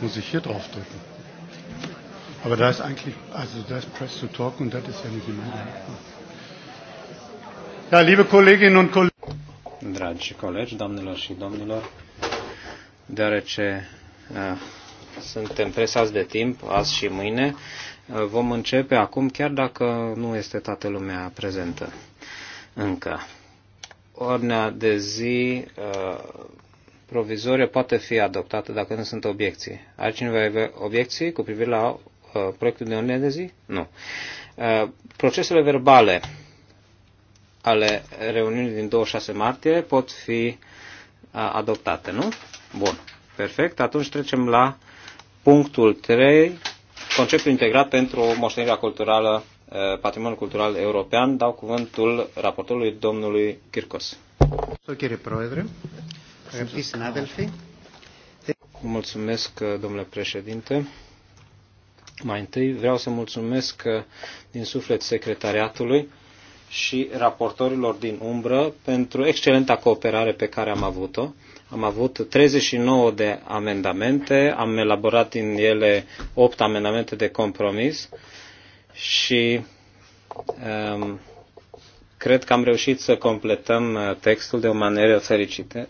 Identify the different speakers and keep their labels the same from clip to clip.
Speaker 1: Muss ich hier drauf drücken? Aber da ist eigentlich, also da ist Press to Talk und das ist ja nicht immer. Ja, liebe Kolleginnen und Kollegen.
Speaker 2: Dragi colegi, doamnelor și domnilor, deoarece uh, suntem presați de timp, azi și mâine, uh, vom începe acum, chiar dacă nu este toată lumea prezentă încă. Ordinea de zi uh, provizorie poate fi adoptată dacă nu sunt obiecții. Are cineva obiecții cu privire la uh, proiectul de ordine de zi? Nu. Uh, procesele verbale ale reuniunii din 26 martie pot fi uh, adoptate, nu? Bun. Perfect. Atunci trecem la punctul 3, conceptul integrat pentru moștenirea culturală, uh, patrimoniul cultural european. Dau cuvântul raportorului domnului Kirkos. Să Mulțumesc, domnule președinte. Mai întâi vreau să mulțumesc din suflet secretariatului și raportorilor din umbră pentru excelenta cooperare pe care am avut-o. Am avut 39 de amendamente, am elaborat din ele 8 amendamente de compromis și um, cred că am reușit să completăm uh, textul de o manieră fericită,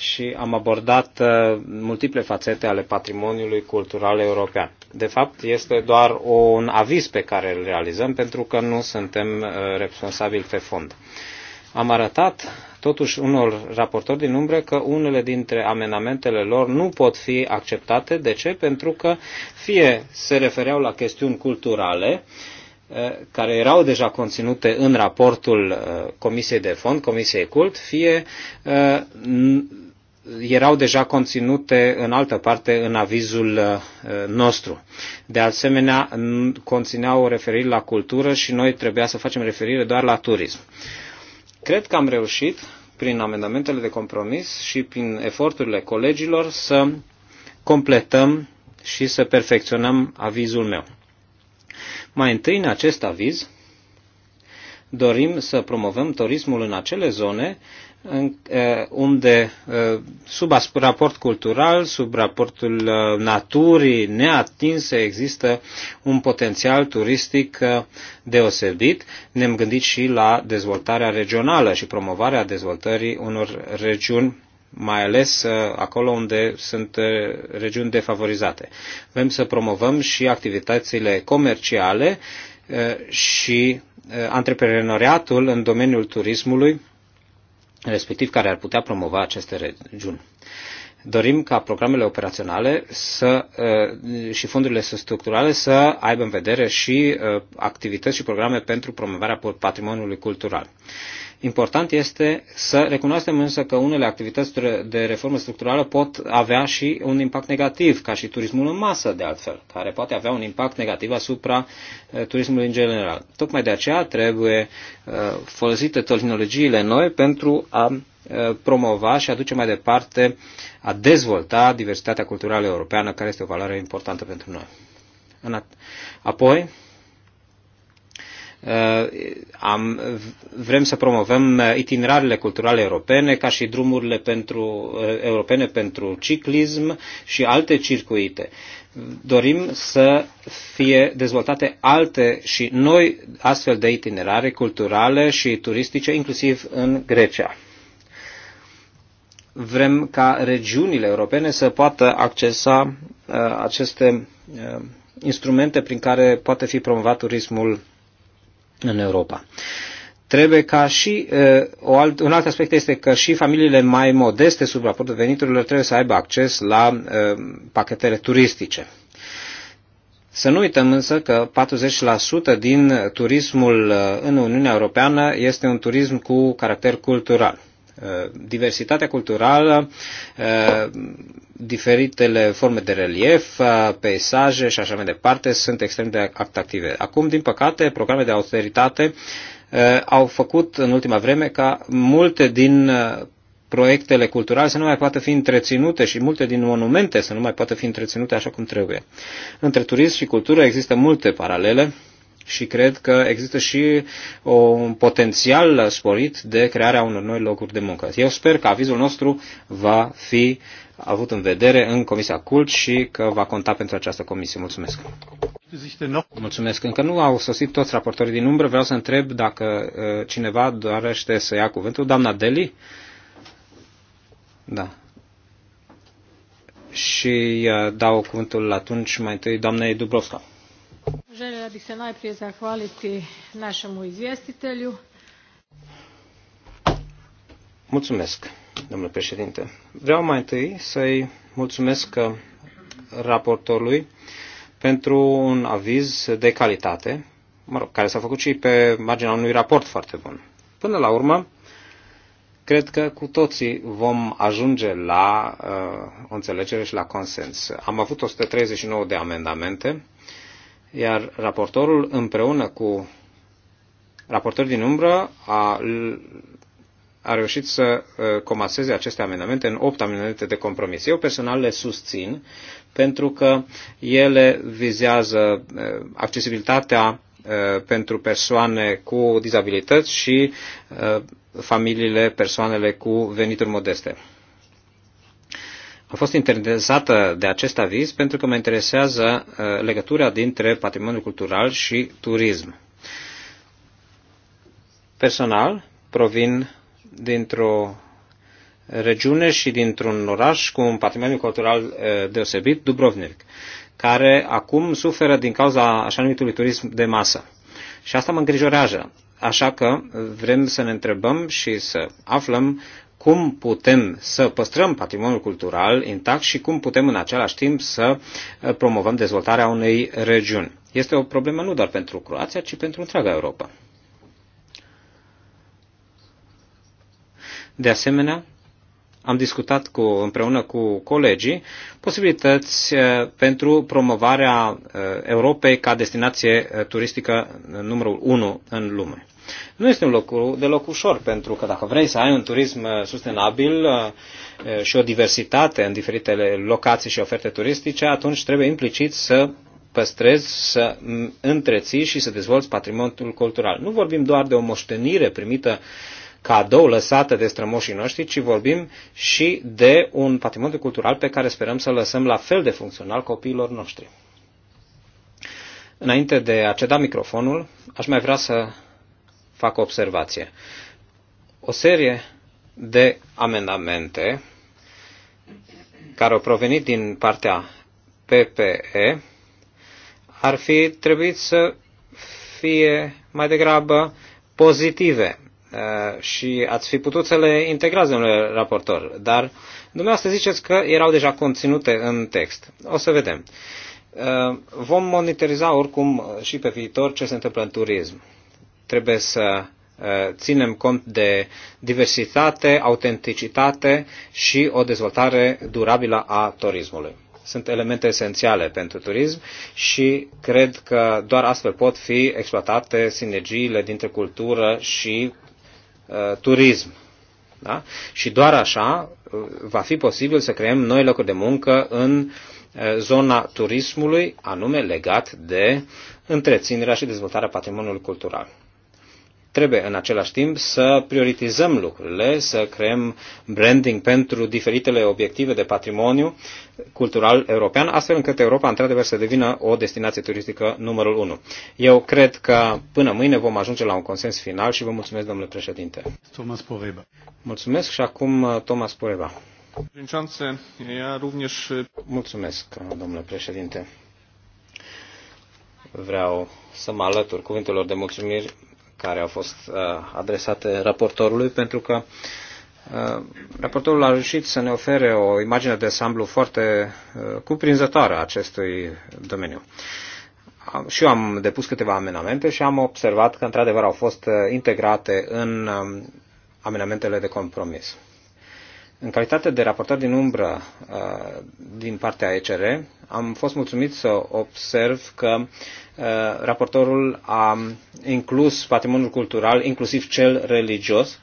Speaker 2: și am abordat uh, multiple fațete ale patrimoniului cultural european. De fapt, este doar un aviz pe care îl realizăm pentru că nu suntem uh, responsabili pe fond. Am arătat totuși unor raportori din umbre că unele dintre amenamentele lor nu pot fi acceptate. De ce? Pentru că fie se refereau la chestiuni culturale, uh, care erau deja conținute în raportul Comisiei de Fond, Comisiei Cult, fie erau deja conținute în altă parte în avizul uh, nostru. De asemenea, conțineau o referire la cultură și noi trebuia să facem referire doar la turism. Cred că am reușit, prin amendamentele de compromis și prin eforturile colegilor, să completăm și să perfecționăm avizul meu. Mai întâi, în acest aviz, dorim să promovăm turismul în acele zone în, eh, unde eh, sub raport cultural, sub raportul eh, naturii neatinse există un potențial turistic deosebit. Ne-am gândit și la dezvoltarea regională și promovarea dezvoltării unor regiuni mai ales acolo unde sunt regiuni defavorizate. Vrem să promovăm și activitățile comerciale și antreprenoriatul în domeniul turismului respectiv care ar putea promova aceste regiuni. Dorim ca programele operaționale să, și fondurile structurale să aibă în vedere și activități și programe pentru promovarea patrimoniului cultural. Important este să recunoaștem însă că unele activități de reformă structurală pot avea și un impact negativ, ca și turismul în masă, de altfel, care poate avea un impact negativ asupra eh, turismului în general. Tocmai de aceea trebuie eh, folosite tehnologiile noi pentru a eh, promova și aduce mai departe, a dezvolta diversitatea culturală europeană, care este o valoare importantă pentru noi. Apoi, Uh, am, vrem să promovăm itinerarele culturale europene ca și drumurile pentru, uh, europene pentru ciclism și alte circuite. Dorim să fie dezvoltate alte și noi astfel de itinerare culturale și turistice, inclusiv în Grecia. Vrem ca regiunile europene să poată accesa uh, aceste uh, instrumente prin care poate fi promovat turismul în Europa. Trebuie ca și, uh, o alt, un alt aspect este că și familiile mai modeste sub raportul veniturilor trebuie să aibă acces la uh, pachetele turistice. Să nu uităm însă că 40% din turismul uh, în Uniunea Europeană este un turism cu caracter cultural. Eh, diversitatea culturală, eh, diferitele forme de relief, eh, peisaje și așa mai departe sunt extrem de atractive. Acum, din păcate, programe de austeritate au făcut în ultima vreme ca multe din proiectele culturale să nu mai poată fi întreținute și multe din monumente să nu mai poată fi întreținute așa cum trebuie. Între turism și cultură există multe paralele și cred că există și un potențial sporit de crearea unor noi locuri de muncă. Eu sper că avizul nostru va fi avut în vedere în Comisia Cult și că va conta pentru această comisie. Mulțumesc! Mulțumesc! Încă nu au sosit toți raportorii din umbră. Vreau să întreb dacă uh, cineva dorește să ia cuvântul. Doamna Deli? Da. Și uh, dau cuvântul atunci mai întâi doamnei Dubrovska
Speaker 3: bih se najprije zahvaliti našemu izvjestitelju.
Speaker 2: Mulțumesc, domnule președinte. Vreau mai întâi să-i mulțumesc raportorului pentru un aviz de calitate, mă rog, care s-a făcut și pe marginea unui raport foarte bun. Până la urmă, cred că cu toții vom ajunge la uh, o înțelegere și la consens. Am avut 139 de amendamente iar raportorul împreună cu raportorii din umbră a, a reușit să uh, comaseze aceste amendamente în opt amendamente de compromis. Eu personal le susțin pentru că ele vizează uh, accesibilitatea uh, pentru persoane cu dizabilități și familiile, persoanele cu venituri modeste. Am fost interesată de acest aviz pentru că mă interesează uh, legătura dintre patrimoniul cultural și turism. Personal, provin dintr-o regiune și dintr-un oraș cu un patrimoniu cultural uh, deosebit, Dubrovnik, care acum suferă din cauza așa numitului turism de masă. Și asta mă îngrijorează. Așa că vrem să ne întrebăm și să aflăm cum putem să păstrăm patrimoniul cultural intact și cum putem în același timp să uh, promovăm dezvoltarea unei regiuni. Este o problemă nu doar pentru Croația, ci pentru întreaga Europa. De asemenea, am discutat cu, împreună cu colegii posibilități eh, pentru promovarea eh, Europei ca destinație eh, turistică numărul 1 în lume. Nu este un lucru deloc ușor, pentru că dacă vrei să ai un turism sustenabil și o diversitate în diferitele locații și oferte turistice, atunci trebuie implicit să păstrezi, să întreții și să dezvolți patrimoniul cultural. Nu vorbim doar de o moștenire primită uh, cadou lăsată de strămoșii noștri, ci vorbim și de un patrimoniu cultural pe care sperăm să-l lăsăm la fel de funcțional copiilor noștri. Înainte de a ceda microfonul, aș mai vrea să fac o observație. O serie de amendamente care au provenit din partea PPE ar fi trebuit să fie mai degrabă pozitive Uh, și ați fi putut să le integrați, domnule raportor, dar dumneavoastră ziceți că erau deja conținute în text. O să vedem. Uh, vom monitoriza oricum și pe viitor ce se întâmplă în turism. Trebuie să uh, ținem cont de diversitate, autenticitate și o dezvoltare durabilă a turismului. Sunt elemente esențiale pentru turism și cred că doar astfel pot fi exploatate sinergiile dintre cultură și Uh, turism. Da? Și doar așa uh, va fi posibil să creăm noi locuri de muncă în uh, zona turismului, anume legat de întreținerea și dezvoltarea patrimoniului cultural trebuie în același timp să prioritizăm lucrurile, să creăm branding pentru diferitele obiective de patrimoniu cultural european, astfel încât Europa într-adevăr să devină o destinație turistică numărul 1. Eu cred că până mâine vom ajunge la un consens final și vă mulțumesc, domnule președinte.
Speaker 1: Thomas Poreba.
Speaker 2: Mulțumesc și acum uh, Thomas Poreba. Uh, mulțumesc, uh, domnule președinte vreau să mă alătur cuvintelor de mulțumiri care au fost uh, adresate raportorului, pentru că uh, raportorul a reușit să ne ofere o imagine de ansamblu foarte uh, cuprinzătoare a acestui domeniu. Și eu am depus câteva amenamente și am observat că, într-adevăr, au fost integrate în um, amenamentele de compromis. În calitate de raportor din umbră uh, din partea ECR, am fost mulțumit să observ că uh, raportorul a inclus patrimoniul cultural, inclusiv cel religios,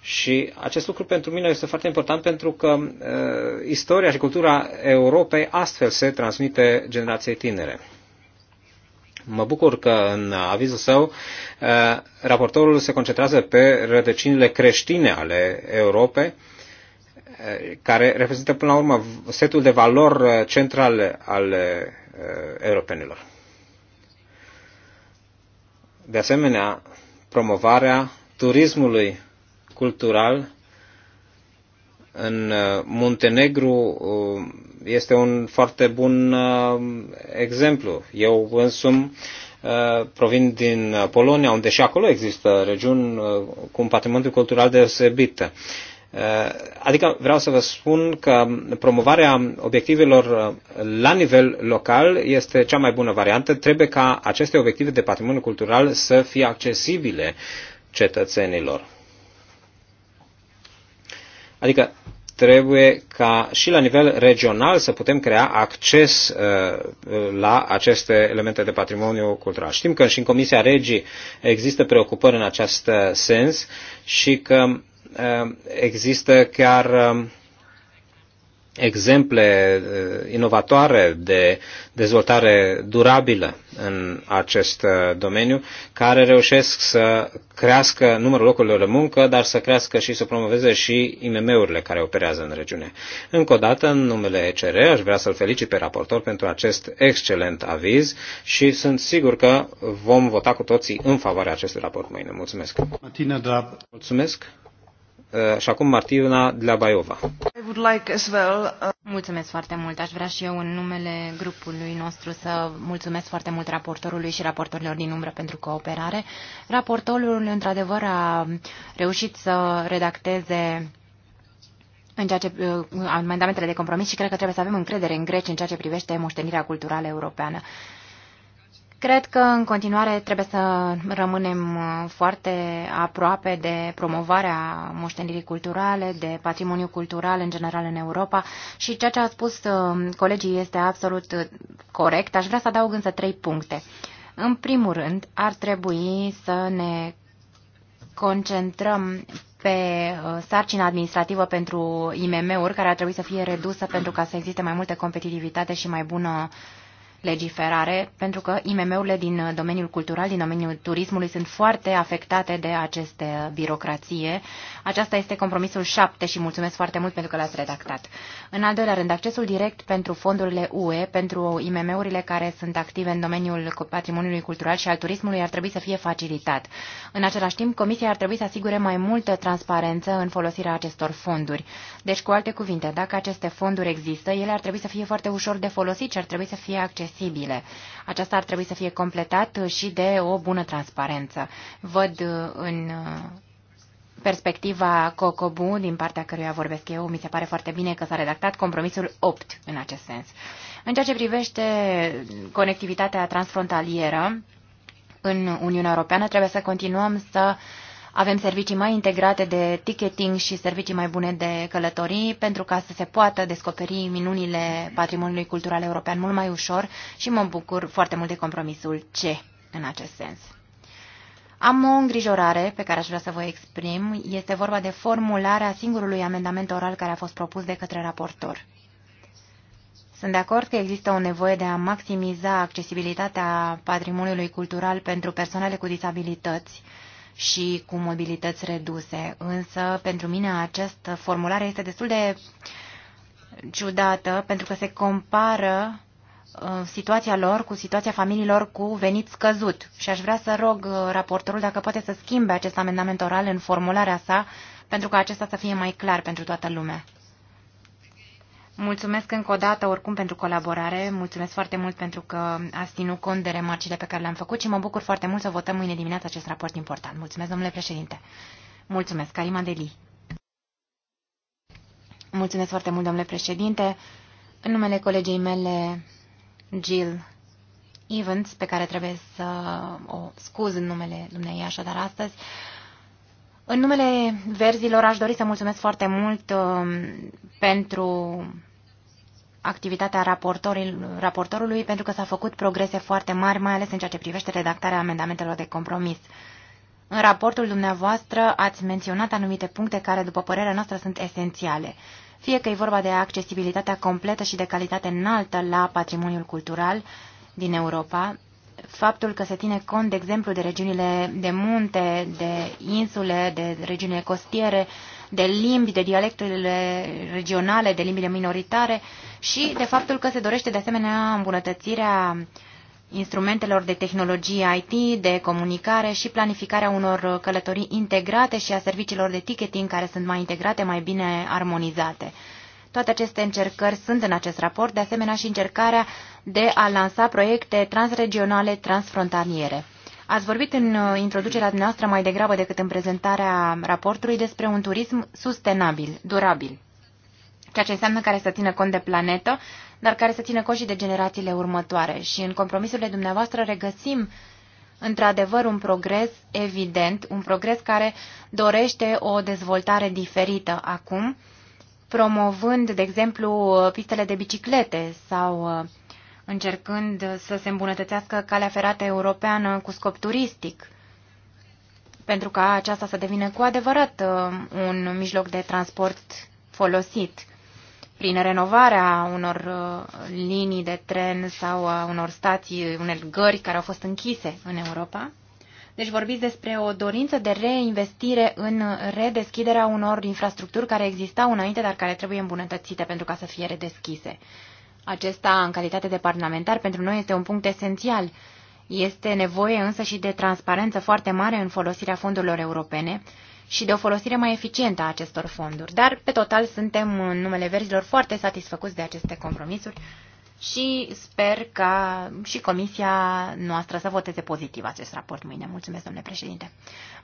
Speaker 2: și acest lucru pentru mine este foarte important pentru că uh, istoria și cultura Europei astfel se transmite generației tinere. Mă bucur că în avizul său uh, raportorul se concentrează pe rădăcinile creștine ale Europei Eh, care reprezintă până la urmă setul de valori eh, central al eh, europenilor. De asemenea, promovarea turismului cultural în Muntenegru este un foarte bun exemplu. Eu însumi provin din Polonia, unde și acolo există regiuni cu un patrimoniu cultural deosebit. Eh, adică vreau să vă spun că promovarea obiectivelor eh, la nivel local este cea mai bună variantă. Trebuie ca aceste obiective de patrimoniu cultural să fie accesibile cetățenilor. Adică trebuie ca și la nivel regional să putem crea acces eh, la aceste elemente de patrimoniu cultural. Știm că și în Comisia Regii există preocupări în acest sens și că Um, există chiar um, exemple uh, inovatoare de dezvoltare durabilă în acest uh, domeniu, care reușesc să crească numărul locurilor de muncă, dar să crească și să promoveze și IMM-urile care operează în regiune. Încă o dată, în numele ECR, aș vrea să-l felicit pe raportor pentru acest excelent aviz și sunt sigur că vom vota cu toții în favoarea acestui raport mâine. Mulțumesc! Martina Drab. Mulțumesc! Eh, și acum Martina de la Baiova.
Speaker 4: Uh, mulțumesc foarte mult. Aș vrea și eu în numele grupului nostru să mulțumesc foarte mult raportorului și raportorilor din umbră pentru cooperare. Raportorul, într-adevăr, a reușit să redacteze în ceea ce, uh, amendamentele de compromis și cred că trebuie să avem încredere în greci în ceea ce privește moștenirea culturală europeană. Uh, Cred că în continuare trebuie să rămânem uh, foarte aproape de promovarea moștenirii culturale, de patrimoniu cultural în general în Europa și ceea ce a spus uh, colegii este absolut uh, corect. Aș vrea să adaug însă trei puncte. În primul rând, ar trebui să ne concentrăm pe sarcina administrativă pentru IMM-uri, care ar trebui să fie redusă pentru ca să existe mai multă competitivitate și mai bună uh, legiferare, pentru că IMM-urile din uh, domeniul cultural, din domeniul turismului sunt foarte afectate de aceste uh, birocrație. Aceasta este compromisul 7 și mulțumesc foarte mult pentru că l-ați redactat. În al doilea rând, accesul direct pentru fondurile UE, pentru IMM-urile care sunt active în domeniul patrimoniului cultural și al turismului ar trebui să fie facilitat. În același timp, Comisia ar trebui să asigure mai multă transparență în folosirea acestor fonduri. Deci, cu alte cuvinte, dacă aceste fonduri există, ele ar trebui să fie foarte ușor de folosit și ar trebui să fie accesibile accesibile. Aceasta ar trebui să fie completat uh, și de o bună transparență. Văd uh, în uh, perspectiva COCOBU, din partea căruia vorbesc eu, mi se pare foarte bine că s-a redactat compromisul 8 în acest sens. În ceea ce privește conectivitatea transfrontalieră, în Uniunea Europeană trebuie să continuăm să uh, avem servicii mai integrate de ticketing și servicii mai bune de călătorii pentru ca să se poată descoperi minunile patrimoniului cultural european mult mai ușor și mă bucur foarte mult de compromisul C în acest sens. Am o îngrijorare pe care aș vrea să vă exprim. Este vorba de formularea singurului amendament oral care a fost propus de către raportor. Sunt de acord că există o nevoie de a maximiza accesibilitatea patrimoniului cultural pentru persoanele cu disabilități și cu mobilități reduse. Însă, pentru mine, această formulare este destul de ciudată, pentru că se compară uh, situația lor cu situația familiilor cu venit scăzut. Și aș vrea să rog uh, raportorul dacă poate să schimbe acest amendament oral în formularea sa, pentru ca acesta să fie mai clar pentru toată lumea. Mulțumesc încă o dată oricum pentru colaborare, mulțumesc foarte mult pentru că ați ținut cont de remarcile pe care le-am făcut și mă bucur foarte mult să votăm mâine dimineață acest raport important. Mulțumesc, domnule președinte. Mulțumesc, Karima Deli. Mulțumesc foarte mult, domnule președinte. În numele colegei mele, Jill Evans, pe care trebuie să o scuz în numele dumneavoastră, dar astăzi, în numele verzilor aș dori să mulțumesc foarte mult uh, pentru activitatea raportorului, pentru că s a făcut progrese foarte mari, mai ales în ceea ce privește redactarea amendamentelor de compromis. În raportul dumneavoastră ați menționat anumite puncte care, după părerea noastră, sunt esențiale. Fie că e vorba de accesibilitatea completă și de calitate înaltă la patrimoniul cultural din Europa, faptul că se ține cont, de exemplu, de regiunile de munte, de insule, de regiunile costiere, de limbi, de dialectele regionale, de limbile minoritare și de faptul că se dorește de asemenea îmbunătățirea instrumentelor de tehnologie IT, de comunicare și planificarea unor călătorii integrate și a serviciilor de ticketing care sunt mai integrate, mai bine armonizate. Toate aceste încercări sunt în acest raport, de asemenea și încercarea de a lansa proiecte transregionale, transfrontaliere. Ați vorbit în uh, introducerea noastră mai degrabă decât în prezentarea raportului despre un turism sustenabil, durabil, ceea ce înseamnă care să țină cont de planetă, dar care să țină cont și de generațiile următoare. Și în compromisurile dumneavoastră regăsim într-adevăr un progres evident, un progres care dorește o dezvoltare diferită acum, promovând, de exemplu, pistele de biciclete sau uh, încercând să se îmbunătățească calea ferată europeană cu scop turistic, pentru ca aceasta să devină cu adevărat uh, un mijloc de transport folosit prin renovarea unor uh, linii de tren sau a unor stații, unor gări care au fost închise în Europa. Deci vorbiți despre o dorință de reinvestire în redeschiderea unor infrastructuri care existau înainte, dar care trebuie îmbunătățite pentru ca să fie redeschise. Acesta, în calitate de parlamentar, pentru noi este un punct esențial. Este nevoie însă și de transparență foarte mare în folosirea fondurilor europene și de o folosire mai eficientă a acestor fonduri. Dar, pe total, suntem în numele verzilor foarte satisfăcuți de aceste compromisuri și sper ca și comisia noastră să voteze pozitiv acest raport mâine. Mulțumesc, domnule președinte.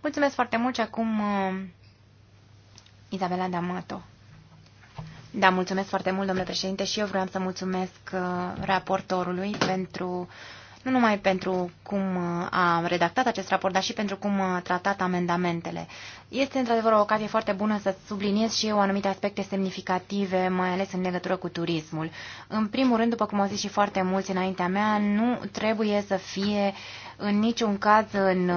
Speaker 4: Mulțumesc foarte mult și acum uh, Isabela D'Amato. Da, mulțumesc foarte mult, domnule președinte, și eu vreau să mulțumesc uh, raportorului pentru uh, nu numai pentru cum uh, a redactat acest raport, dar și pentru cum a uh, tratat amendamentele. Este într-adevăr o ocazie foarte bună să subliniez și eu anumite aspecte semnificative, mai ales în legătură cu turismul. În primul rând, după cum au zis și foarte mulți înaintea mea, nu trebuie să fie uh, în niciun caz în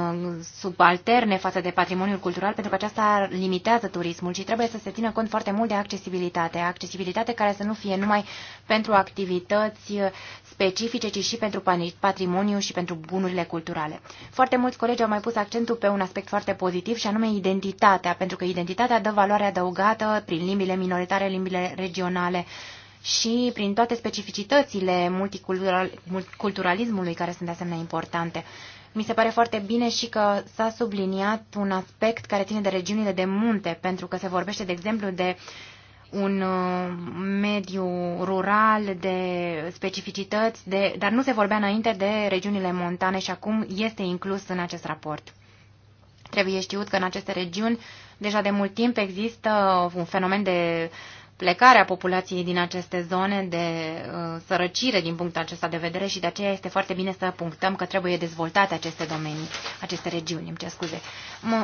Speaker 4: subalterne față de patrimoniul cultural, pentru că aceasta limitează turismul și trebuie să se țină cont foarte mult de accesibilitate. Accesibilitate care să nu fie numai pentru activități uh, specifice, ci și pentru patrimoniu și pentru bunurile culturale. Foarte mulți colegi au mai pus accentul pe un aspect foarte pozitiv și anume identitatea, pentru că identitatea dă valoare adăugată prin limbile minoritare, limbile regionale, și prin toate specificitățile multiculturalismului care sunt de asemenea importante. Mi se pare foarte bine și că s-a subliniat un aspect care ține de regiunile de munte, pentru că se vorbește, de exemplu, de un uh, mediu rural, de specificități, de, dar nu se vorbea înainte de regiunile montane și acum este inclus în acest raport. Trebuie știut că în aceste regiuni deja de mult timp există un fenomen de uh, plecarea populației din aceste zone de uh, sărăcire din punctul acesta de vedere și de aceea este foarte bine să punctăm că trebuie dezvoltate aceste domenii, aceste regiuni, îmi cer scuze.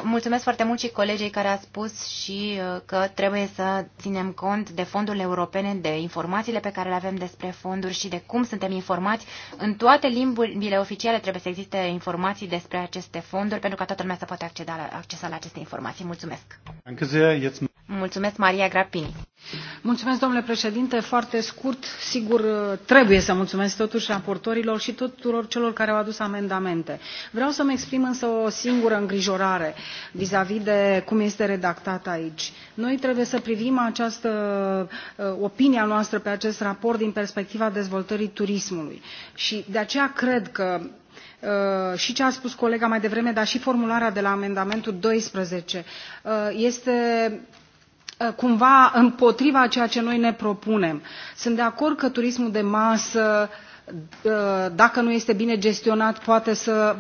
Speaker 4: Mulțumesc foarte mult și colegii care a spus și uh, că trebuie să ținem cont de fondurile europene, de informațiile pe care le avem despre fonduri și de cum suntem informați. În toate limbile oficiale trebuie să existe informații despre aceste fonduri pentru ca toată lumea să poată acceda la, accesa la aceste informații. Mulțumesc!
Speaker 1: Danke sehr. Jetzt
Speaker 4: Mulțumesc, Maria Grapini. Mulțumesc, domnule președinte. Foarte scurt, sigur,
Speaker 3: trebuie să mulțumesc totuși raportorilor și tuturor celor care au adus amendamente. Vreau să-mi exprim însă o singură îngrijorare vis-a-vis -vis de cum este redactat aici. Noi trebuie să privim această uh, opinia noastră pe acest raport din perspectiva dezvoltării turismului. Și de aceea cred că uh, și ce a spus colega mai devreme dar și formularea de la amendamentul doisprezece uh, este Eh, cumva împotriva a ceea ce noi ne propunem. Sunt de acord că turismul de masă dacă nu este bine gestionat poate să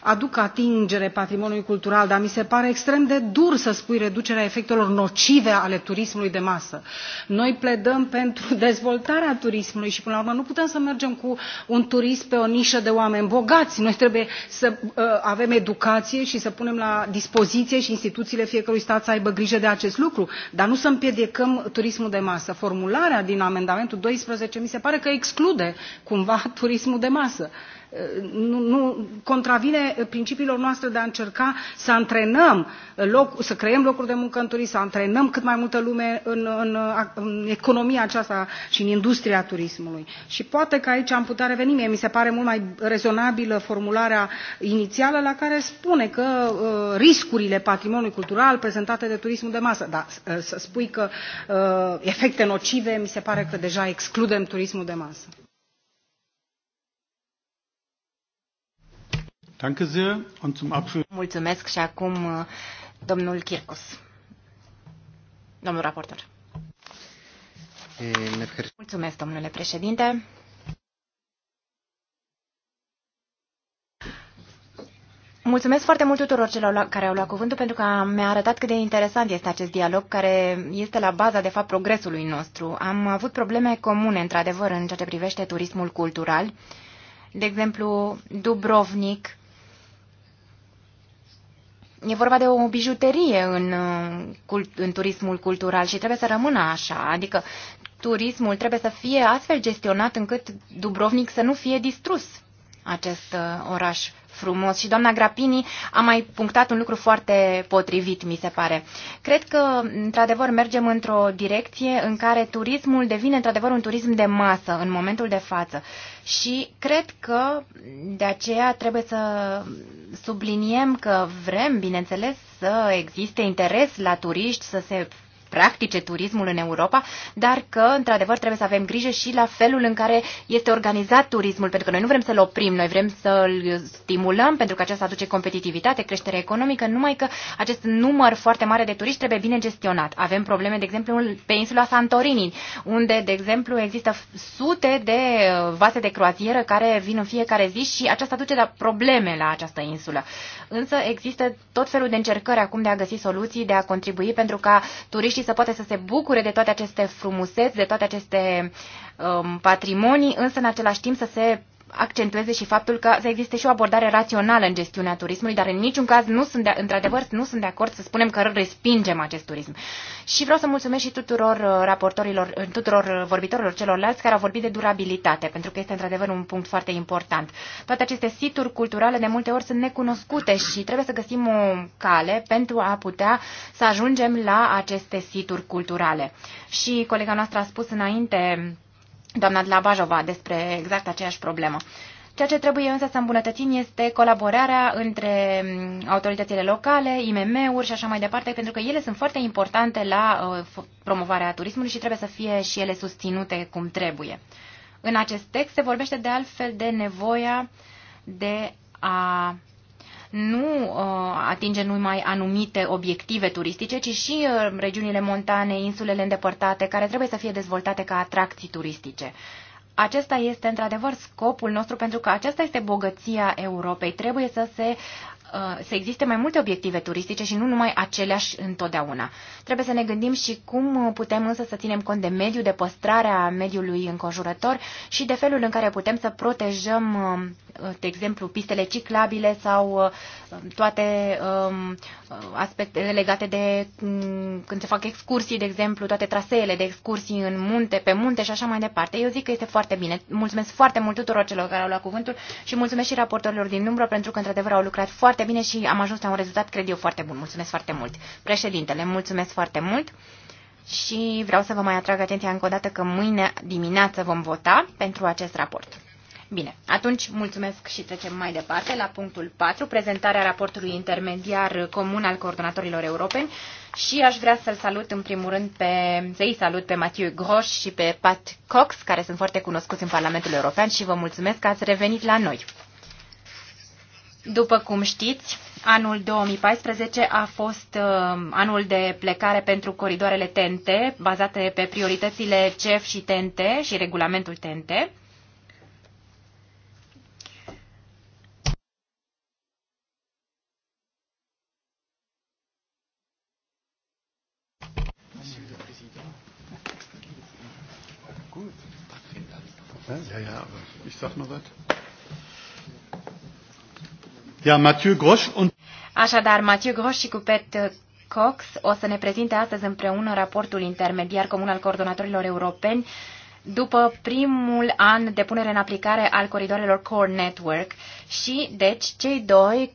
Speaker 3: aducă atingere patrimoniului cultural dar mi se pare extrem de dur să spui reducerea efectelor nocive ale turismului de masă. noi pledăm pentru dezvoltarea turismului și până la urmă nu putem să mergem cu un turism pe o nișă de oameni bogați noi trebuie să uh, avem educație și să punem la dispoziție și instituțiile fiecărui stat să aibă grijă de acest lucru dar nu să împiedicăm turismul de masă. formularea din amendamentul 12 mi se pare că exclude cumva cumva turismul de masă. Uh, nu, nu contravine principiilor noastre de a încerca să antrenăm, loc, să creăm locuri de muncă în turism, să antrenăm cât mai multă lume în, în, în economia aceasta și în industria turismului. Și poate că aici am putea reveni. Mie mi se pare mult mai rezonabilă formularea inițială la care spune că uh, riscurile patrimoniului cultural prezentate de turismul de masă. Dar uh, să spui că uh, efecte nocive, mi se pare că deja excludem turismul de masă.
Speaker 4: Mulțumesc și acum uh, domnul Kirkos. Domnul raportor.
Speaker 1: Eh,
Speaker 4: Mulțumesc, domnule președinte. Mulțumesc foarte mult tuturor celor care au luat cuvântul pentru că mi-a arătat cât de interesant este acest dialog care este la baza, de fapt, progresului nostru. Am avut probleme comune, într-adevăr, în ceea ce privește turismul cultural. De exemplu, Dubrovnik E vorba de o bijuterie în, în turismul cultural și trebuie să rămână așa, adică turismul trebuie să fie astfel gestionat încât Dubrovnik să nu fie distrus acest uh, oraș frumos și doamna Grapini a mai punctat un lucru foarte potrivit, mi se pare. Cred că, într-adevăr, mergem într-o direcție în care turismul devine, într-adevăr, un turism de masă în momentul de față. Și cred că de aceea trebuie să subliniem că vrem, bineînțeles, să existe interes la turiști, să se practice turismul în Europa, dar că, într-adevăr, trebuie să avem grijă și la felul în care este organizat turismul, pentru că noi nu vrem să-l oprim, noi vrem să-l stimulăm, pentru că aceasta aduce competitivitate, creștere economică, numai că acest număr foarte mare de turiști trebuie bine gestionat. Avem probleme, de exemplu, pe insula Santorini, unde, de exemplu, există sute de uh, vase de croazieră care vin în fiecare zi și aceasta aduce la probleme la această insulă. Însă există tot felul de încercări acum de a găsi soluții, de a contribui pentru ca turiștii să poată să se bucure de toate aceste frumuseți, de toate aceste um, patrimonii, însă în același timp să se accentueze și faptul că să existe și o abordare rațională în gestiunea turismului, dar în niciun caz nu sunt, de, într-adevăr, nu sunt de acord să spunem că respingem acest turism. Și vreau să mulțumesc și tuturor uh, raportorilor, uh, tuturor uh, vorbitorilor celorlalți care au vorbit de durabilitate, pentru că este într-adevăr un punct foarte important. Toate aceste situri culturale de multe ori sunt necunoscute și trebuie să găsim o cale pentru a putea să ajungem la aceste situri culturale. Și colega noastră a spus înainte doamna Bajova despre exact aceeași problemă. Ceea ce trebuie însă să îmbunătățim este colaborarea între mm, autoritățile locale, IMM-uri și așa mai departe, pentru că ele sunt foarte importante la uh, promovarea turismului și trebuie să fie și ele susținute cum trebuie. În acest text se vorbește de altfel de nevoia de a nu uh, atinge numai anumite obiective turistice, ci și uh, regiunile montane, insulele îndepărtate, care trebuie să fie dezvoltate ca atracții turistice. Acesta este într-adevăr scopul nostru, pentru că aceasta este bogăția Europei. Trebuie să se Uh, să existe mai multe obiective turistice și nu numai aceleași întotdeauna. Trebuie să ne gândim și cum uh, putem însă să ținem cont de mediu, de păstrarea mediului înconjurător și de felul în care putem să protejăm, um, uh, de exemplu, pistele ciclabile sau um, toate um, aspectele legate de mm, când se fac excursii, de exemplu, toate traseele de excursii în munte, pe munte și așa mai departe. Eu zic că este foarte bine. Mulțumesc foarte mult tuturor celor care au luat cuvântul și mulțumesc și raportorilor din Numbră pentru că, într-adevăr, au lucrat foarte bine și am ajuns la un rezultat, cred eu, foarte bun. Mulțumesc foarte mult. Președintele, mulțumesc foarte mult. Și vreau să vă mai atrag atenția încă o dată că mâine dimineață vom vota pentru acest raport. Bine, atunci mulțumesc și trecem mai departe la punctul 4, prezentarea raportului intermediar comun al coordonatorilor europeni și aș vrea să-l salut în primul rând pe, să-i salut pe Mathieu Groș și pe Pat Cox, care sunt foarte cunoscuți în Parlamentul European și vă mulțumesc că ați revenit la noi. După cum știți, anul 2014 a fost uh, anul de plecare pentru coridoarele TNT, bazate pe prioritățile CEF și TNT și regulamentul TNT.
Speaker 1: Ja, ja, aber ich sag mal was. Ja, Mathieu
Speaker 4: Grosch und... Așadar, Mathieu Grosch și cu Pet uh, Cox o să ne prezinte astăzi împreună raportul intermediar comun al coordonatorilor europeni după primul an de punere în aplicare al coridoarelor Core Network și, deci, cei doi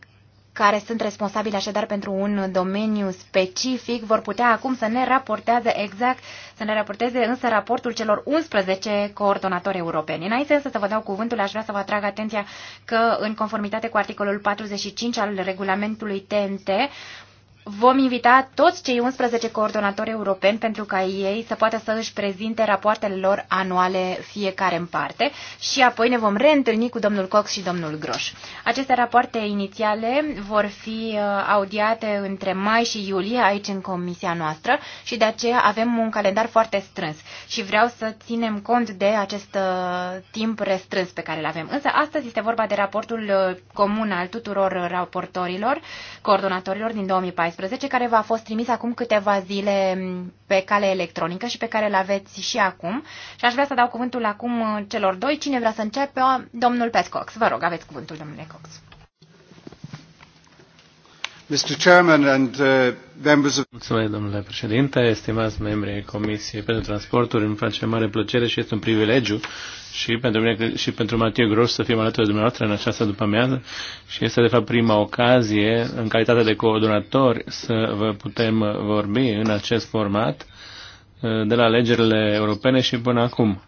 Speaker 4: care sunt responsabili așadar pentru un domeniu specific, vor putea acum să ne raporteze exact, să ne raporteze însă raportul celor 11 coordonatori europeni. Înainte însă să vă dau cuvântul, aș vrea să vă atrag atenția că în conformitate cu articolul 45 al regulamentului TNT, Vom invita toți cei 11 coordonatori europeni pentru ca ei să poată să își prezinte rapoartele lor anuale fiecare în parte și apoi ne vom reîntâlni cu domnul Cox și domnul Groș. Aceste rapoarte inițiale vor fi uh, audiate între mai și iulie aici în comisia noastră și de aceea avem un calendar foarte strâns și vreau să ținem cont de acest uh, timp restrâns pe care îl avem. Însă astăzi este vorba de raportul uh, comun al tuturor raportorilor, coordonatorilor din 2014 2014, care v-a fost trimis acum câteva zile pe cale electronică și pe care îl aveți și acum. Și aș vrea să dau cuvântul acum celor doi. Cine vrea să înceapă? Domnul Pescox. Vă rog, aveți cuvântul, domnule Cox.
Speaker 1: Mr. Chairman and uh, members of... Mulțumesc, domnule președinte, estimați membri ai Comisiei pentru Transporturi. Îmi face mare plăcere și este un privilegiu și pentru mine și pentru Matiu Gros să fim alături de dumneavoastră în această după-amiază și este de fapt prima ocazie în calitate de coordonatori să vă putem vorbi în acest format uh, de la alegerile europene și până acum.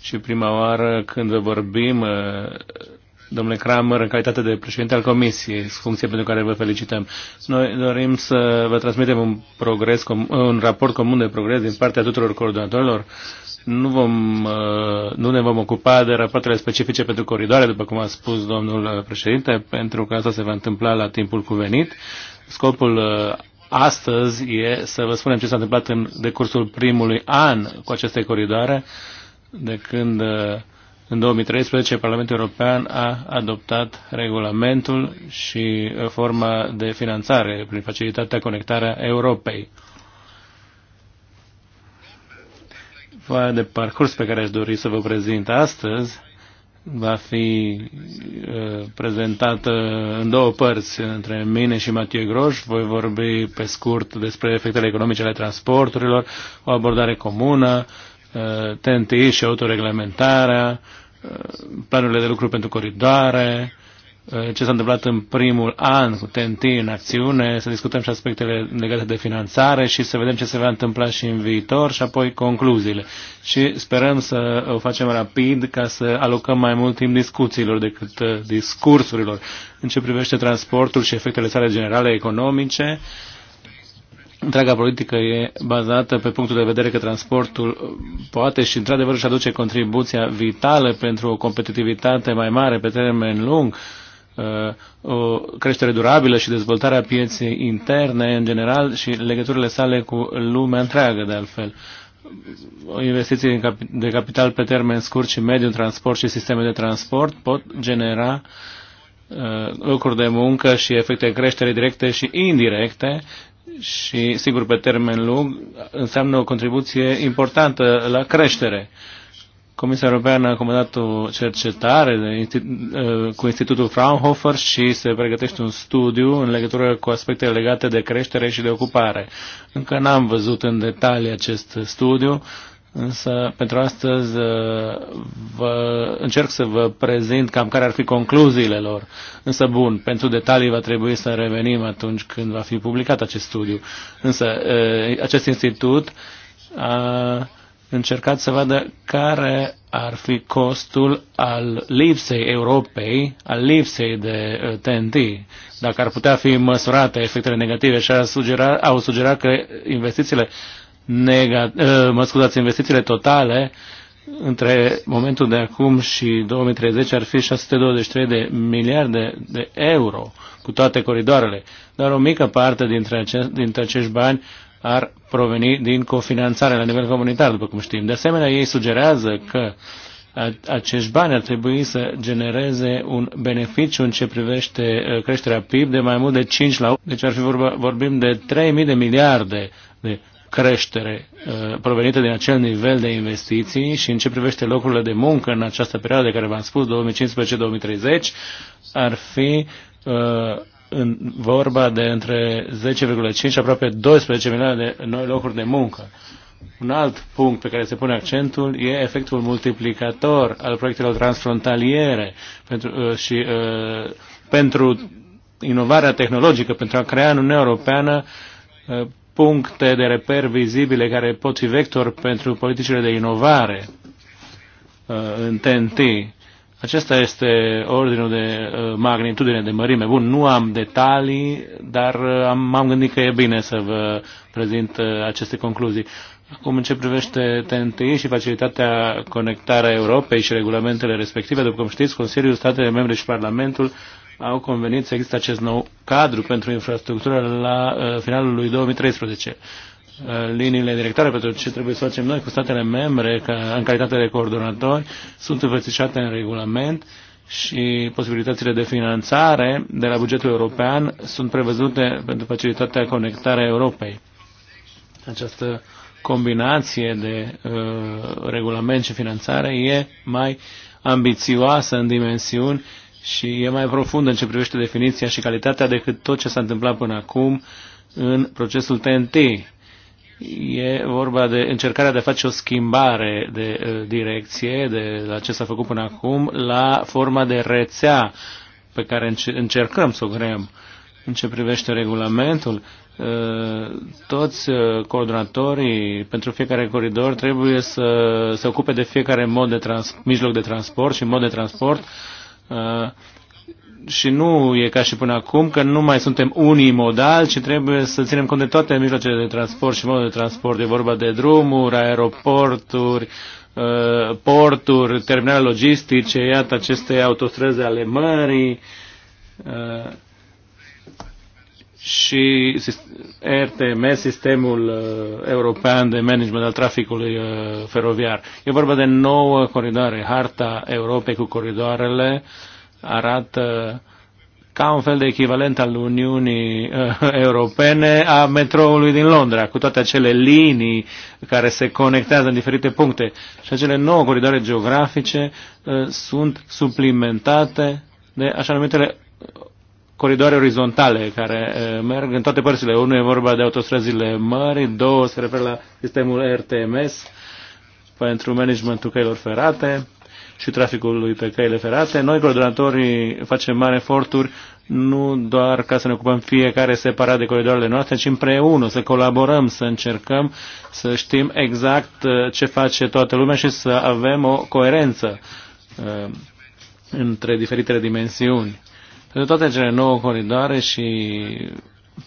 Speaker 1: Și prima oară când vă vorbim uh, domnule Kramer, în calitate de președinte al Comisiei, funcție pentru care vă felicităm. Noi dorim să vă transmitem un, progres, un raport comun de progres din partea tuturor coordonatorilor. Nu, vom, uh, nu ne vom ocupa de rapoartele specifice pentru coridoare, după cum a spus domnul uh, președinte, pentru că asta se va întâmpla la timpul cuvenit. Scopul uh, astăzi e să vă spunem ce s-a întâmplat în decursul primului an cu aceste coridoare, de când uh, în 2013, Parlamentul European a adoptat regulamentul și uh, forma de finanțare prin facilitatea conectarea Europei. Foaia de parcurs pe care aș dori să vă prezint astăzi va fi uh, prezentată în două părți între mine și Mathieu Groș. Voi vorbi pe scurt despre efectele economice ale transporturilor, o abordare comună, TNT uh, și autoreglementarea, uh, planurile de lucru pentru coridoare, uh, ce s-a întâmplat în primul an cu TNT în acțiune, să discutăm și aspectele legate de finanțare și să vedem ce se va întâmpla și în viitor și apoi concluziile. Și sperăm să o facem rapid ca să alocăm mai mult timp discuțiilor decât discursurilor în ce privește transportul și efectele sale generale economice. Uh, întreaga politică e bazată pe punctul de vedere că transportul poate și într-adevăr își aduce contribuția vitală pentru o competitivitate mai mare pe termen lung, uh, o creștere durabilă și dezvoltarea pieței interne în general și legăturile sale cu lumea întreagă de altfel. O investiție de capital pe termen scurt și mediu în transport și sisteme de transport pot genera uh, lucruri de muncă și efecte de creștere directe și indirecte și, sigur, pe termen lung, înseamnă o contribuție importantă la creștere. Comisia Europeană a comandat o cercetare de, uh, cu Institutul Fraunhofer și se pregătește un studiu în legătură cu aspectele legate de creștere și de ocupare. Încă n-am văzut în detalii acest studiu, Însă, pentru astăzi, uh, vă, încerc să vă prezint cam care ar fi concluziile lor. Însă, bun, pentru detalii va trebui să revenim atunci când va fi publicat acest studiu. Însă, uh, acest institut a încercat să vadă care ar fi costul al lipsei Europei, al lipsei de TNT, uh, dacă ar putea fi măsurate efectele negative și a sugera, au sugerat că investițiile nega, ă, mă scuzați, investițiile totale între momentul de acum și 2030 ar fi 623 de miliarde de euro cu toate coridoarele, dar o mică parte dintre, ace- dintre acești bani ar proveni din cofinanțare la nivel comunitar, după cum știm. De asemenea, ei sugerează că acești bani ar trebui să genereze un beneficiu în ce privește ă, creșterea PIB de mai mult de 5 la 8. Deci ar fi vorba, vorbim de 3.000 de miliarde de creștere uh, provenită din acel nivel de investiții și în ce privește locurile de muncă în această perioadă de care v-am spus, 2015-2030, ar fi uh, în vorba de între 10,5 și aproape 12 milioane de noi locuri de muncă. Un alt punct pe care se pune accentul e efectul multiplicator al proiectelor transfrontaliere pentru, uh, și pentru inovarea tehnologică, pentru a crea în Uniunea Europeană puncte de reper vizibile care pot fi vector pentru politicile de inovare uh, în TNT. Acesta este ordinul de uh, magnitudine, de mărime. Bun, nu am detalii, dar uh, m-am gândit că e bine să vă prezint aceste concluzii. Acum, în ce privește TNT și facilitatea conectarea Europei și regulamentele respective, după cum știți, Consiliul Statele Membre și Parlamentul au convenit să există acest nou cadru pentru infrastructură la uh, finalul lui 2013 uh, liniile directoare pentru ce trebuie să facem noi cu statele membre ca, în calitate de coordonatori sunt învățișate în regulament și posibilitățile de finanțare de la bugetul european sunt prevăzute pentru facilitatea conectarea Europei. Această combinație de uh, regulament și finanțare e mai ambițioasă în dimensiuni și e mai profundă în ce privește definiția și calitatea decât tot ce s-a întâmplat până acum în procesul TNT. E vorba de încercarea de a face o schimbare de uh, direcție de la ce s-a făcut până acum la forma de rețea pe care încercăm să o creăm. În ce privește regulamentul, uh, toți uh, coordonatorii pentru fiecare coridor trebuie să se ocupe de fiecare mod de trans, mijloc de transport și mod de transport Uh, și nu e ca și până acum că nu mai suntem unimodal, ci trebuie să ținem cont de toate mijloacele de transport și modul de transport. E vorba de drumuri, aeroporturi, uh, porturi, terminale logistice, iată aceste autostrăzi ale mării uh, și RTMS, Sistemul uh, European de Management al Traficului uh, Feroviar. E vorba de nouă coridoare. Harta Europei cu coridoarele arată ca un fel de echivalent al Uniunii uh, Europene a metroului din Londra, cu toate acele linii care se conectează în diferite puncte. Și acele nouă coridoare geografice sunt suplimentate de așa numitele coridoare orizontale care merg în toate părțile. Unul e vorba de autostrăzile mari, două se referă la sistemul RTMS pentru managementul căilor ferate și traficului pe căile ferate. Noi, coordonatorii, facem mari eforturi nu doar ca să ne ocupăm fiecare separat de coridoarele noastre, ci împreună, să colaborăm, să încercăm să știm exact ce face toată lumea și să avem o coerență între diferitele dimensiuni. Pentru toate cele nouă coridoare și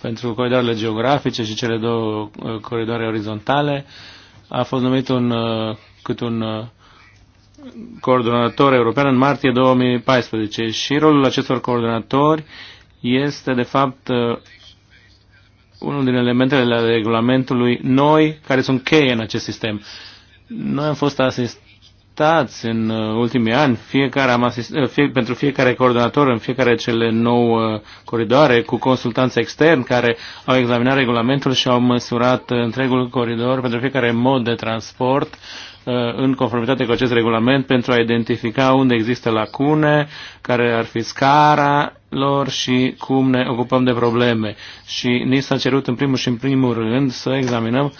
Speaker 1: pentru coridoarele geografice și cele două uh, coridoare orizontale a fost numit un, uh, cât un uh, coordonator european în martie 2014 și rolul acestor coordonatori este de fapt unul din elementele regulamentului noi care sunt cheie în acest sistem. Noi am fost asist constați în uh, ultimii ani, fiecare am asist, uh, fie, pentru fiecare coordonator în fiecare cele nouă uh, coridoare cu consultanți externi care au examinat regulamentul și au măsurat întregul coridor pentru fiecare mod de transport în conformitate cu acest regulament pentru a identifica unde există lacune, care ar fi scara lor și cum ne ocupăm de probleme. Și ni s-a cerut în primul și în primul rând să examinăm uh,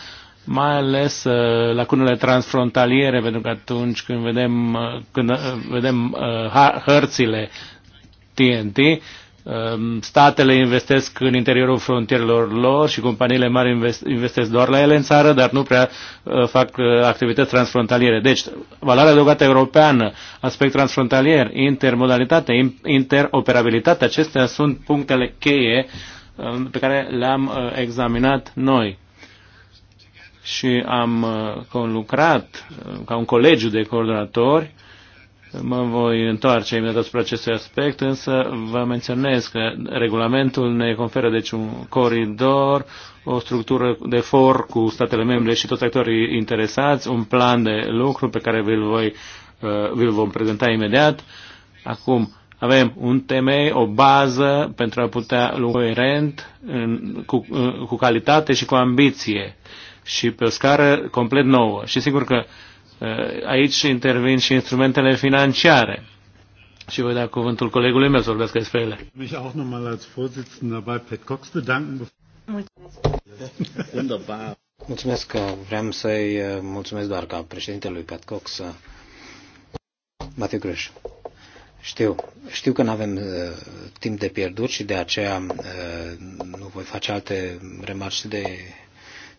Speaker 1: mai ales uh, lacunele transfrontaliere, pentru că atunci când vedem, uh, când uh, vedem hărțile TNT, um, statele investesc în interiorul frontierelor lor și companiile mari investesc doar la ele în țară, dar nu prea fac activități transfrontaliere. Deci, valoarea adăugată europeană, aspect transfrontalier, intermodalitate, interoperabilitate, acestea sunt punctele cheie um, pe care le-am examinat noi și am uh, conlucrat uh, ca un colegiu de coordonatori. Mă voi întoarce imediat asupra acestui aspect, însă vă menționez că regulamentul ne conferă deci un coridor, o structură de for cu statele membre și toți actorii interesați, un plan de lucru pe care vi-l, voi, uh, vi-l vom prezenta imediat. Acum, avem un temei, o bază pentru a putea coerent, cu, cu calitate și cu ambiție și pe o scară complet nouă. Și sigur că aici intervin și instrumentele financiare. Și voi da cuvântul colegului meu să vorbesc despre ele.
Speaker 2: Mulțumesc. că vreau să-i mulțumesc doar ca președintelui Pat Cox. Matei greș. Știu, știu că nu avem uh, timp de pierdut și de aceea uh, nu voi face alte remarci de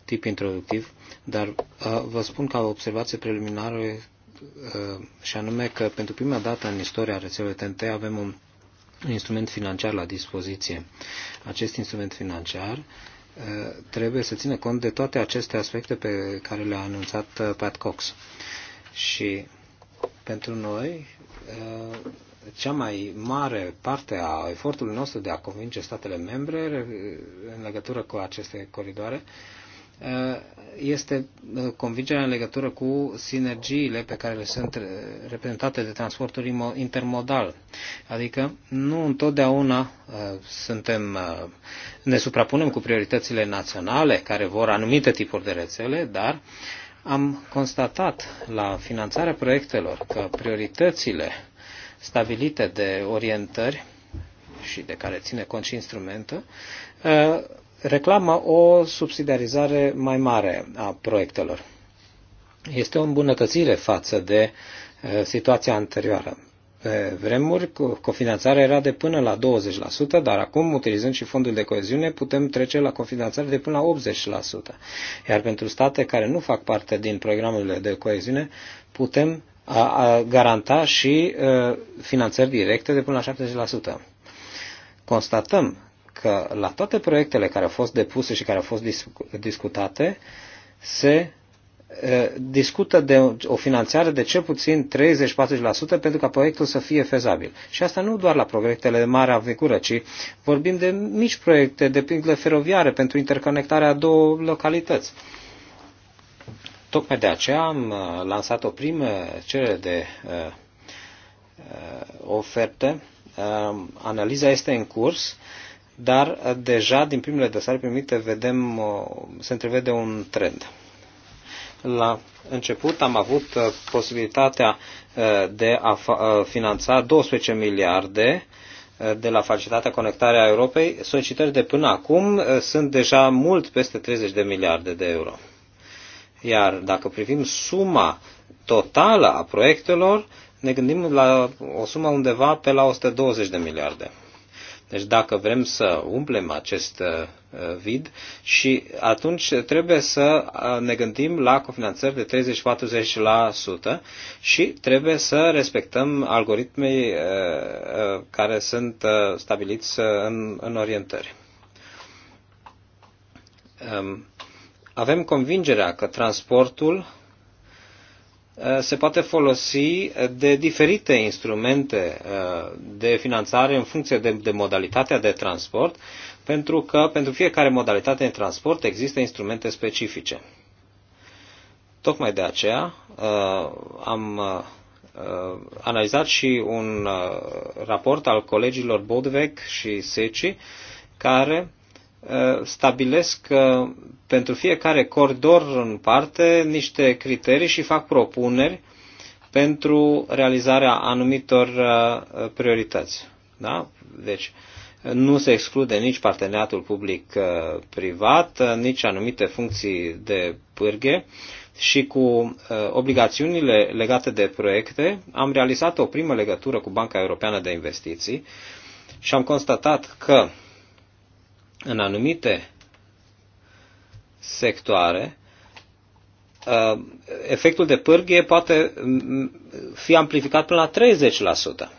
Speaker 2: tip introductiv, dar uh, vă spun ca o observație preliminară uh, și anume că pentru prima dată în istoria rețelei TNT avem un instrument financiar la dispoziție. Acest instrument financiar trebuie să țină cont de toate aceste aspecte pe care le-a anunțat Pat Cox. Și pentru noi, cea mai mare parte a efortului nostru de a convinge statele membre în legătură cu aceste coridoare Uh, este uh, convingerea în legătură cu sinergiile pe care le sunt uh, reprezentate de transportul intermodal. Adică nu întotdeauna suntem, ne suprapunem cu prioritățile naționale care vor anumite tipuri de rețele, dar am constatat la finanțarea proiectelor că prioritățile stabilite de orientări și de care ține cont și instrumentul, reclamă o subsidiarizare mai mare a proiectelor. Este o îmbunătățire față de eh, situația anterioară. Pe vremuri, cofinanțarea era de până la 20%, dar acum, utilizând și fondul de coeziune, putem trece la cofinanțare de până la 80%. Iar pentru state care nu fac parte din programele de coeziune, putem a, a garanta și a, eh, finanțări directe de până la 70%. Constatăm că la toate proiectele care au fost depuse și care au fost discutate se discută de o finanțare de cel puțin 30-40% pentru ca proiectul să fie fezabil. Și asta nu doar la proiectele de mare avicură, ci vorbim de mici proiecte, de pildă feroviare pentru interconectarea a două localități. Tocmai de aceea am lansat o primă cerere de uh, oferte. Uh, analiza este în curs. Uh, dar uh, deja din primele dosare primite vedem, uh, se întrevede un trend. La început am avut uh, posibilitatea de a finanța 12 miliarde de la Facilitatea Conectarea Europei, solicitări de până acum sunt deja mult peste 30 de miliarde de euro. Iar dacă privim suma totală a proiectelor, ne gândim la o sumă undeva pe la 120 de miliarde. Deci dacă vrem să umplem acest uh, vid și atunci trebuie să uh, ne gândim la cofinanțări de 30-40% și trebuie să respectăm algoritmii uh, care sunt stabiliți în, în orientări. Um, avem convingerea că transportul Eh, se poate folosi eh, de diferite instrumente eh, de finanțare în funcție de, de modalitatea de transport, pentru că pentru fiecare modalitate de transport există instrumente specifice. Tocmai de aceea am analizat și un raport al colegilor Bodvec și Seci, care Eh, stabilesc pentru fiecare coridor în parte niște criterii și fac propuneri pentru realizarea anumitor eh, priorități. Da? Deci, nu se exclude nici parteneriatul public-privat, eh, nici anumite funcții de pârghe și cu obligațiunile legate de proiecte am realizat o primă legătură cu Banca Europeană de Investiții și am constatat că în anumite sectoare, uh, efectul de pârghie poate fi amplificat până la 30%.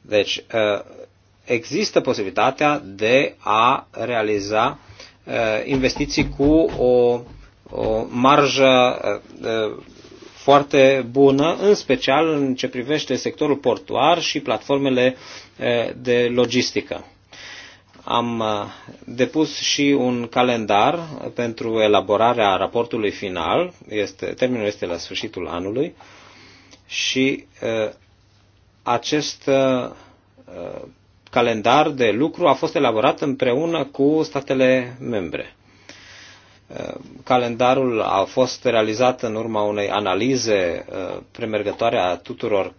Speaker 2: Deci, uh, există posibilitatea de a realiza uh, investiții cu o, o marjă foarte bună, în special în ce privește sectorul portuar și platformele de logistică am uh, depus și un calendar pentru elaborarea raportului final, este, termenul este la sfârșitul anului, și uh, acest uh, uh calendar de lucru a fost elaborat împreună cu statele membre. Uh, calendarul a fost realizat în urma unei analize premergătoare a tuturor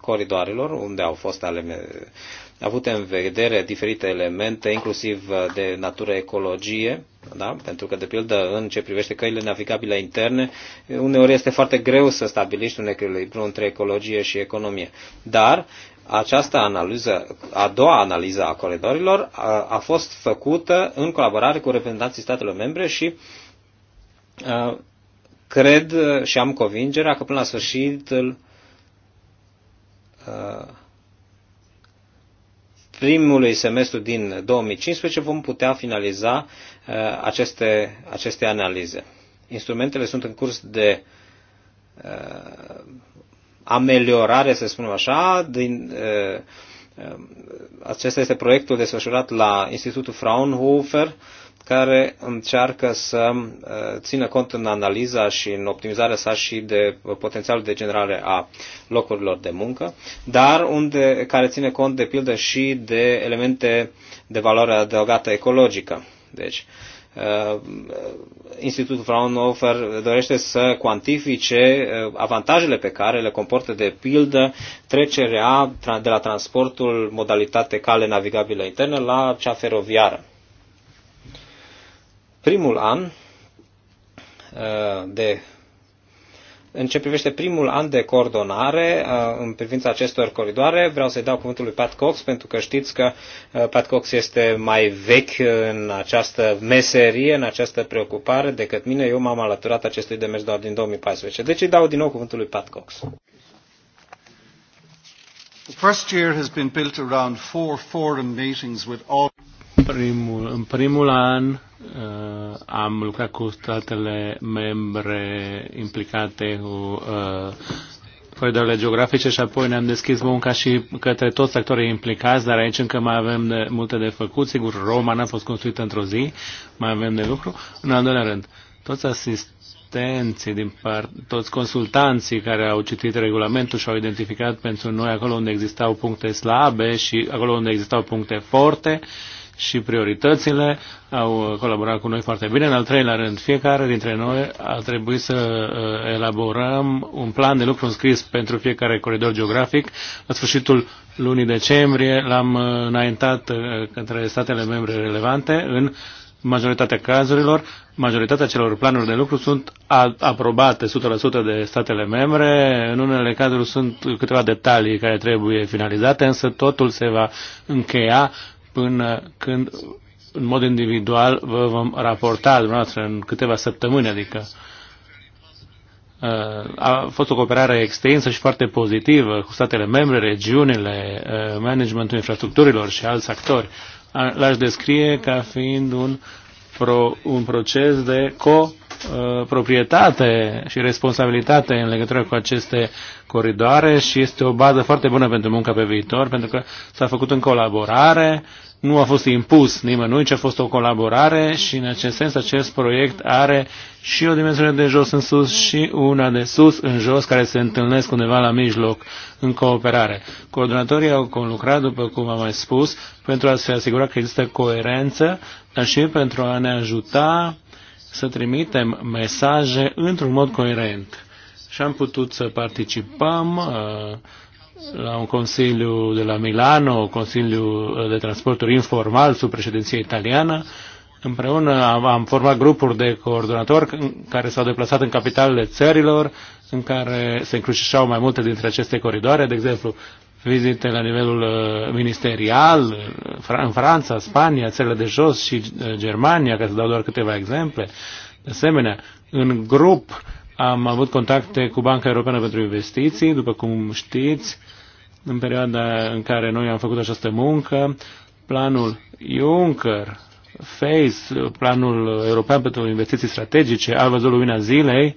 Speaker 2: coridoarelor unde au fost avute în vedere diferite elemente, inclusiv uh, de natură ecologie, da? pentru că, de pildă, în ce privește căile navigabile interne, uneori este foarte greu să stabilești un echilibru între ecologie și economie. Dar această analiză, a doua analiză a coridorilor, a, a fost făcută în colaborare cu reprezentanții statelor membre și a, uh, cred și am convingerea că până la sfârșitul a, uh, primului semestru din 2015 vom putea finaliza uh, aceste, aceste analize. Instrumentele sunt în curs de uh, ameliorare, să spunem așa, din, uh, acesta este proiectul desfășurat la Institutul Fraunhofer care încearcă să uh, țină cont în analiza și în optimizarea sa și de potențialul de generare a locurilor de muncă, dar unde, care ține cont de pildă și de elemente de valoare adăugată ecologică. Deci, uh, Institutul Fraunhofer dorește să cuantifice uh, avantajele pe care le comportă de pildă trecerea de la transportul modalitate cale navigabilă internă la cea feroviară primul an uh, de în ce privește primul an de coordonare uh, în privința acestor coridoare, vreau să-i dau cuvântul lui Pat Cox, pentru că știți că uh, Pat Cox este mai vechi în această meserie, în această preocupare decât mine. Eu m-am alăturat acestui demers doar din 2014. Deci îi dau din nou cuvântul lui Pat Cox.
Speaker 1: Primul, în primul an Uh, am lucrat cu statele membre implicate cu uh, geografice și apoi ne-am deschis munca și către toți actorii implicați, dar aici încă mai avem de, multe de făcut. Sigur, Roma n-a fost construită într-o zi, mai avem de lucru. În al doilea rând, toți asistenții, din part, toți consultanții care au citit regulamentul și au identificat pentru noi acolo unde existau puncte slabe și acolo unde existau puncte forte, uh, și prioritățile, au colaborat cu noi foarte bine. În al treilea rând, fiecare dintre noi a trebuit să uh, elaborăm un plan de lucru înscris pentru fiecare coridor geografic. La sfârșitul lunii decembrie l-am uh, înaintat uh, către statele membre relevante în majoritatea cazurilor, majoritatea celor planuri de lucru sunt aprobate 100% de statele membre. În unele cazuri sunt câteva detalii care trebuie finalizate, însă totul se va încheia până când în mod individual vă vom raporta dumneavoastră în câteva săptămâni, adică uh, a fost o cooperare extinsă și foarte pozitivă cu statele membre, regiunile, uh, managementul infrastructurilor și alți actori. L-aș descrie ca fiind un, pro, un proces de co Uh, proprietate și responsabilitate în legătură cu aceste coridoare și este o bază foarte bună pentru munca pe viitor, pentru că s-a făcut în colaborare, nu a fost impus nimănui, ci a fost o colaborare și în acest sens acest proiect are și o dimensiune de jos în sus și una de sus în jos care se întâlnesc undeva la mijloc în cooperare. Coordonatorii au conlucrat, după cum am mai spus, pentru a se asigura că există coerență, dar și pentru a ne ajuta să trimitem mesaje într-un mod coerent. Și am putut să participăm uh, la un consiliu de la Milano, consiliu uh, de transporturi informal sub președinția italiană. Împreună am, am format grupuri de coordonatori care s-au deplasat în capitalele țărilor, în care se încrucișau mai multe dintre aceste coridoare, de exemplu vizite la nivelul uh, ministerial uh, în Franța, Spania, țările de jos și uh, Germania, ca să dau doar câteva exemple. De asemenea, în grup am avut contacte cu Banca Europeană pentru Investiții, după cum știți, în perioada în care noi am făcut această muncă, planul Juncker, FACE, planul european pentru investiții strategice, a văzut lumina zilei,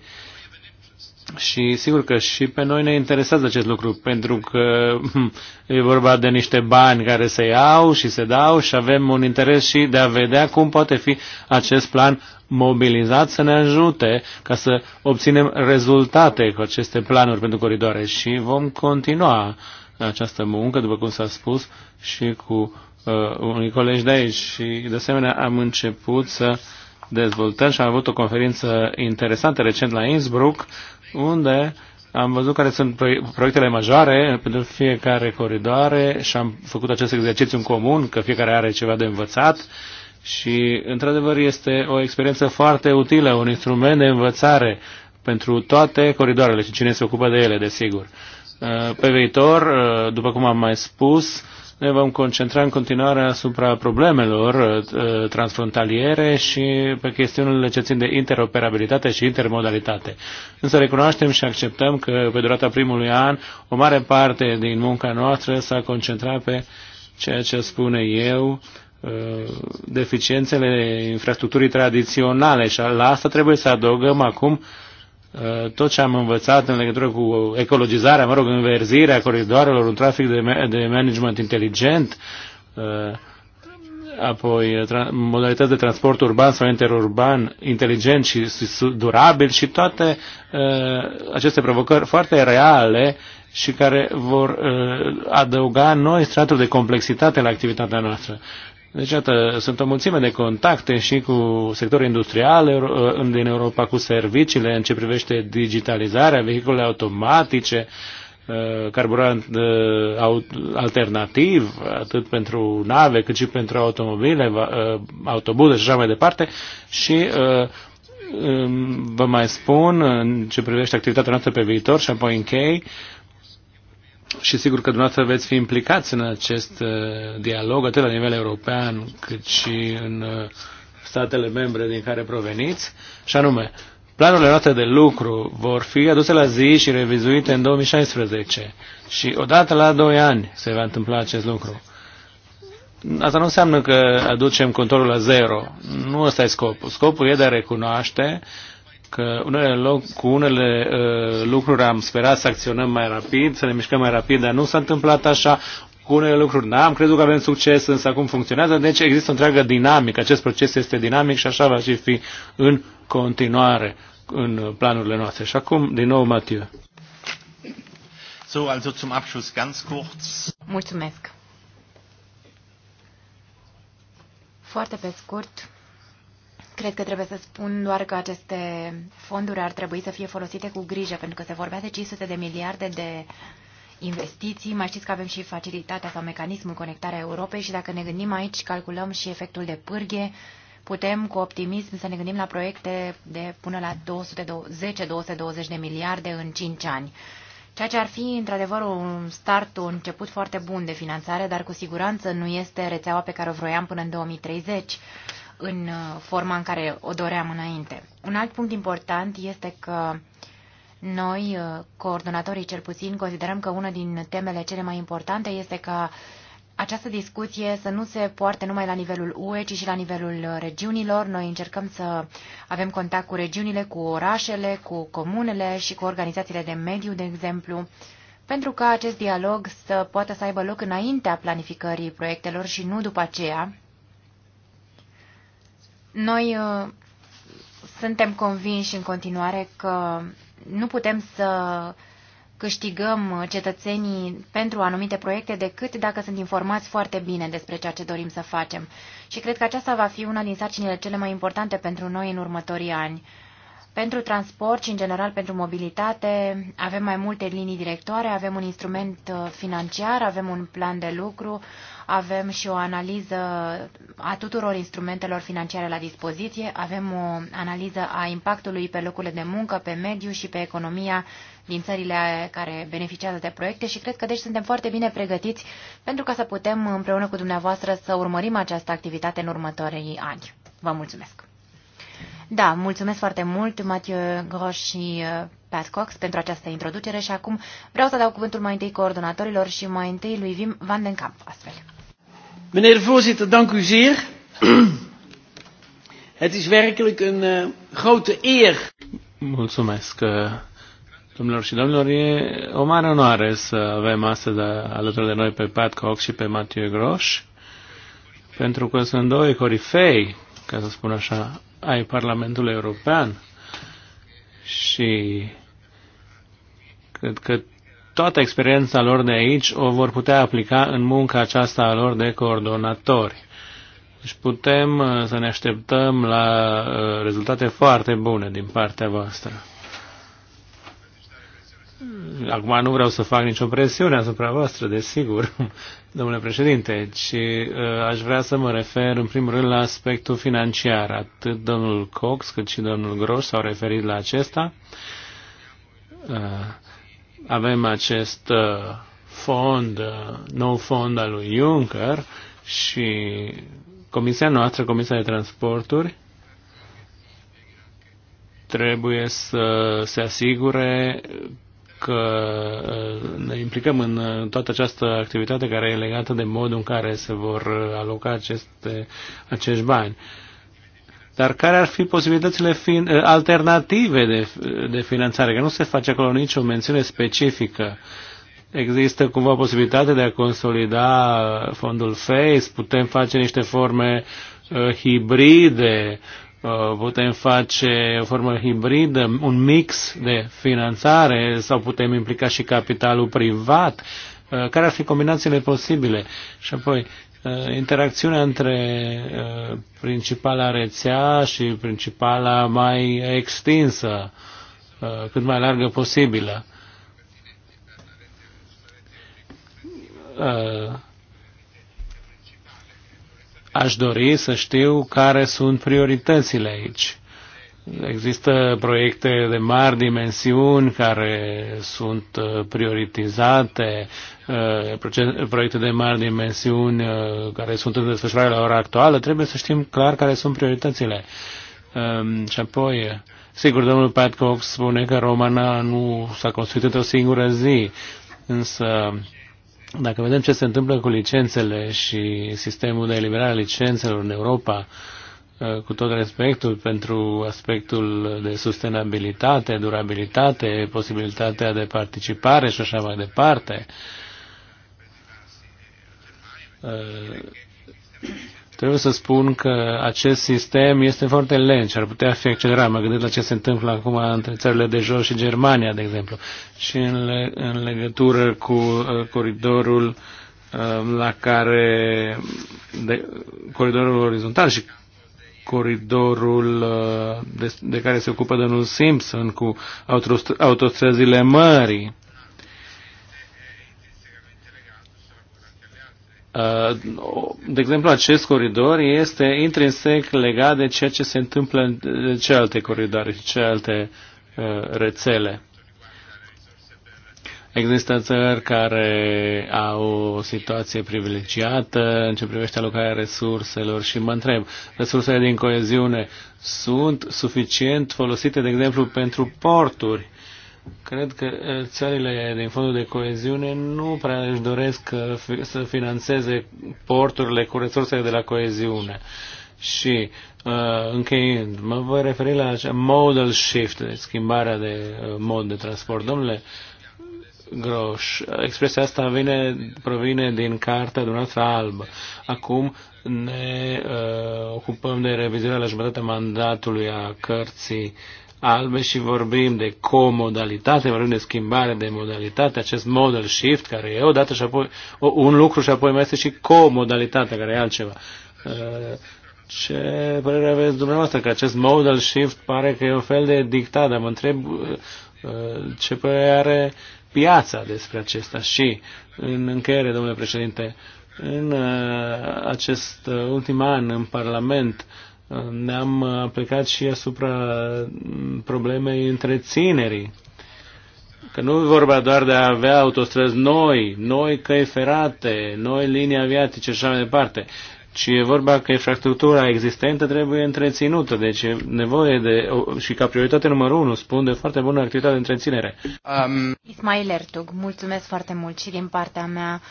Speaker 1: și sigur că și pe noi ne interesează acest lucru, pentru că hmm, e vorba de niște bani care se iau și se dau și avem un interes și de a vedea cum poate fi acest plan mobilizat să ne ajute ca să obținem rezultate cu aceste planuri pentru coridoare și vom continua această muncă, după cum s-a spus, și cu uh, unii colegi de aici. Și de asemenea am început să dezvoltăm și am avut o conferință interesantă recent la Innsbruck unde am văzut care sunt proiectele majore pentru fiecare coridoare și am făcut acest exercițiu în comun, că fiecare are ceva de învățat și, într-adevăr, este o experiență foarte utilă, un instrument de învățare pentru toate coridoarele și cine se ocupă de ele, desigur. Uh, pe viitor, uh, după cum am mai spus, ne vom concentra în continuare asupra problemelor uh, transfrontaliere și pe chestiunile ce țin de interoperabilitate și intermodalitate. Însă recunoaștem și acceptăm că pe durata primului an o mare parte din munca noastră s-a concentrat pe ceea ce spune eu, uh, deficiențele infrastructurii tradiționale și la asta trebuie să adăugăm acum Uh, tot ce am învățat în legătură cu ecologizarea, mă rog, înverzirea coridoarelor, un trafic de, de management inteligent, uh, apoi uh, modalități de transport urban sau interurban inteligent și durabil și toate aceste provocări foarte reale și care vor adăuga noi straturi de complexitate la activitatea noastră. Deci, iată, sunt o mulțime de contacte și cu sectorul industrial din Europa, cu serviciile în ce privește digitalizarea, vehicule automatice, uh, carburant uh, alternativ, atât pentru nave cât și pentru automobile, uh, autobuze și așa mai departe. Și um, vă mai spun în ce privește activitatea noastră pe viitor și apoi închei și sigur că dumneavoastră veți fi implicați în acest uh, dialog, atât la nivel european, cât și în uh, statele membre din care proveniți, și anume, planurile noastre de lucru vor fi aduse la zi și revizuite în 2016 și odată la 2 ani se va întâmpla acest lucru. Asta nu înseamnă că aducem controlul la zero. Nu ăsta e scopul. Scopul e de a recunoaște că unele loc, cu unele uh, lucruri am sperat să acționăm mai rapid, să ne mișcăm mai rapid, dar nu s-a întâmplat așa. Cu unele lucruri n-am crezut că avem succes, însă acum funcționează, deci există o întreagă dinamică. Acest proces este dinamic și așa va și fi în continuare în planurile noastre. Și acum, din nou, Matiu. So, also zum Abschluss ganz kurz.
Speaker 4: Mulțumesc. Foarte pe scurt, Cred că trebuie să spun doar că aceste fonduri ar trebui să fie folosite cu grijă, pentru că se vorbea de 500 de miliarde de investiții. Mai știți că avem și facilitatea sau mecanismul conectarea Europei și dacă ne gândim aici, calculăm și efectul de pârghie, putem cu optimism să ne gândim la proiecte de până la 210-220 de miliarde în 5 ani. Ceea ce ar fi într-adevăr un start, un început foarte bun de finanțare, dar cu siguranță nu este rețeaua pe care o vroiam până în 2030 în uh, forma în care o doream înainte. Un alt punct important este că noi, uh, coordonatorii cel puțin, considerăm că una din temele cele mai importante este ca această discuție să nu se poarte numai la nivelul UE, ci și la nivelul uh, regiunilor. Noi încercăm să avem contact cu regiunile, cu orașele, cu comunele și cu organizațiile de mediu, de exemplu, pentru ca acest dialog să poată să aibă loc înaintea planificării proiectelor și nu după aceea, noi uh, suntem convinși în continuare că nu putem să câștigăm uh, cetățenii pentru anumite proiecte decât dacă sunt informați foarte bine despre ceea ce dorim să facem. Și cred că aceasta va fi una din sarcinile cele mai importante pentru noi în următorii ani. Pentru transport și, în general, pentru mobilitate avem mai multe linii directoare, avem un instrument uh, financiar, avem un plan de lucru, avem și o analiză a tuturor instrumentelor financiare la dispoziție, avem o analiză a impactului pe locurile de muncă, pe mediu și pe economia din țările care beneficiază de proiecte și cred că deci suntem foarte bine pregătiți pentru ca să putem împreună cu dumneavoastră să urmărim această activitate în următorii ani. Vă mulțumesc! Da, mulțumesc foarte mult, Mathieu Groș și uh, Pat Cox, pentru această introducere și acum vreau să dau cuvântul mai întâi coordonatorilor și mai întâi lui Wim van den Kamp, astfel.
Speaker 3: Meneer de voorzitter,
Speaker 1: dank u zeer. Het is werkelijk een uh, grote eer. Mulțumesc, eh, domnilor și domnilor. E o mare onoare să avem astăzi eh, alături de noi pe Pat Cox și pe Mathieu Groș, pentru că sunt doi corifei, ca să spun așa, ai Parlamentului European și cred că toată experiența lor de aici o vor putea aplica în munca aceasta a lor de coordonatori. Deci putem uh, să ne așteptăm la uh, rezultate foarte bune din partea voastră acum nu vreau să fac nicio presiune asupra voastră, desigur, domnule președinte, ci uh, aș vrea să mă refer în primul rând la aspectul financiar. Atât domnul Cox cât și domnul Groș s-au referit la acesta. Uh, avem acest uh, fond, nou fond al lui Juncker și comisia noastră, Comisia de Transporturi, trebuie să se asigure că uh, ne implicăm în uh, toată această activitate care e legată de modul în care se vor uh, aloca aceste, acești bani. Dar care ar fi posibilitățile fin, alternative de, de finanțare? Că nu se face acolo nicio mențiune specifică. Există cumva posibilitatea de a consolida fondul FACE, putem face niște forme uh, hibride Uh, putem face o formă hibridă, un mix de finanțare sau putem implica și capitalul privat. Uh, care ar fi combinațiile posibile? Și apoi, uh, interacțiunea între principala rețea și principala mai extinsă, cât mai largă posibilă. Aș dori să știu care sunt prioritățile aici. Există proiecte de mari dimensiuni care sunt uh, prioritizate, uh, proiecte de mari dimensiuni uh, care sunt în desfășurare la ora actuală. Trebuie să știm clar care sunt prioritățile. Um, și apoi, sigur, domnul Pat spune că Romana nu s-a construit într-o singură zi, însă dacă vedem ce se întâmplă cu licențele și sistemul de eliberare a licențelor în Europa, uh, cu tot respectul pentru aspectul de sustenabilitate, durabilitate, posibilitatea de participare și așa mai departe, uh, Trebuie să spun că acest sistem este foarte lent și ar putea fi accelerat. Mă gândesc la ce se întâmplă acum între țările de jos și Germania, de exemplu, și în, le, în legătură cu uh, coridorul uh, la care de, coridorul orizontal și coridorul uh, de, de care se ocupă domnul Simpson cu autostrăzile mării Uh, de exemplu, acest coridor este intrinsec legat de ceea ce se întâmplă în celelalte coridoare și celelalte uh, rețele. Există țări care au o situație privilegiată în ce privește alocarea resurselor și mă întreb, resursele din coeziune sunt suficient folosite, de exemplu, pentru porturi? Cred că uh, țările din fondul de coeziune nu prea își doresc uh, să financeze porturile cu resursele de la coeziune. Și uh, încheiind, mă voi referi la acea modal shift, deci schimbarea de uh, mod de transport. Domnule Groș, expresia asta vine, provine din cartea dumneavoastră albă. Acum ne uh, ocupăm de revizuirea la jumătatea mandatului a cărții albe și vorbim de comodalitate, vorbim de schimbare de modalitate, acest model shift care e odată și apoi un lucru și apoi mai este și comodalitatea care e altceva. Uh, ce părere aveți dumneavoastră că acest model shift pare că e o fel de dictat, dar mă întreb uh, uh, ce părere are piața despre acesta și în încheiere, domnule președinte, în acest ultim an în Parlament, ne-am uh, plecat și asupra mm, problemei întreținerii. Că nu e vorba doar de a avea autostrăzi noi, noi căi ferate, noi linii aviatice și așa mai departe, ci e vorba că infrastructura existentă trebuie întreținută, deci e nevoie de, și ca prioritate numărul unu, spun de foarte bună activitate de întreținere. Um...
Speaker 4: Ismail Ertug, mulțumesc foarte mult și din partea mea,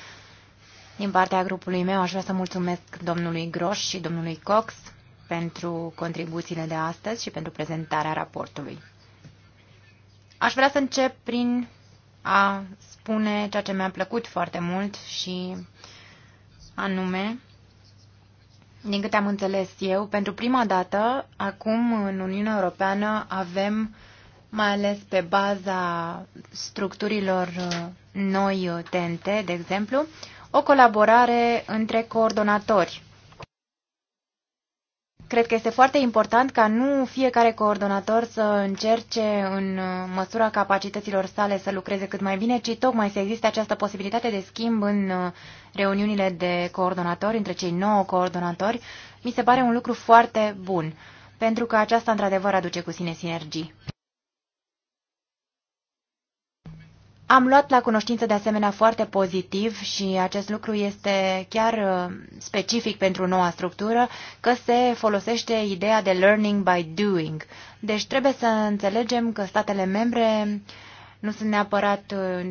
Speaker 4: din partea grupului meu, aș vrea să mulțumesc domnului Groș și domnului Cox pentru contribuțiile de astăzi și pentru prezentarea raportului. Aș vrea să încep prin a spune ceea ce mi-a plăcut foarte mult și anume, din câte am înțeles eu, pentru prima dată, acum în Uniunea Europeană avem, mai ales pe baza structurilor noi TNT, de exemplu, o colaborare între coordonatori Cred că este foarte important ca nu fiecare coordonator să încerce în uh, măsura capacităților sale să lucreze cât mai bine, ci tocmai să existe această posibilitate de schimb în uh, reuniunile de coordonatori, între cei nouă coordonatori. Mi se pare un lucru foarte bun, pentru că aceasta într-adevăr aduce cu sine sinergii. Am luat la cunoștință de asemenea foarte pozitiv și acest lucru este chiar uh, specific pentru noua structură că se folosește ideea de learning by doing. Deci trebuie să înțelegem că statele membre nu sunt neapărat uh,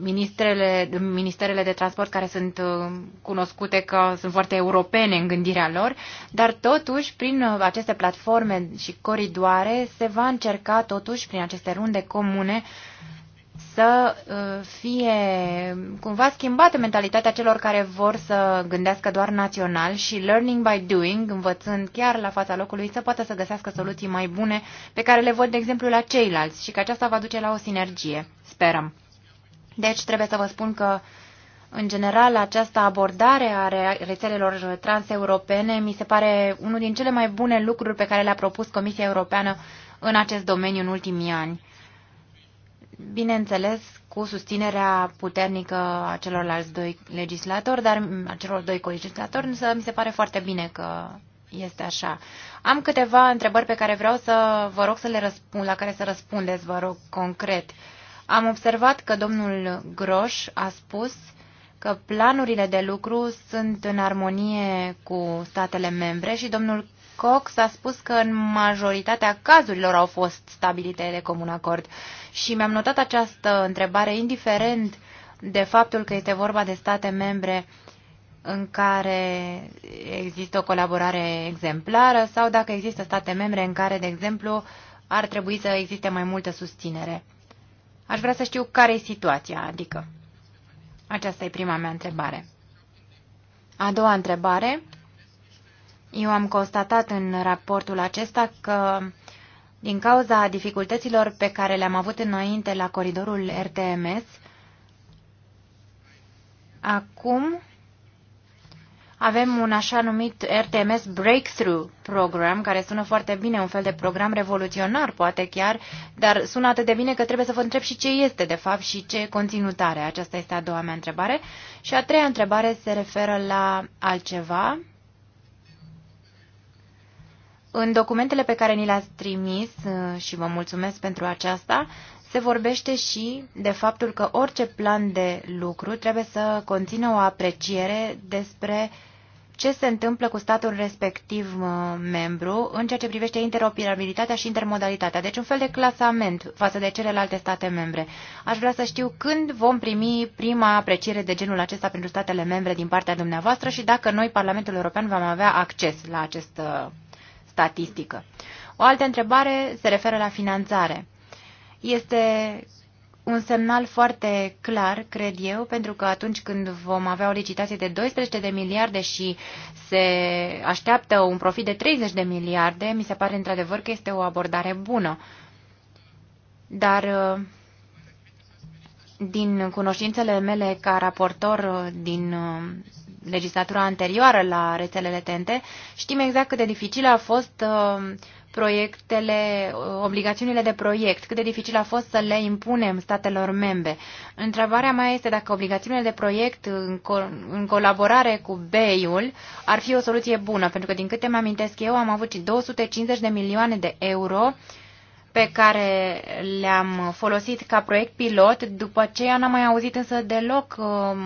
Speaker 4: ministrele, ministerele de transport care sunt uh, cunoscute că sunt foarte europene în gândirea lor, dar totuși prin uh, aceste platforme și coridoare se va încerca totuși prin aceste runde comune să uh, fie cumva schimbată mentalitatea celor care vor să gândească doar național și learning by doing, învățând chiar la fața locului, să poată să găsească soluții mai bune pe care le văd, de exemplu, la ceilalți și că aceasta va duce la o sinergie. Sperăm. Deci trebuie să vă spun că, în general, această abordare a rețelelor transeuropene mi se pare unul din cele mai bune lucruri pe care le-a propus Comisia Europeană în acest domeniu în ultimii ani. Bineînțeles, cu susținerea puternică a celorlalți doi legislatori, dar a celor doi colegislatori, însă mi se pare foarte bine că este așa. Am câteva întrebări pe care vreau să vă rog să le răspund, la care să răspundeți, vă rog, concret. Uh, am observat că domnul Groș a spus că planurile de lucru sunt în armonie cu statele membre și domnul Cox a spus că în majoritatea cazurilor au fost stabilite de comun acord. Și mi-am notat această întrebare indiferent de faptul că este vorba de state membre în care există o colaborare exemplară sau dacă există state membre în care, de exemplu, ar trebui să existe mai multă susținere. Aș vrea să știu care e situația, adică. Aceasta e prima mea întrebare. A doua întrebare. Eu am constatat în raportul acesta că din cauza dificultăților pe care le-am avut înainte la coridorul RTMS, acum avem un așa numit RTMS Breakthrough Program, care sună foarte bine, un fel de program revoluționar, poate chiar, dar sună atât de bine că trebuie să vă întreb și ce este, de fapt, și ce conținut are. Aceasta este a doua mea întrebare. Și a treia întrebare se referă la altceva. În documentele pe care ni le-ați trimis, uh, și vă mulțumesc pentru aceasta, se vorbește și de faptul că orice plan de lucru trebuie să conțină o apreciere despre ce se întâmplă cu statul respectiv membru în ceea ce privește interoperabilitatea și intermodalitatea. Deci un fel de clasament față de celelalte state membre. Aș vrea să știu când vom primi prima apreciere de genul acesta pentru statele membre din partea dumneavoastră și dacă noi, Parlamentul European, vom avea acces la această statistică. O altă întrebare se referă la finanțare. Este un semnal foarte clar, cred eu, pentru că atunci când vom avea o licitație de 12 de miliarde și se așteaptă un profit de 30 de miliarde, mi se pare într-adevăr că este o abordare bună. Dar uh, din cunoștințele mele ca raportor uh, din uh, legislatura anterioară la rețelele TNT, știm exact cât de dificilă a fost proiectele, obligațiunile de proiect, cât de dificil a fost să le impunem statelor membre. Întrebarea mea este dacă obligațiunile de proiect în, co- în colaborare cu BEI-ul ar fi o soluție bună, pentru că din câte mă amintesc eu am avut și 250 de milioane de euro uh, pe care le-am folosit ca proiect pilot. După aceea n-am mai auzit însă deloc um,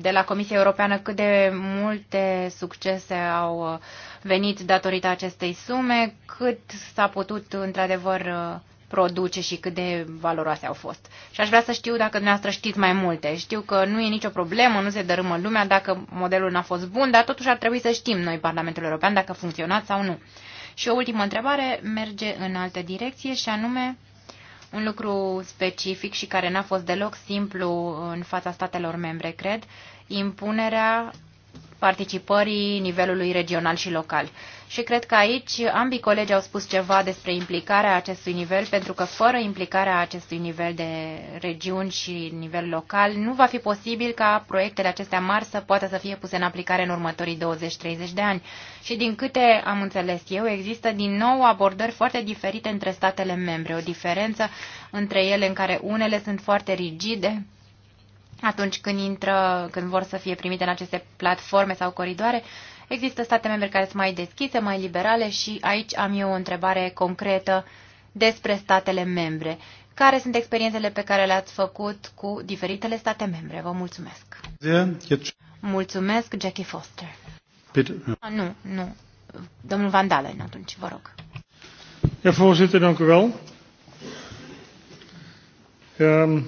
Speaker 4: de la Comisia Europeană cât de multe succese au uh, venit datorită acestei sume, cât s-a putut într-adevăr uh, produce și cât de valoroase au fost. Și aș vrea să știu dacă dumneavoastră știți mai multe. Știu că nu e nicio problemă, nu se dărâmă lumea dacă modelul n-a fost bun, dar totuși ar trebui să știm noi, Parlamentul European, dacă a funcționat sau nu. Și o ultimă întrebare merge în altă direcție și anume un lucru specific și care n-a fost deloc simplu în fața statelor membre, cred, impunerea participării nivelului regional și local. Și cred că aici ambii colegi au spus ceva despre implicarea acestui nivel, pentru că fără implicarea acestui nivel de regiuni și nivel local, nu va fi posibil ca proiectele acestea mari să poată să fie puse în aplicare în următorii 20-30 de ani. Și din câte am înțeles eu, există din nou abordări foarte diferite între statele membre, o diferență între ele în care unele sunt foarte rigide, atunci când intră, când vor să fie primite în aceste platforme sau coridoare, există state membre care sunt mai deschise, mai liberale și aici am eu o întrebare concretă despre statele membre. Care sunt experiențele pe care le-ați făcut cu diferitele state membre? Vă mulțumesc! Mulțumesc, Jackie Foster. Peter. A, nu, nu. Domnul Van Dalen, atunci, vă rog.
Speaker 1: Ja,
Speaker 3: voorzitter, dank u wel. Um,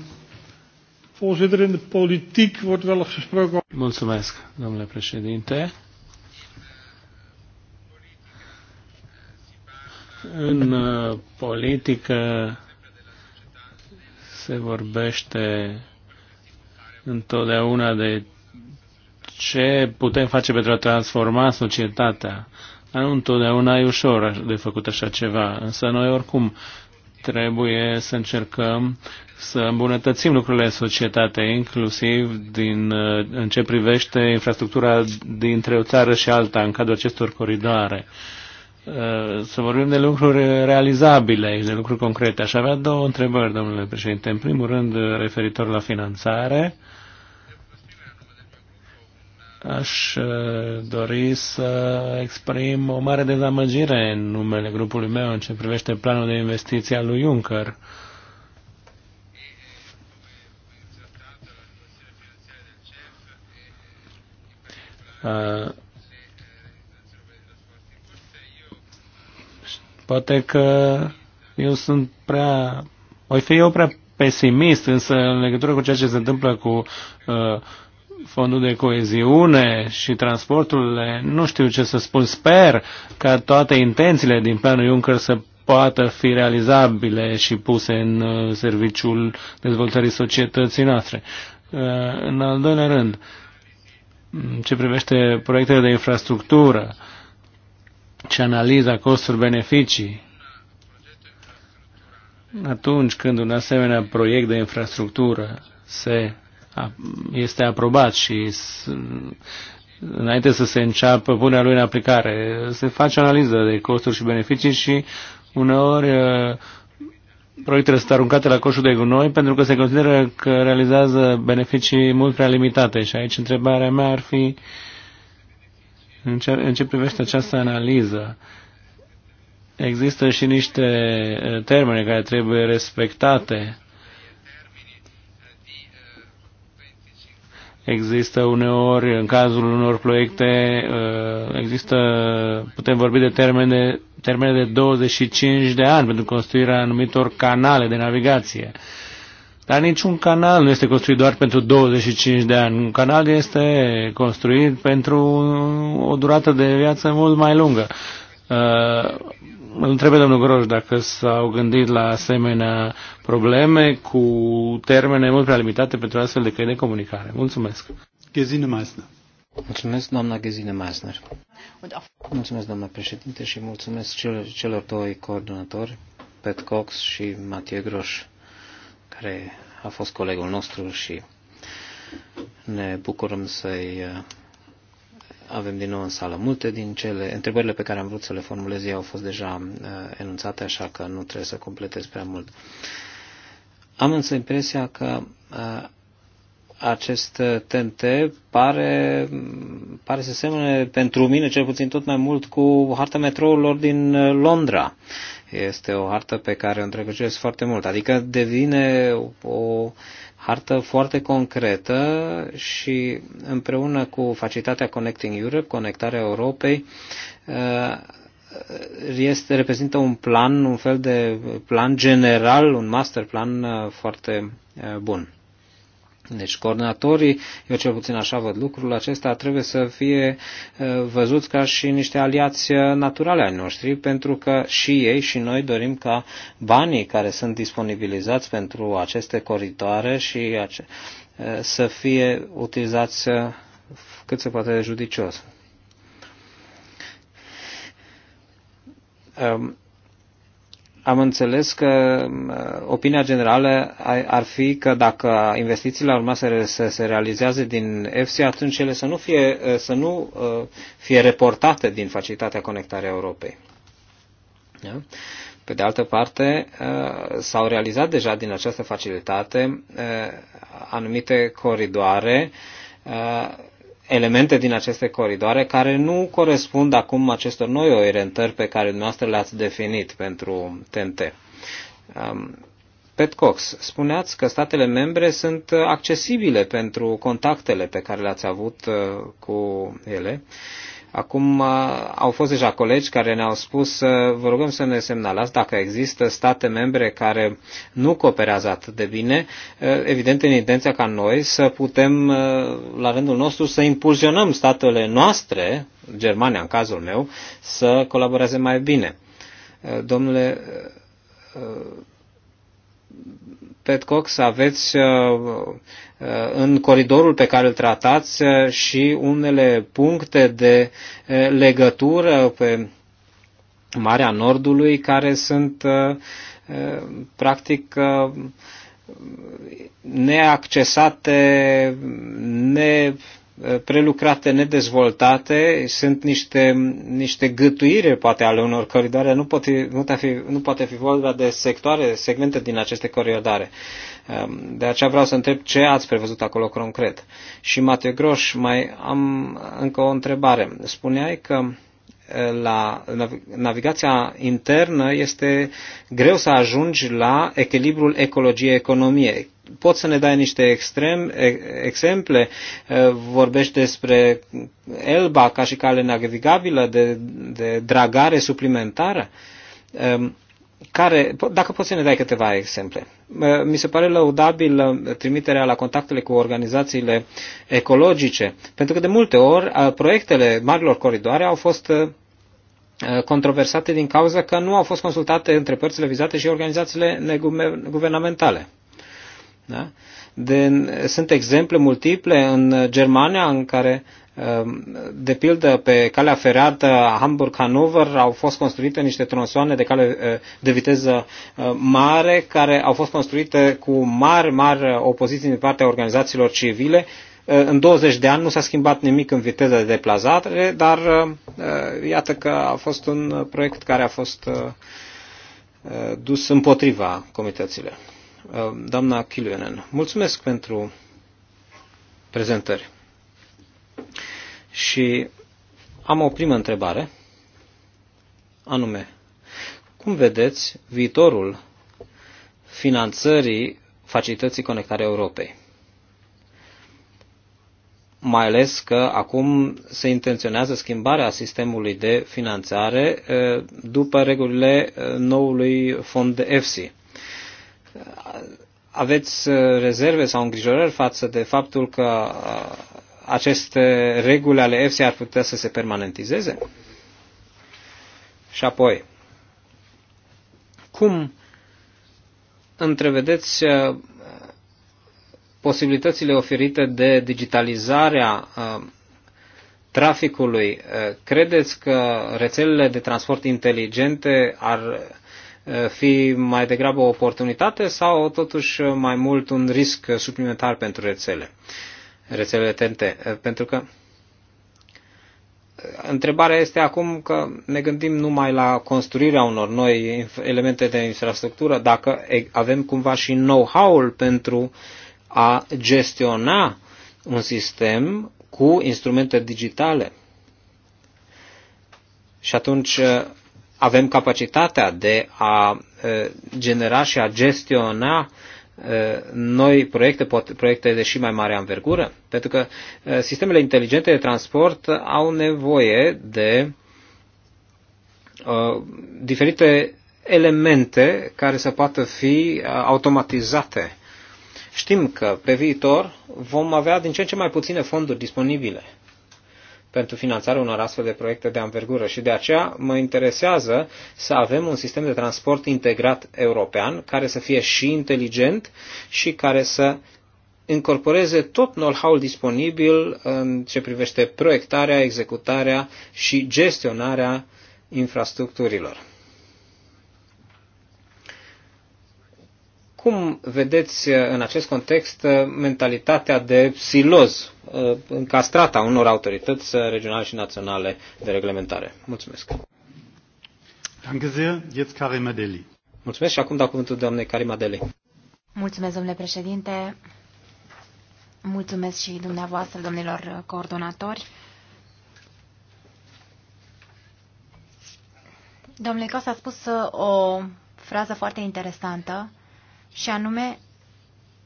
Speaker 3: Voorzitter, in de politiek wordt wel eens gesproken.
Speaker 1: Mulțumesc, domnule președinte. În uh, politică se vorbește întotdeauna de ce putem face pentru a transforma societatea. Dar nu întotdeauna e ușor de făcut așa ceva, însă noi oricum trebuie să încercăm să îmbunătățim lucrurile în societate, inclusiv din, uh, în ce privește infrastructura dintre o țară și alta în cadrul acestor coridoare. Uh, să vorbim de lucruri realizabile și de lucruri concrete. Aș avea două întrebări, domnule președinte. În primul rând, referitor la finanțare. Uh, Aș uh, dori să exprim o mare dezamăgire în numele grupului meu în ce privește planul de investiție al lui Juncker. Uh, poate că eu sunt prea... Oi fi eu prea pesimist, însă în legătură cu ceea ce se întâmplă cu uh, fondul de coeziune și transporturile, nu știu ce să spun, sper ca toate intențiile din planul Juncker să poată fi realizabile și puse în uh, serviciul dezvoltării societății noastre. Uh, în al doilea rând, ce privește proiectele de infrastructură și analiza costuri-beneficii, atunci când un asemenea proiect de infrastructură se este aprobat și înainte să se înceapă punerea lui în aplicare, se face analiză de costuri și beneficii și uneori proiectele sunt aruncate la coșul de gunoi pentru că se consideră că realizează beneficii mult prea limitate. Și aici întrebarea mea ar fi în ce, în ce privește această analiză. Există și niște termene care trebuie respectate Există uneori, în cazul unor proiecte, uh, există, putem vorbi de termene, termene de 25 de ani pentru construirea anumitor canale de navigație. Dar niciun canal nu este construit doar pentru 25 de ani. Un canal este construit pentru o durată de viață mult mai lungă. Uh, îl întrebe domnul Groș dacă s-au gândit la asemenea probleme cu termene mult prea limitate pentru astfel de căi de comunicare. Mulțumesc.
Speaker 2: Ghezine Meisner. Mulțumesc, doamna Ghezine Meisner. Mulțumesc, doamna președinte, și mulțumesc celor, celor doi coordonatori, Pet Cox și Matie Groș, care a fost colegul nostru și ne bucurăm să-i avem din nou în sală multe din cele, întrebările pe care am vrut să le formulez eu au fost deja uh, enunțate, așa că nu trebuie să completez prea mult. Am însă impresia că uh, acest TNT pare, pare să semene pentru mine cel puțin tot mai mult cu harta metroulor din uh, Londra. Este o hartă pe care o întregăcesc foarte mult, adică devine o, hartă foarte concretă și împreună cu facilitatea Connecting Europe, conectarea Europei, uh, este, reprezintă un plan, un fel de plan general, un master plan uh, foarte uh, bun. Deci coordonatorii, eu cel puțin așa văd lucrul acesta, trebuie să fie uh, văzuți ca și niște aliați uh, naturale ai noștri, pentru că și ei și noi dorim ca banii care sunt disponibilizați pentru aceste coridoare și uh, să fie utilizați cât se poate de judicios. Um, am înțeles că opinia generală ar fi că dacă investițiile ar urma să, să se realizeze din EFSI, atunci ele să nu fie, să nu fie reportate din Facilitatea Conectarea Europei. Da? Pe de altă parte, s-au realizat deja din această facilitate anumite coridoare elemente din aceste coridoare care nu corespund acum acestor noi orientări pe care dumneavoastră le-ați definit pentru TNT. Um, Pet Cox, spuneați că statele membre sunt accesibile pentru contactele pe care le-ați avut uh, cu ele Acum uh, au fost deja colegi care ne-au spus, uh, vă rugăm să ne semnalați dacă există state membre care nu cooperează atât de bine, uh, evident în intenția ca noi să putem la rândul nostru să impulsionăm statele noastre, Germania în cazul meu, să colaboreze mai bine. Domnule Petcox, aveți Uh, în coridorul pe care îl tratați uh, și unele puncte de uh, legătură pe Marea Nordului care sunt practic neaccesate, ne Uh, prelucrate, nedezvoltate, sunt niște, niște gâtuire poate ale unor coridoare, nu poate, nu, fi, nu poate fi vorba de sectoare, segmente din aceste coridoare. Um, de aceea vreau să întreb ce ați prevăzut acolo concret. Și Matei Groș, mai am încă o întrebare. Spuneai că la navigația internă este greu să ajungi la echilibrul ecologie-economie. Poți să ne dai niște extrem, exemple, vorbești despre Elba ca și cale navigabilă de, de dragare suplimentară. Care, dacă poți să ne dai câteva exemple. Mi se pare lăudabil trimiterea la contactele cu organizațiile ecologice, pentru că de multe ori proiectele marilor coridoare au fost Uh, controversate din cauza că nu au fost consultate între părțile vizate și organizațiile neguvernamentale. Da? De, sunt exemple multiple în Germania în care, uh, de pildă, pe calea ferată Hamburg-Hanover au fost construite niște tronsoane de, cale, uh, de viteză mare care au fost construite cu mari, mari opoziții din partea organizațiilor civile Uh, în 20 de ani nu s-a schimbat nimic în viteză de deplasare, dar uh, uh, iată că a fost un proiect care a fost dus împotriva comităților. Doamna Kilionen, mulțumesc pentru prezentări. Și am o primă întrebare, anume, cum vedeți viitorul finanțării facilității conectare Europei? mai ales că acum se intenționează schimbarea sistemului de finanțare eh, după regulile eh, noului fond EFSI. Eh, aveți rezerve sau îngrijorări față de faptul că aceste reguli ale EFSI ar putea să se permanentizeze? Și apoi, cum întrevedeți posibilitățile oferite de digitalizarea uh, traficului, uh, credeți că rețelele de transport inteligente ar uh, fi mai degrabă o oportunitate sau totuși mai mult un risc suplimentar pentru rețele, rețelele TNT? Pentru că întrebarea este acum că ne gândim numai la construirea unor noi elemente de infrastructură, dacă avem cumva și know-how-ul pentru uh, a gestiona un sistem cu instrumente digitale. Și atunci uh, avem capacitatea de a uh, genera și a gestiona uh, noi proiecte, proiecte de și mai mare anvergură, pentru că sistemele inteligente de transport au nevoie de diferite elemente care să poată fi automatizate Știm că pe viitor vom avea din ce în ce mai puține fonduri disponibile pentru finanțarea unor astfel de proiecte de anvergură și de aceea mă interesează să avem un sistem de transport integrat european care să fie și inteligent și care să incorporeze tot know-how-ul disponibil în ce privește proiectarea, executarea și gestionarea infrastructurilor. Cum vedeți uh, în acest context uh, mentalitatea de siloz uh, încastrată a unor autorități regionale și naționale de reglementare? Mulțumesc.
Speaker 1: Danke sehr. Jetzt Karim Adeli.
Speaker 2: Mulțumesc și acum dau cuvântul doamnei Karim Adeli.
Speaker 4: Mulțumesc, domnule președinte. Mulțumesc și dumneavoastră, domnilor coordonatori. Domnule Cos a spus o frază foarte interesantă și anume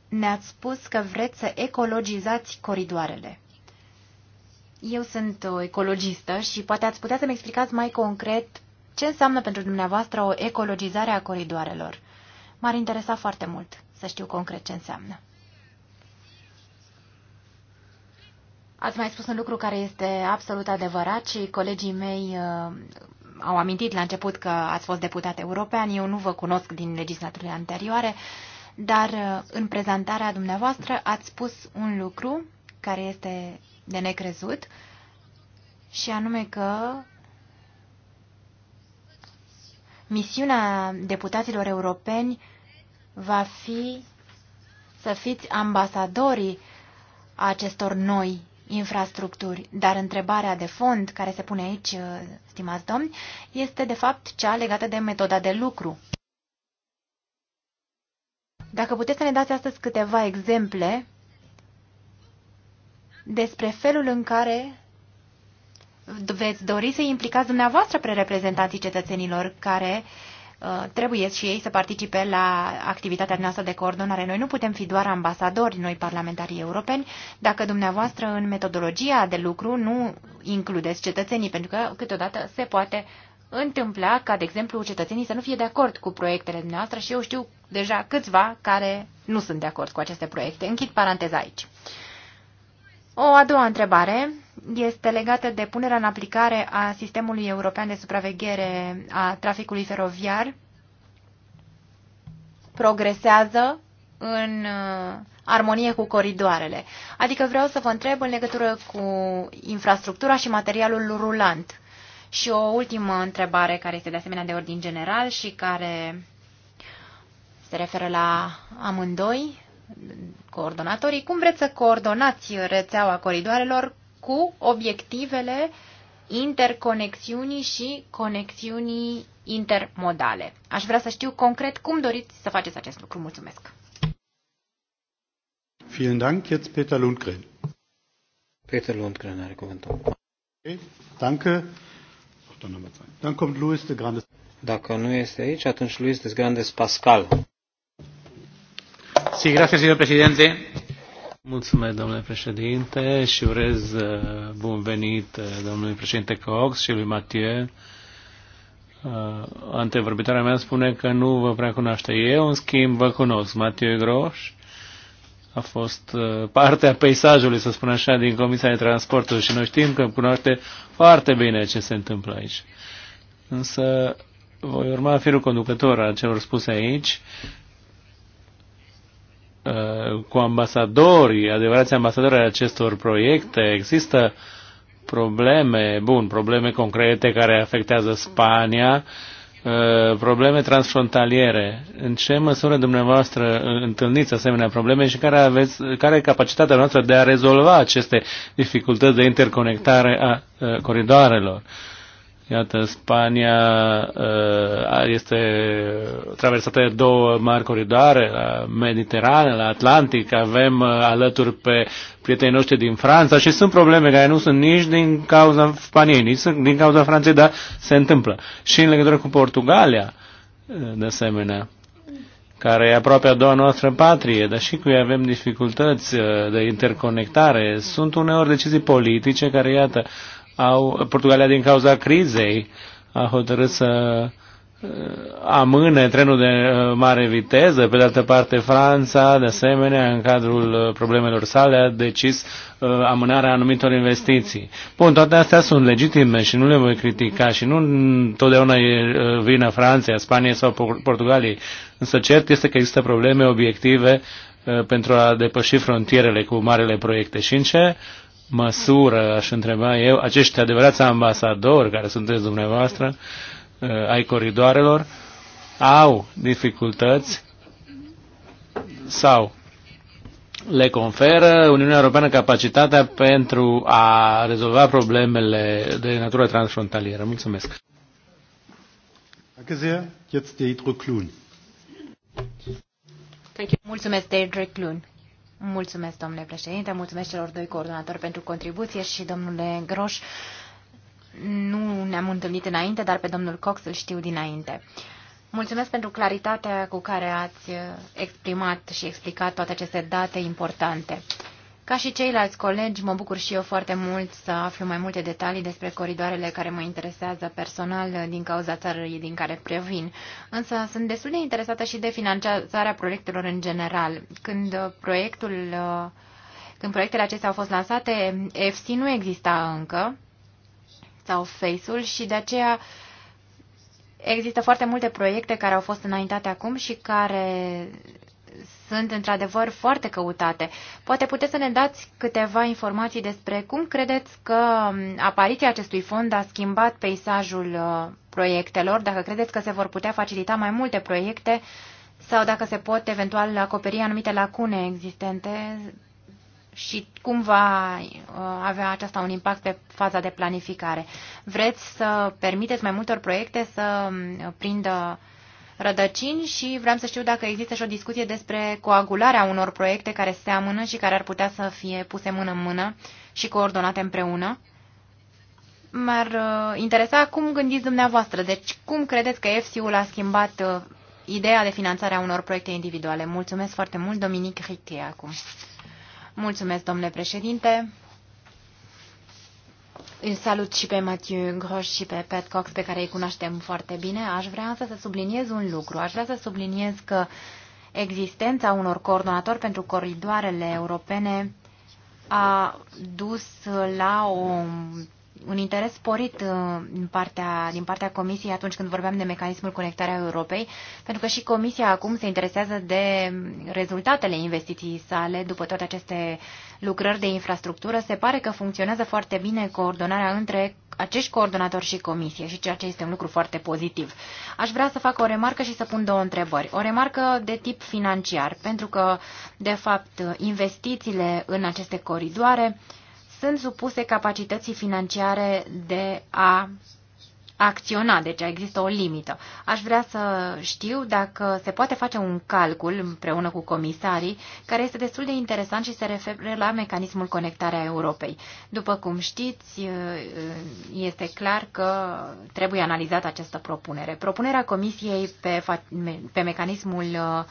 Speaker 4: ne-ați spus că vreți să ecologizați coridoarele. Eu sunt o ecologistă și poate ați putea să-mi explicați mai concret ce înseamnă pentru dumneavoastră o ecologizare a coridoarelor. M-ar interesa foarte mult să știu concret ce înseamnă. Ați mai spus un lucru care este absolut adevărat și colegii mei uh, au amintit la început că ați fost deputat european, eu nu vă cunosc din legislaturile anterioare, dar uh, în prezentarea dumneavoastră ați spus un lucru care este de necrezut și anume că misiunea deputaților europeni va fi să fiți ambasadorii acestor noi infrastructuri. Dar întrebarea de fond care se pune aici, uh, stimați domni, este de fapt cea legată de metoda de lucru. Dacă puteți să ne dați astăzi câteva exemple despre felul în care veți dori să implicați dumneavoastră pre reprezentanții cetățenilor care uh, Uh, trebuie și ei să participe la activitatea noastră de coordonare. Noi nu putem fi doar ambasadori, noi parlamentarii europeni, dacă dumneavoastră în metodologia de lucru nu includeți cetățenii, pentru că câteodată se poate întâmpla ca, de exemplu, cetățenii să nu fie de acord cu proiectele noastre și eu știu deja câțiva care nu sunt de acord cu aceste proiecte. Închid paranteza aici. O a doua întrebare este legată de punerea în aplicare a sistemului european de supraveghere a traficului feroviar. Progresează în uh, armonie cu coridoarele. Adică vreau să vă întreb în legătură cu infrastructura și materialul rulant. Și o ultimă întrebare care este de asemenea de ordin general și care se referă la amândoi, coordonatorii, cum vreți să coordonați rețeaua coridoarelor cu obiectivele interconexiunii și conexiunii intermodale. Aș vrea să știu concret cum doriți să faceți acest lucru. Mulțumesc!
Speaker 1: Vielen Dank, jetzt Peter Lundgren. Peter Lundgren are cuvântul.
Speaker 4: Okay,
Speaker 1: danke.
Speaker 2: Da, Dann kommt Luis de Grandes. Dacă nu este aici, atunci Luis de
Speaker 1: Grandes Pascal señor presidente. Mulțumesc, domnule președinte, și urez uh, bun venit uh, domnului președinte Cox și lui Mathieu. Uh, antevorbitoarea mea spune că nu vă prea cunoaște. Eu, în schimb, vă cunosc. Mathieu Groș a fost partea peisajului, să spun așa, din Comisia de Transporturi și noi știm că cunoaște foarte bine ce se întâmplă aici. Însă voi urma firul conducător a celor spuse aici Uh, cu ambasadori, adevărați ambasadori ai acestor proiecte? Există probleme, bun, probleme concrete care afectează Spania, uh, probleme transfrontaliere. În ce măsură dumneavoastră întâlniți asemenea probleme și care, aveți, care e capacitatea noastră de a rezolva aceste dificultăți de interconectare a uh, coridoarelor? Uh, Iată, Spania uh, este traversată de două mari coridoare, la Mediterană, la Atlantic, avem uh, alături pe prietenii noștri din Franța și sunt probleme care nu sunt nici din cauza Spaniei, nici din cauza Franței, dar se întâmplă. Și în legătură cu Portugalia, uh, de asemenea, care e aproape a doua noastră patrie, dar și cu ei avem dificultăți de interconectare. Sunt uneori decizii politice care, iată, uh, au, Portugalia din cauza crizei a hotărât să uh, amâne trenul de uh, mare viteză. Pe de altă parte, Franța, de asemenea, în cadrul uh, problemelor sale, a decis amânarea anumitor investiții. Bun, toate astea sunt legitime și nu le voi critica și nu întotdeauna e vină Franța, Spania sau Portugaliei. Însă cert este că există probleme obiective pentru a depăși frontierele cu marele proiecte. Și în ce măsură, aș întreba eu, acești adevărați ambasadori care sunteți dumneavoastră uh, ai coridoarelor, au dificultăți sau le conferă Uniunea Europeană capacitatea pentru a rezolva problemele de natură transfrontalieră. Mulțumesc.
Speaker 4: Mulțumesc, Deidre Clun. Mulțumesc, domnule președinte, mulțumesc celor doi coordonatori pentru contribuție și domnule Groș. Nu ne-am întâlnit înainte, dar pe domnul Cox îl știu dinainte. Mulțumesc pentru claritatea cu care ați exprimat și explicat toate aceste date importante. Ca și ceilalți colegi, mă bucur și eu foarte mult să aflu mai multe detalii despre coridoarele care mă interesează personal din cauza țării din care previn. Însă sunt destul de interesată și de finanțarea proiectelor în general. Când proiectul când proiectele acestea au fost lansate, FC nu exista încă, sau Face-ul, și de aceea există foarte multe proiecte care au fost înaintate acum și care sunt într-adevăr foarte căutate. Poate puteți să ne dați câteva informații despre cum credeți că um, apariția acestui fond a schimbat peisajul uh, proiectelor, dacă credeți că se vor putea facilita mai multe proiecte sau dacă se pot eventual acoperi anumite lacune existente și cum va uh, avea aceasta un impact pe faza de planificare. Vreți să permiteți mai multor proiecte să um, prindă rădăcini și vreau să știu dacă există și o discuție despre coagularea unor proiecte care se amână și care ar putea să fie puse mână în mână și coordonate împreună. M-ar uh, interesa cum gândiți dumneavoastră, deci cum credeți că EFSI-ul a schimbat uh, ideea de finanțare a unor proiecte individuale. Mulțumesc foarte mult, Dominic Riche, acum. Mulțumesc, domnule președinte îl salut și pe Mathieu Gros și pe Pat Cox, pe care îi cunoaștem foarte bine. Aș vrea însă să subliniez un lucru. Aș vrea să subliniez că existența unor coordonatori pentru coridoarele europene a dus la o un interes sporit uh, din partea, din partea Comisiei atunci când vorbeam de mecanismul conectarea Europei, pentru că și Comisia acum se interesează de rezultatele investiției sale după toate aceste lucrări de infrastructură. Se pare că funcționează foarte bine coordonarea între acești coordonatori și Comisie și ceea ce este un lucru foarte pozitiv. Aș vrea să fac o remarcă și să pun două întrebări. O remarcă de tip financiar, pentru că, de fapt, investițiile în aceste coridoare sunt supuse capacității financiare de a acționa, deci există o limită. Aș vrea să știu dacă se poate face un calcul împreună cu comisarii, care este destul de interesant și se referă la mecanismul conectarea Europei. După cum știți, este clar că trebuie analizată această propunere. Propunerea comisiei pe, pe mecanismul uh,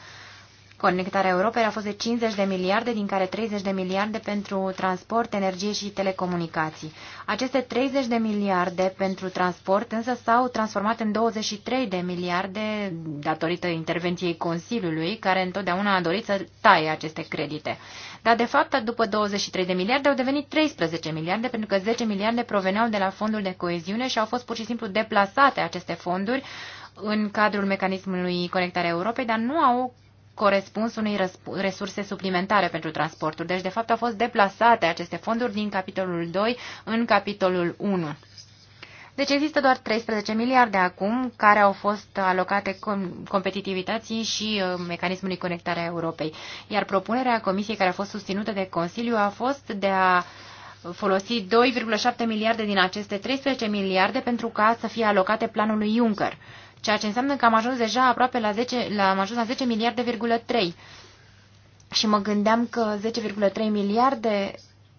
Speaker 4: Conectarea Europei a fost de 50 de miliarde, din care 30 de miliarde pentru transport, energie și telecomunicații. Aceste 30 de miliarde pentru transport însă s-au transformat în 23 de miliarde datorită intervenției Consiliului, care întotdeauna a dorit să taie aceste credite. Dar, de fapt, după 23 de miliarde au devenit 13 miliarde, pentru că 10 miliarde proveneau de la fondul de coeziune și au fost pur și simplu deplasate aceste fonduri în cadrul mecanismului Conectarea Europei, dar nu au corespuns unei resurse suplimentare pentru transporturi. Deci, de fapt, au fost deplasate aceste fonduri din capitolul 2 în capitolul 1. Deci există doar 13 miliarde acum care au fost alocate competitivității și uh, mecanismului conectarea Europei. Iar propunerea Comisiei care a fost susținută de Consiliu a fost de a folosi 2,7 miliarde din aceste 13 miliarde pentru ca să fie alocate planului Juncker ceea ce înseamnă că am ajuns deja aproape la 10, la, am ajuns la 10 miliarde,3. Și mă gândeam că 10,3 miliarde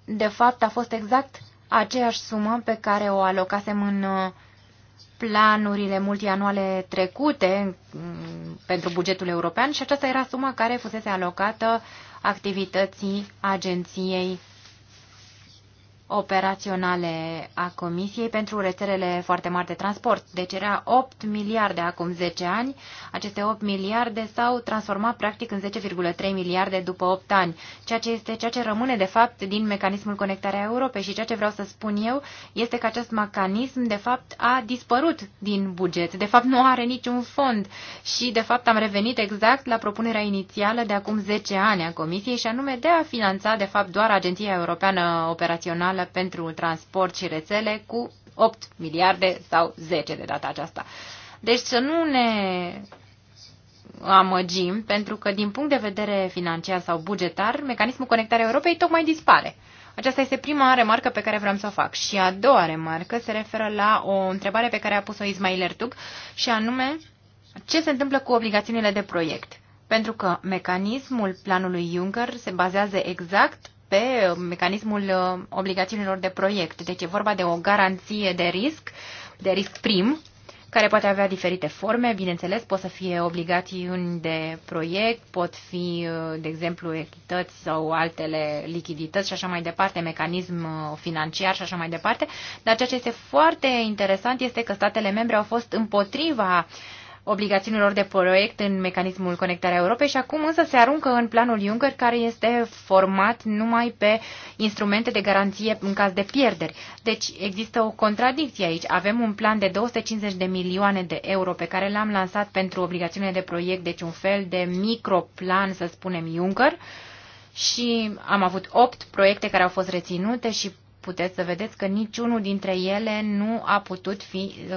Speaker 4: de fapt a fost exact aceeași sumă pe care o alocasem în uh, planurile multianuale trecute mm, pentru bugetul european și aceasta era suma care fusese alocată activității agenției operaționale a Comisiei pentru rețelele foarte mari de transport. Deci era 8 miliarde acum 10 ani. Aceste 8 miliarde s-au transformat practic în 10,3 miliarde după 8 ani, ceea ce este ceea ce rămâne de fapt din mecanismul conectarea Europei și ceea ce vreau să spun eu este că acest mecanism de fapt a dispărut din buget. De fapt nu are niciun fond și de fapt am revenit exact la propunerea inițială de acum 10 ani a Comisiei și anume de a finanța de fapt doar Agenția Europeană Operațională națională pentru transport și rețele cu 8 miliarde sau 10 de data aceasta. Deci să nu ne amăgim, pentru că din punct de vedere financiar sau bugetar, mecanismul conectarea Europei tocmai dispare. Aceasta este prima remarcă pe care vreau să o fac. Și a doua remarcă se referă la o întrebare pe care a pus-o Ismail Ertug și anume ce se întâmplă cu obligațiunile de proiect. Pentru că mecanismul planului Juncker se bazează exact pe mecanismul uh, obligațiunilor de proiect. Deci e vorba de o garanție de risc, de risc prim, care poate avea diferite forme, bineînțeles, pot să fie obligațiuni de proiect, pot fi, uh, de exemplu, echități sau altele lichidități și așa mai departe, mecanism uh, financiar și așa mai departe, dar ceea ce este foarte interesant este că statele membre au fost împotriva uh, obligațiunilor de proiect în mecanismul Conectarea Europei și acum însă se aruncă în planul Juncker care este format numai pe instrumente de garanție în caz de pierderi. Deci există o contradicție aici. Avem un plan de 250 de milioane de euro pe care l-am lansat pentru obligațiunile de proiect, deci un fel de microplan, să spunem, Juncker, și am avut opt proiecte care au fost reținute și puteți să vedeți că niciunul dintre ele nu a putut fi uh,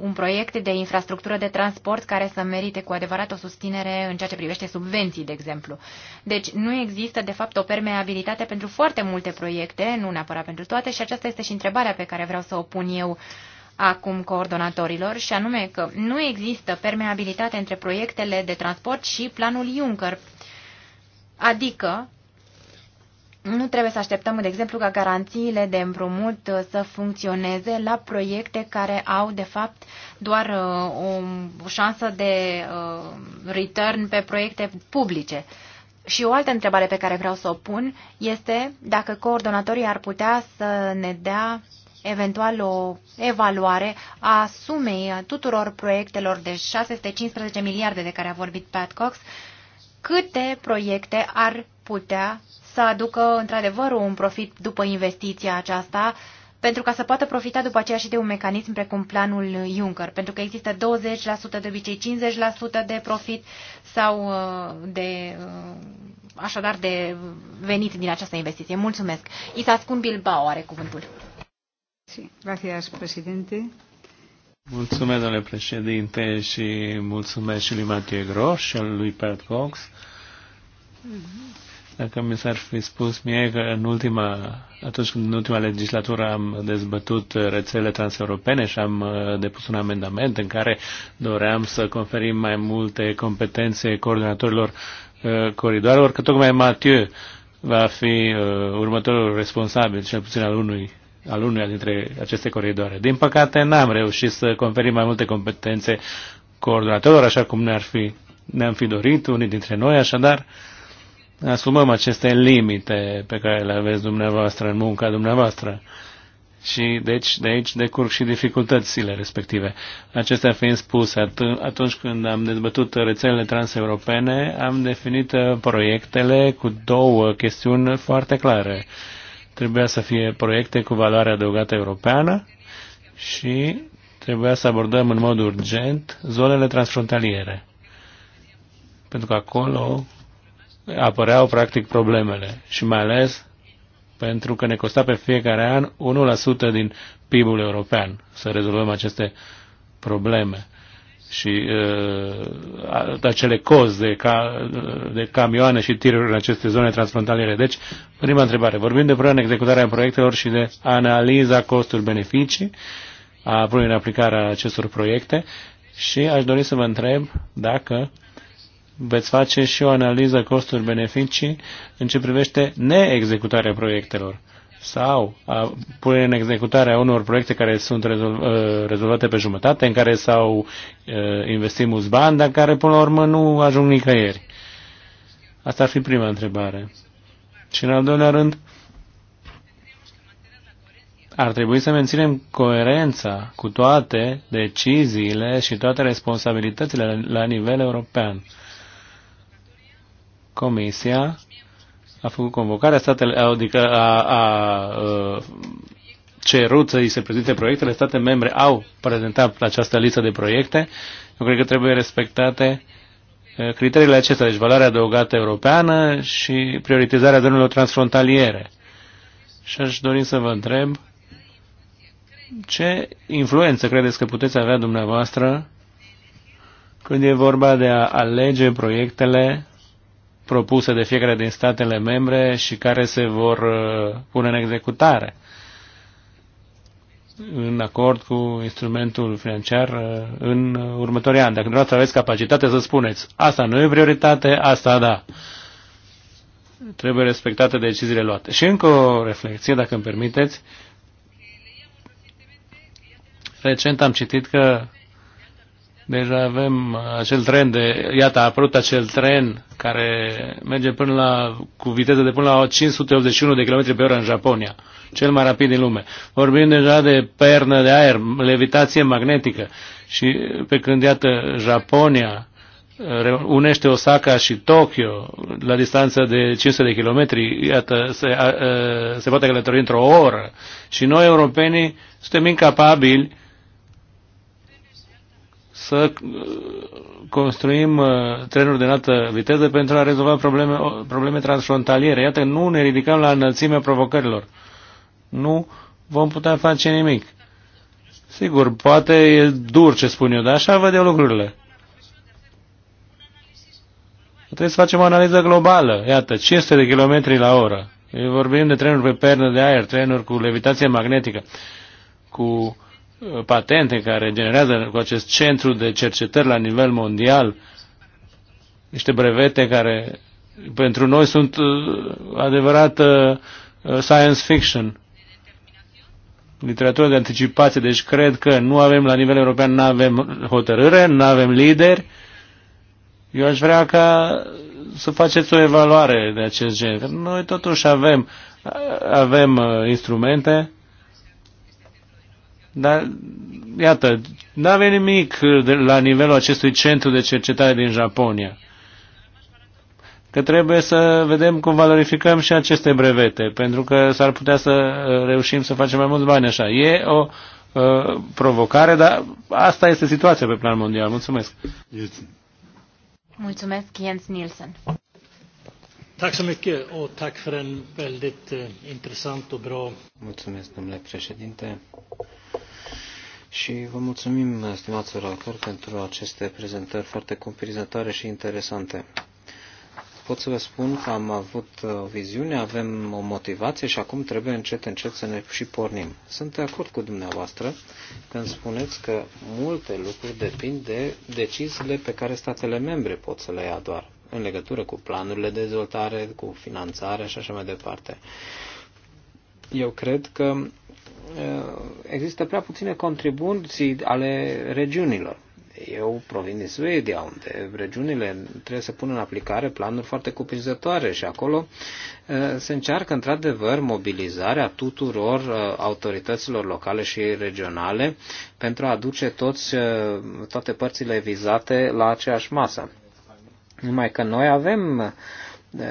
Speaker 4: un proiect de infrastructură de transport care să merite cu adevărat o susținere în ceea ce privește subvenții, de exemplu. Deci nu există, de fapt, o permeabilitate pentru foarte multe proiecte, nu neapărat pentru toate, și aceasta este și întrebarea pe care vreau să o pun eu acum coordonatorilor, și anume că nu există permeabilitate între proiectele de transport și planul Juncker. Adică, nu trebuie să așteptăm, de exemplu, ca garanțiile de împrumut uh, să funcționeze la proiecte care au, de fapt, doar uh, o șansă de uh, return pe proiecte publice. Și o altă întrebare pe care vreau să o pun este dacă coordonatorii ar putea să ne dea eventual o evaluare a sumei tuturor proiectelor de 615 miliarde de care a vorbit Pat Cox, câte proiecte ar putea să aducă într-adevăr un profit după investiția aceasta, pentru ca să poată profita după aceea și de un mecanism precum planul Juncker, pentru că există 20%, de obicei 50% de profit sau uh, de uh, așadar de venit din această investiție. Mulțumesc. Isascun Bilbao are cuvântul. Sí, gracias,
Speaker 1: Mulțumesc, domnule președinte, și mulțumesc și lui Matei Groș și lui Pat Cox dacă mi s-ar fi spus mie că în ultima, atunci când în ultima legislatură am dezbătut rețelele transeuropene și am uh, depus un amendament în care doream să conferim mai multe competențe coordonatorilor uh, coridoarelor, că tocmai Mathieu va fi uh, următorul responsabil, cel puțin al unui al unuia dintre aceste coridoare. Din păcate, n-am reușit să conferim mai multe competențe coordonatorilor, așa cum ne-ar fi, ne-am fi dorit unii dintre noi, așadar, uh, asumăm aceste limite pe care le aveți dumneavoastră în munca dumneavoastră. Și deci de aici decurg și dificultățile respective. Acestea fiind spuse, atunci când am dezbătut rețelele transeuropene, am definit proiectele cu două chestiuni foarte clare. Trebuia să fie proiecte cu valoare adăugată europeană și trebuia să abordăm în mod urgent zonele transfrontaliere. Pentru că acolo apăreau practic problemele și mai ales pentru că ne costa pe fiecare an 1% din PIB-ul european să rezolvăm aceste probleme și uh, acele cozi de, ca, de camioane și tiruri în aceste zone transfrontaliere. Deci, prima întrebare. Vorbim de în executarea proiectelor și de analiza costuri-beneficii a în aplicarea acestor proiecte și aș dori să vă întreb dacă uh, veți face și o analiză costuri-beneficii în ce privește neexecutarea proiectelor sau a pune în executare a unor proiecte care sunt rezolv, ă, rezolvate pe jumătate, în care s-au ă, investit mulți bani, dar care până la urmă nu ajung nicăieri. Asta ar fi prima întrebare. Și în al doilea rând, ar trebui să menținem coerența cu toate deciziile și toate responsabilitățile la nivel european. Comisia a făcut convocarea statele, adică a, a, a cerut să îi se prezinte proiectele, state membre au prezentat această listă de proiecte. Eu cred că trebuie respectate criteriile acestea, deci valoarea adăugată europeană și prioritizarea zonelor transfrontaliere. Și aș dori să vă întreb ce influență credeți că puteți avea dumneavoastră când e vorba de a alege proiectele propuse de fiecare din statele membre și care se vor uh, pune în executare în acord cu instrumentul financiar uh, în următorii ani. Dacă dumneavoastră aveți capacitate să spuneți, asta nu e prioritate, asta da. Trebuie respectate deciziile luate. Și încă o reflexie, dacă îmi permiteți. Recent am citit că deja avem acel tren de, iată, a apărut acel tren care merge până la, cu viteză de până la 581 de km pe oră în Japonia, cel mai rapid din lume. Vorbim deja de pernă de aer, levitație magnetică și pe când, iată, Japonia uh, unește Osaka și Tokyo la distanță de 500 de kilometri, iată, se, a, a, uh, se poate călători într-o oră și noi, europenii, suntem incapabili să uh, construim uh, trenuri de înaltă viteză pentru a rezolva probleme, probleme transfrontaliere. Iată, nu ne ridicăm la înălțimea provocărilor. Nu vom putea face nimic. Sigur, poate e dur ce spun eu, dar așa văd eu lucrurile. Trebuie să facem o analiză globală. Iată, 500 de km la oră. Vorbim de trenuri pe pernă de aer, trenuri cu levitație magnetică, cu patente care generează cu acest centru de cercetări la nivel mondial, niște brevete care pentru noi sunt uh, adevărată uh, uh, science fiction. Literatură de anticipație, deci cred că nu avem la nivel european, nu avem hotărâre, nu avem lideri. Eu aș vrea ca să faceți o evaluare de acest gen. Noi totuși avem, avem instrumente, dar, iată, nu avem nimic uh, de, la nivelul acestui centru de cercetare din Japonia. Că trebuie să vedem cum valorificăm și aceste brevete, pentru că s-ar putea să uh, reușim să facem mai mulți bani așa. E o uh, provocare, dar asta este situația pe plan mondial. Mulțumesc!
Speaker 4: Mulțumesc, Jens Nielsen! Tack så mycket och tack för en väldigt
Speaker 1: eh, intressant och bra... Mulțumesc, domnule președinte!
Speaker 2: și vă mulțumim, stimați orator, pentru aceste prezentări foarte cumprinzătoare și interesante. Pot să vă spun că am avut uh, o viziune, avem o motivație și acum trebuie încet, încet să ne și pornim. Sunt de acord cu dumneavoastră când spuneți că multe lucruri depind de deciziile pe care statele membre pot să le ia doar în legătură cu planurile de dezvoltare, cu finanțare, și așa mai departe eu cred că uh, există prea puține contribuții ale regiunilor. Eu provin din Suedia, unde regiunile trebuie să pună în aplicare planuri foarte cuprinzătoare și acolo uh, se încearcă într-adevăr mobilizarea tuturor uh, autorităților locale și regionale pentru a aduce toți, toate părțile vizate la aceeași masă. Numai că noi avem Uh,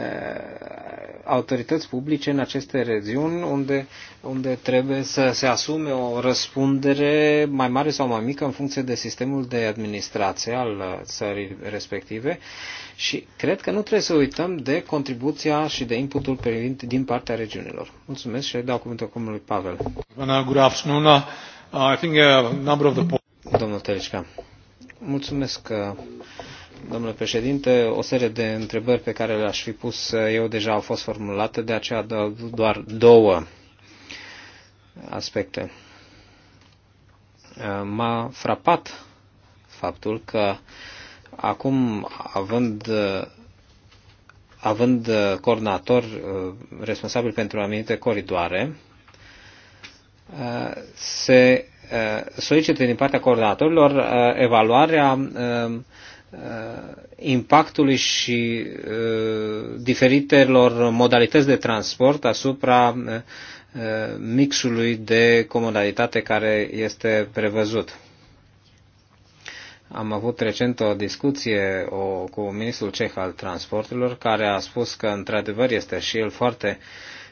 Speaker 2: autorități publice în aceste regiuni unde, unde trebuie să se asume o răspundere mai mare sau mai mică în funcție de sistemul de administrație al uh, țării respective și cred că nu trebuie să uităm de contribuția și de inputul privind din partea regiunilor. Mulțumesc și dau cuvântul acum Pavel.
Speaker 1: Good afternoon. Uh, I think a
Speaker 2: Domnul mulțumesc domnule președinte. O serie de întrebări pe care le-aș fi pus eu deja au fost formulate, de aceea doar două aspecte. M-a frapat faptul că acum, având, având coordonator uh, responsabil pentru anumite coridoare, uh, se uh, solicită din partea coordonatorilor evaluarea Uh, impactului și uh, diferitelor modalități de transport asupra uh, mixului de comodalitate care este prevăzut. Am avut recent o discuție o, cu ministrul ceh al transporturilor, care a spus că, într-adevăr, este și el foarte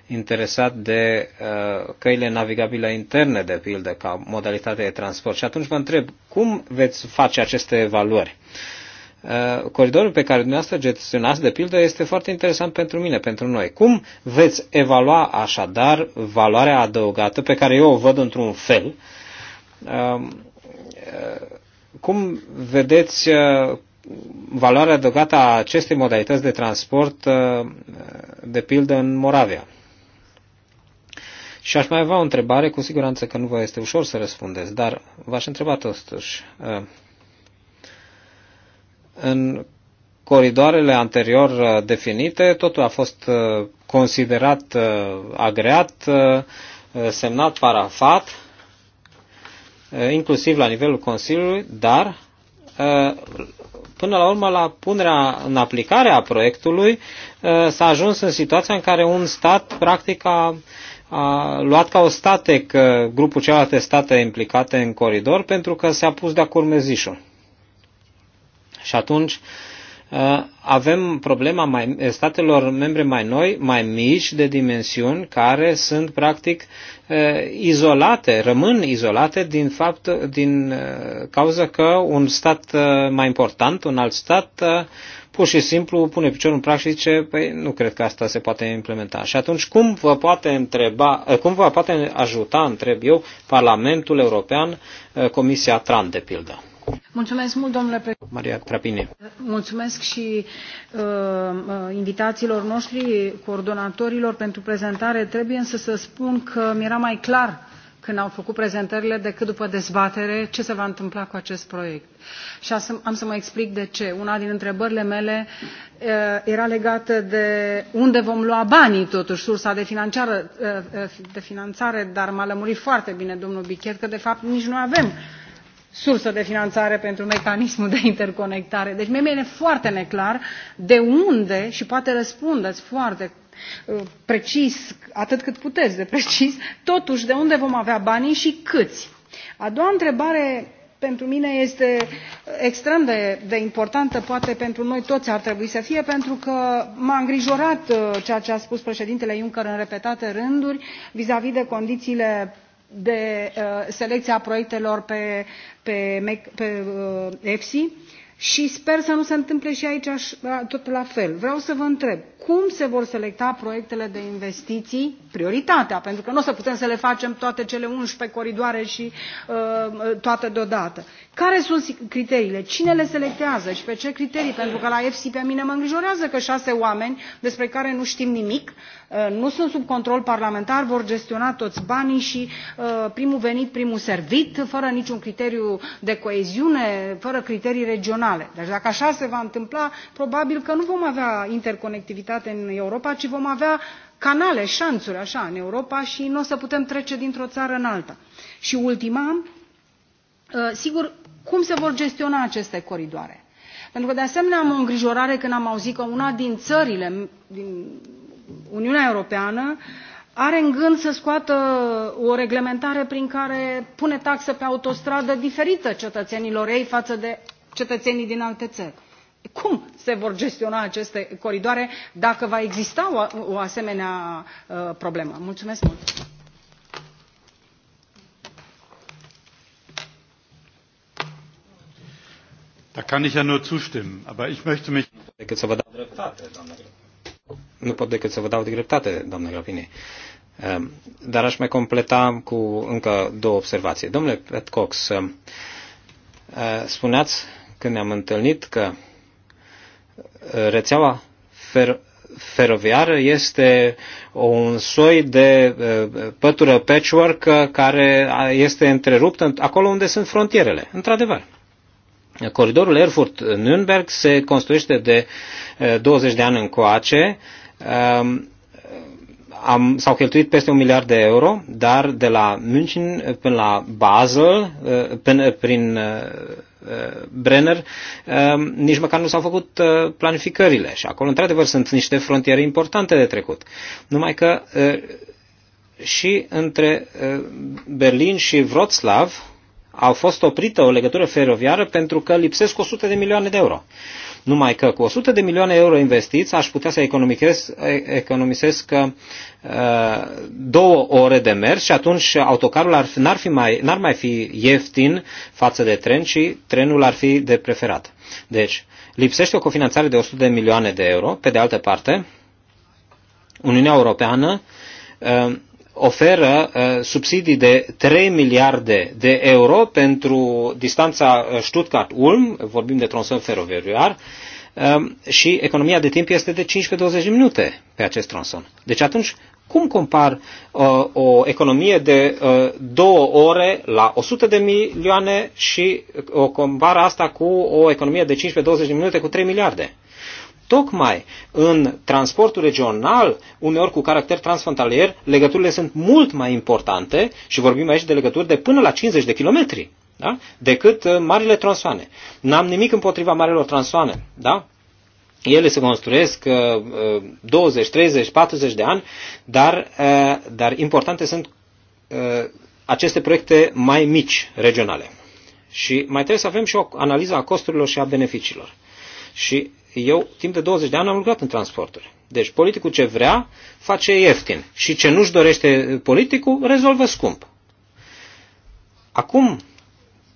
Speaker 2: interesat de uh, căile navigabile interne, de pildă, ca modalitate de transport. Și atunci vă întreb, cum veți face aceste evaluări? Uh, Uh, coridorul pe care dumneavoastră gestionați, de pildă, este foarte interesant pentru mine, pentru noi. Cum veți evalua așadar valoarea adăugată pe care eu o văd într-un fel? Um, uh, cum vedeți uh, valoarea adăugată a acestei modalități de transport, de pildă, în Moravia? Și aș mai avea o întrebare, cu siguranță că nu vă este ușor să răspundeți, dar v-aș întreba totuși în coridoarele anterior uh, definite, totul a fost uh, considerat uh, agreat, semnat, parafat, inclusiv la nivelul Consiliului, dar până la urmă la punerea în aplicare a proiectului s-a ajuns în situația în care un stat practic a, a luat ca o statec grupul celelalte state implicate în coridor pentru că s-a pus de-a curmezișul. Și atunci uh, avem problema mai, statelor membre mai noi, mai mici de dimensiuni, care sunt practic uh, izolate, rămân izolate din fapt, din uh, cauza că un stat mai important, un alt stat, pur și simplu pune piciorul în prag și zice, păi nu cred că asta se poate implementa. Și atunci cum vă poate, întreba, cum vă poate ajuta, întreb eu, Parlamentul European, Comisia Tran, de pildă?
Speaker 3: Mulțumesc mult, domnule președinte.
Speaker 2: Maria Trapine.
Speaker 3: Mulțumesc și uh, uh, invitațiilor noștri, coordonatorilor pentru prezentare. Trebuie însă să spun că mi era mai clar când au făcut prezentările decât după dezbatere ce se va întâmpla cu acest proiect. Și am să mă explic de ce. Una din întrebările mele uh, era legată de unde vom lua banii, totuși, sursa de, de finanțare, dar m-a lămurit foarte bine domnul Bichet că, de fapt, nici nu avem sursă de finanțare pentru mecanismul de interconectare. Deci mie mi-e foarte neclar de unde și poate răspundeți foarte uh, precis, atât cât puteți de precis, totuși de unde vom avea banii și câți. A doua întrebare pentru mine este uh, extrem de, de importantă, poate pentru noi toți ar trebui să fie, pentru că m-a îngrijorat uh, ceea ce a spus președintele Juncker în repetate rânduri vis-a-vis de condițiile de uh, selecția proiectelor pe, pe, pe EFSI uh, și sper să nu se întâmple și aici tot la fel. Vreau să vă întreb, cum se vor selecta proiectele de investiții, prioritatea, pentru că nu o să putem să le facem toate cele 11 coridoare și uh, toate deodată care sunt criteriile cine le selectează și pe ce criterii pentru că la efsi pe mine mă îngrijorează că șase oameni despre care nu știm nimic uh, nu sunt sub control parlamentar vor gestiona toți banii și uh, primul venit primul servit fără niciun criteriu de coeziune fără criterii regionale. deci dacă așa se va întâmpla probabil că nu vom avea interconectivitate în europa ci vom avea canale șanțuri așa în europa și nu o să putem trece dintr o țară în alta. și ultima uh, sigur cum se vor gestiona aceste coridoare? Pentru că, de asemenea, am o îngrijorare când am auzit că una din țările din Uniunea Europeană are în gând să scoată o reglementare prin care pune taxe pe autostradă diferită cetățenilor ei față de cetățenii din alte țări. Cum se vor gestiona aceste coridoare dacă va exista o, o asemenea uh, problemă? Mulțumesc mult!
Speaker 1: Da kann ich ja nur zustimmen, aber ich möchte mich...
Speaker 2: Nu pot decât să vă dau dreptate, doamne Grapini. Ehm, dar aș mai completa cu încă două observații. Domnule Cox, ehm, eh, spuneați când ne-am întâlnit că eh, rețeaua fer- feroviară este un soi de eh, pătură patchwork care este întreruptă acolo unde sunt frontierele. Într-adevăr. Coridorul Erfurt-Nürnberg se construiește de 20 eh, de ani încoace. Ehm, am, s-au cheltuit peste un miliard de euro, dar de la München până la Basel, eh, până, prin eh, Brenner, ehm, nici măcar nu s-au făcut planificările. Și acolo, într-adevăr, sunt niște frontiere importante de trecut. Numai că și între Berlin și Wroclaw, au fost oprită o legătură feroviară pentru că lipsesc 100 de milioane de euro. Numai că cu 100 de milioane de euro investiți aș putea să economisesc, economisesc uh, două ore de mers și atunci autocarul ar, n-ar, fi mai, n-ar mai fi ieftin față de tren, ci trenul ar fi de preferat. Deci, lipsește o cofinanțare de 100 de milioane de euro. Pe de altă parte, Uniunea Europeană uh, oferă uh, subsidii de 3 miliarde de euro pentru distanța uh, Stuttgart-Ulm, vorbim de tronson feroviar, um, și economia de timp este de 15-20 minute pe acest tronson. Deci atunci, cum compar uh, o economie de uh, două ore la 100 de milioane și uh, o compar asta cu o economie de 15-20 minute cu 3 miliarde? tocmai în transportul regional, uneori cu caracter transfrontalier, legăturile sunt mult mai importante și vorbim aici de legături de până la 50 de kilometri, da? decât uh, marile transoane. N-am nimic împotriva marilor transoane, da? Ele se construiesc 20, 30, 40 de ani, dar, uh, dar importante sunt uh, aceste proiecte mai mici, regionale. Și mai trebuie să avem și o analiză a costurilor și a beneficiilor. Și eu timp de 20 de ani am lucrat în transporturi. Deci politicul ce vrea face ieftin și ce nu-și dorește politicul rezolvă scump. Acum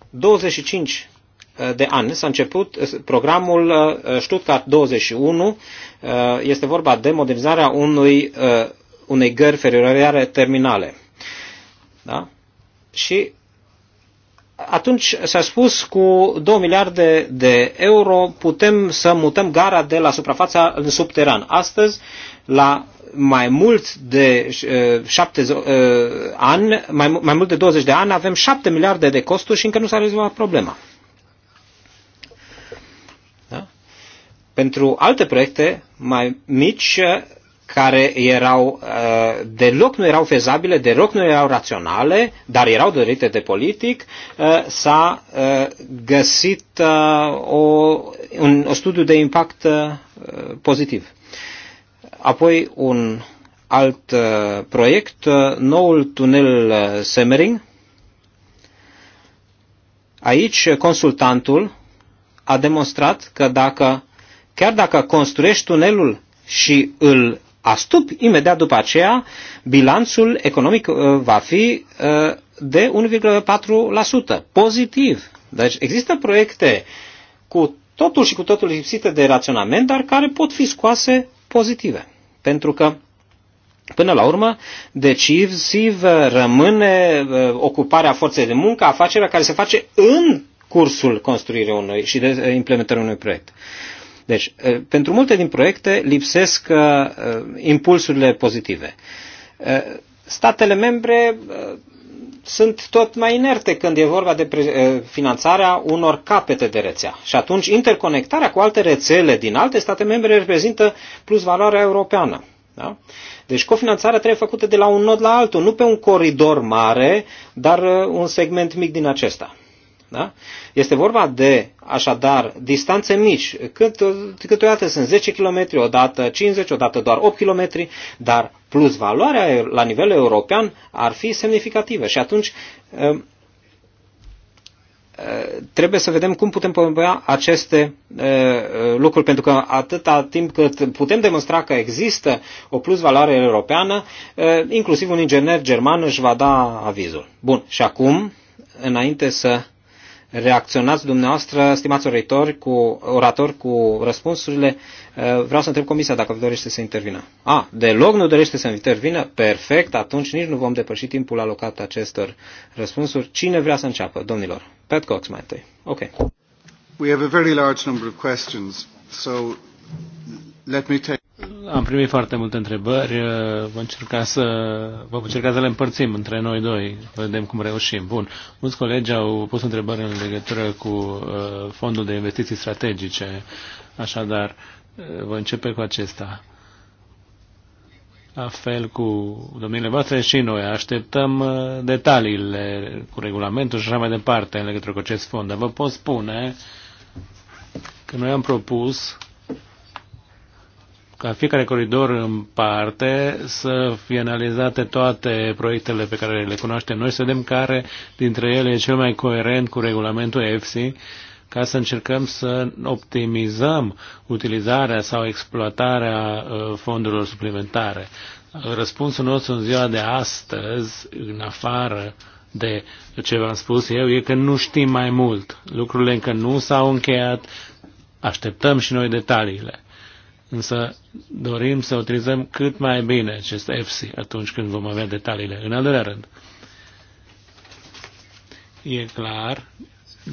Speaker 2: 25 eh, de ani s-a început eh, programul eh, Stuttgart 21, este vorba de modernizarea unui, unei gări feroviare terminale. Da? Și atunci s-a spus cu 2 miliarde de euro putem să mutăm gara de la suprafața în subteran. Astăzi, la mai mult de uh, șapte uh, ani, mai, mai mult de 20 de ani, avem 7 miliarde de costuri și încă nu s-a rezolvat problema. Da? Pentru alte proiecte mai mici, care erau, uh, deloc nu erau fezabile, deloc nu erau raționale, dar erau dorite de politic, uh, s-a uh, găsit o, un o studiu de impact pozitiv. Apoi un alt proiect, noul tunel Semmering. Aici consultantul a demonstrat că dacă, chiar dacă construiești tunelul și îl astup, imediat după aceea, bilanțul economic uh, va fi uh, de 1,4% pozitiv. Deci există proiecte cu totul și cu totul lipsite de raționament, dar care pot fi scoase pozitive. Pentru că Până la urmă, decisiv rămâne uh, ocuparea forței de muncă, afacerea care se face în cursul construirii unui și de implementării unui proiect. Deci, uh, pentru multe din proiecte lipsesc uh, uh, impulsurile pozitive. Statele membre sunt tot mai inerte când e vorba de finanțarea unor capete de rețea. Și atunci interconectarea cu alte rețele din alte state membre reprezintă plus valoarea europeană. Da? Deci cofinanțarea trebuie făcută de la un nod la altul, nu pe un coridor mare, dar un segment mic din acesta. Da? Este vorba de, așadar, distanțe mici. Cât, câteodată sunt 10 km, odată 50, odată doar 8 km, dar plus valoarea la nivel european ar fi semnificativă. Și atunci ă, ă, trebuie să vedem cum putem pompa aceste ă, lucruri, pentru că atâta timp cât putem demonstra că există o plus valoare europeană, inclusiv un inginer german își va da avizul. Bun, și acum, înainte să reacționați dumneavoastră, stimați oratori, cu, orator, cu răspunsurile. Eh, vreau să întreb comisia dacă dorește să intervină. A, ah, deloc nu dorește să intervină? Perfect, atunci nici nu vom depăși timpul alocat acestor răspunsuri. Cine vrea să înceapă, domnilor? Pat Cox
Speaker 1: mai întâi. Ok. We have a very large number of questions, so am primit foarte multe întrebări. Vă încerca să, vă încerca să le împărțim între noi doi. Vedem cum reușim. Bun. Mulți colegi au pus întrebări în legătură cu uh, fondul de investiții strategice. Așadar, vă uh, voi începe cu acesta. La fel cu domeniile voastre și noi. Așteptăm uh, detaliile cu regulamentul și așa mai departe în legătură cu acest fond. Dar vă pot spune că noi am propus ca fiecare coridor în parte să fie analizate toate proiectele pe care le cunoaștem noi, să vedem care dintre ele e cel mai coerent cu regulamentul EFSI, ca să încercăm să optimizăm utilizarea sau exploatarea uh, fondurilor suplimentare. Răspunsul nostru în ziua de astăzi, în afară de ce v-am spus eu, e că nu știm mai mult. Lucrurile încă nu s-au încheiat, așteptăm și noi detaliile. Însă dorim să utilizăm cât mai bine acest FC atunci când vom avea detaliile. În al doilea rând, e clar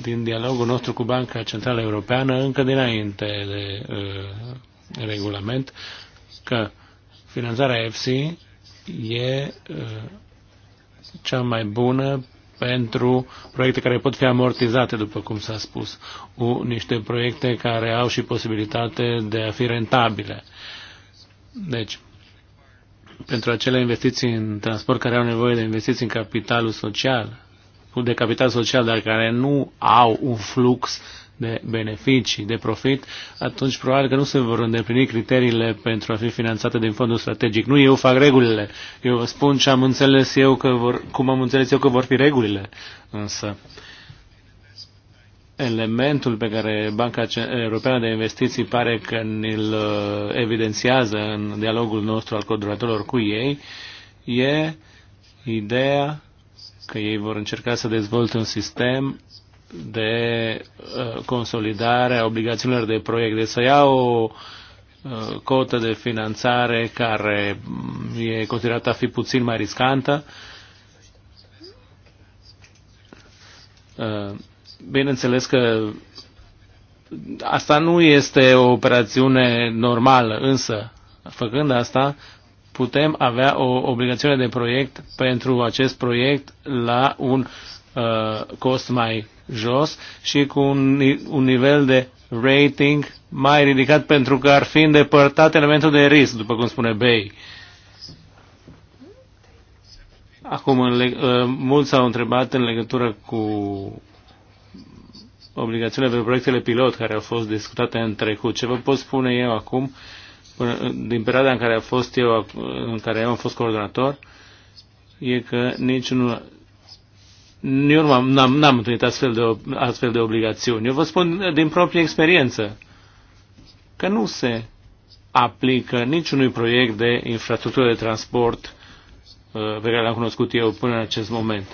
Speaker 1: din dialogul nostru cu Banca Centrală Europeană încă dinainte de uh, regulament că finanțarea FC e uh, cea mai bună pentru proiecte care pot fi amortizate, după cum s-a spus, cu niște proiecte care au și posibilitate de a fi rentabile. Deci, pentru acele investiții în transport care au nevoie de investiții în capitalul social, de capital social, dar care nu au un flux de beneficii, de profit, atunci probabil că nu se vor îndeplini criteriile pentru a fi finanțate din fondul strategic. Nu eu fac regulile. Eu vă spun ce am înțeles eu că vor, cum am înțeles eu că vor fi regulile. Însă elementul pe care Banca Europeană de Investiții pare că ne uh, evidențiază în dialogul nostru al coordonatorilor cu ei e ideea că ei vor încerca să dezvolte un sistem de uh, consolidare a obligațiunilor de proiect. de deci să iau o uh, cotă de finanțare care mm, e considerată a fi puțin mai riscantă. Uh, bineînțeles că asta nu este o operațiune normală, însă făcând asta putem avea o obligațiune de proiect pentru acest proiect la un uh, cost mai jos și cu un, un nivel de rating mai ridicat pentru că ar fi îndepărtat elementul de risc, după cum spune Bay. Acum, în leg- uh, mulți s-au întrebat în legătură cu obligațiunile pe proiectele pilot care au fost discutate în trecut. Ce vă pot spune eu acum, până, din perioada în care, a fost eu, în care eu am fost coordonator, e că niciunul eu nu am, n-am, n-am întâlnit astfel de, astfel de obligațiuni. Eu vă spun din proprie experiență că nu se aplică niciunui proiect de infrastructură de transport uh, pe care l-am cunoscut eu până în acest moment.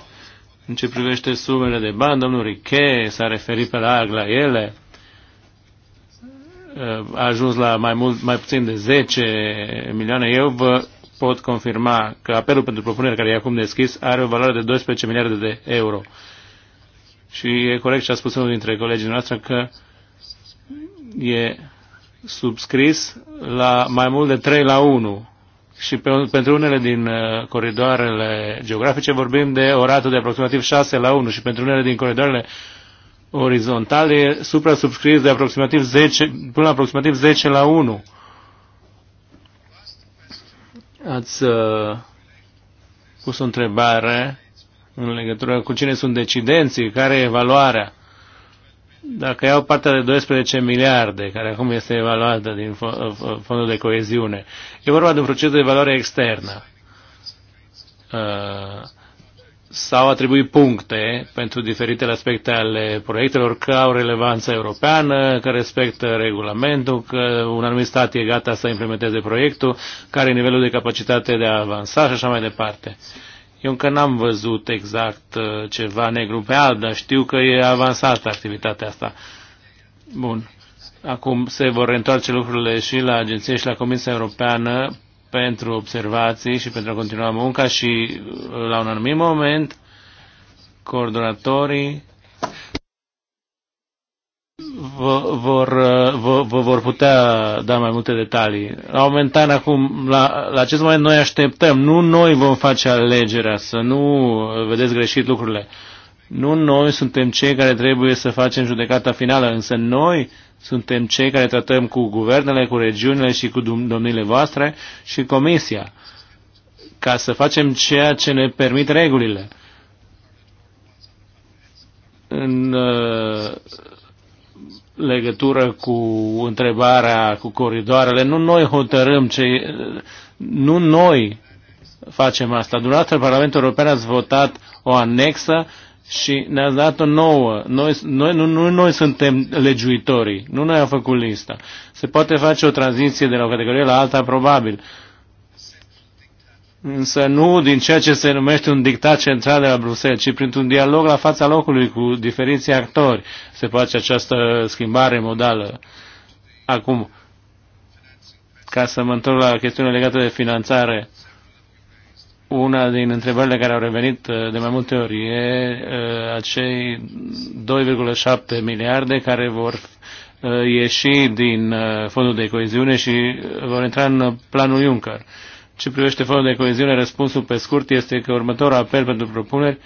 Speaker 1: În ce privește sumele de bani, domnul Riche s-a referit pe larg la ele, uh, a ajuns la mai, mult, mai puțin de 10 milioane. Eu vă pot confirma că apelul pentru propunere care e acum deschis are o valoare de 12 miliarde de euro. Și e corect ce a spus unul dintre colegii noastre că e subscris la mai mult de 3 la 1. Și pe, pentru unele din uh, coridoarele geografice vorbim de o rată de aproximativ 6 la 1 și pentru unele din coridoarele orizontale e supra-subscris de aproximativ 10, până la aproximativ 10 la 1. Ați uh, pus o întrebare în legătură cu cine sunt decidenții, care e evaluarea. Dacă iau partea de 12 miliarde, care acum este evaluată din uh, uh, fondul de coeziune, e vorba de un proces de evaluare externă sau atribui puncte pentru diferitele aspecte ale proiectelor că au relevanță europeană, că respectă regulamentul, că un anumit stat e gata să implementeze proiectul, care e nivelul de capacitate de a avansa și așa mai departe. Eu încă n-am văzut exact uh, ceva negru pe alb, dar știu că e avansată activitatea asta. Bun. Acum se vor reîntoarce lucrurile și la Agenție și la Comisia Europeană pentru observații și pentru a continua munca și la un anumit moment coordonatorii vă vor, vă, vă vor putea da mai multe detalii. La momentan, acum, la, la acest moment noi așteptăm, nu noi vom face alegerea, să nu vedeți greșit lucrurile. Nu noi suntem cei care trebuie să facem judecata finală, însă noi suntem cei care tratăm cu guvernele, cu regiunile și cu domnile voastre și comisia, ca să facem ceea ce ne permit regulile. În uh, legătură cu întrebarea cu coridoarele, nu noi hotărâm ce... Nu noi facem asta. Dumneavoastră, Parlamentul European ați votat o anexă și ne a dat-o nouă. Noi, noi, nu, nu noi suntem legiuitorii, nu noi am făcut lista. Se poate face o tranziție de la o categorie la alta, probabil. Însă nu din ceea ce se numește un dictat central de la Bruxelles, ci printr-un dialog la fața locului cu diferiții actori se face această schimbare modală. Acum, ca să mă întorc la chestiunea legată de finanțare, una din întrebările care au revenit uh, de mai multe ori e uh, acei 2,7 miliarde care vor uh, ieși din fondul de coeziune și vor intra în planul Juncker. Ce privește fondul de coeziune, răspunsul pe scurt este că următorul apel pentru propuneri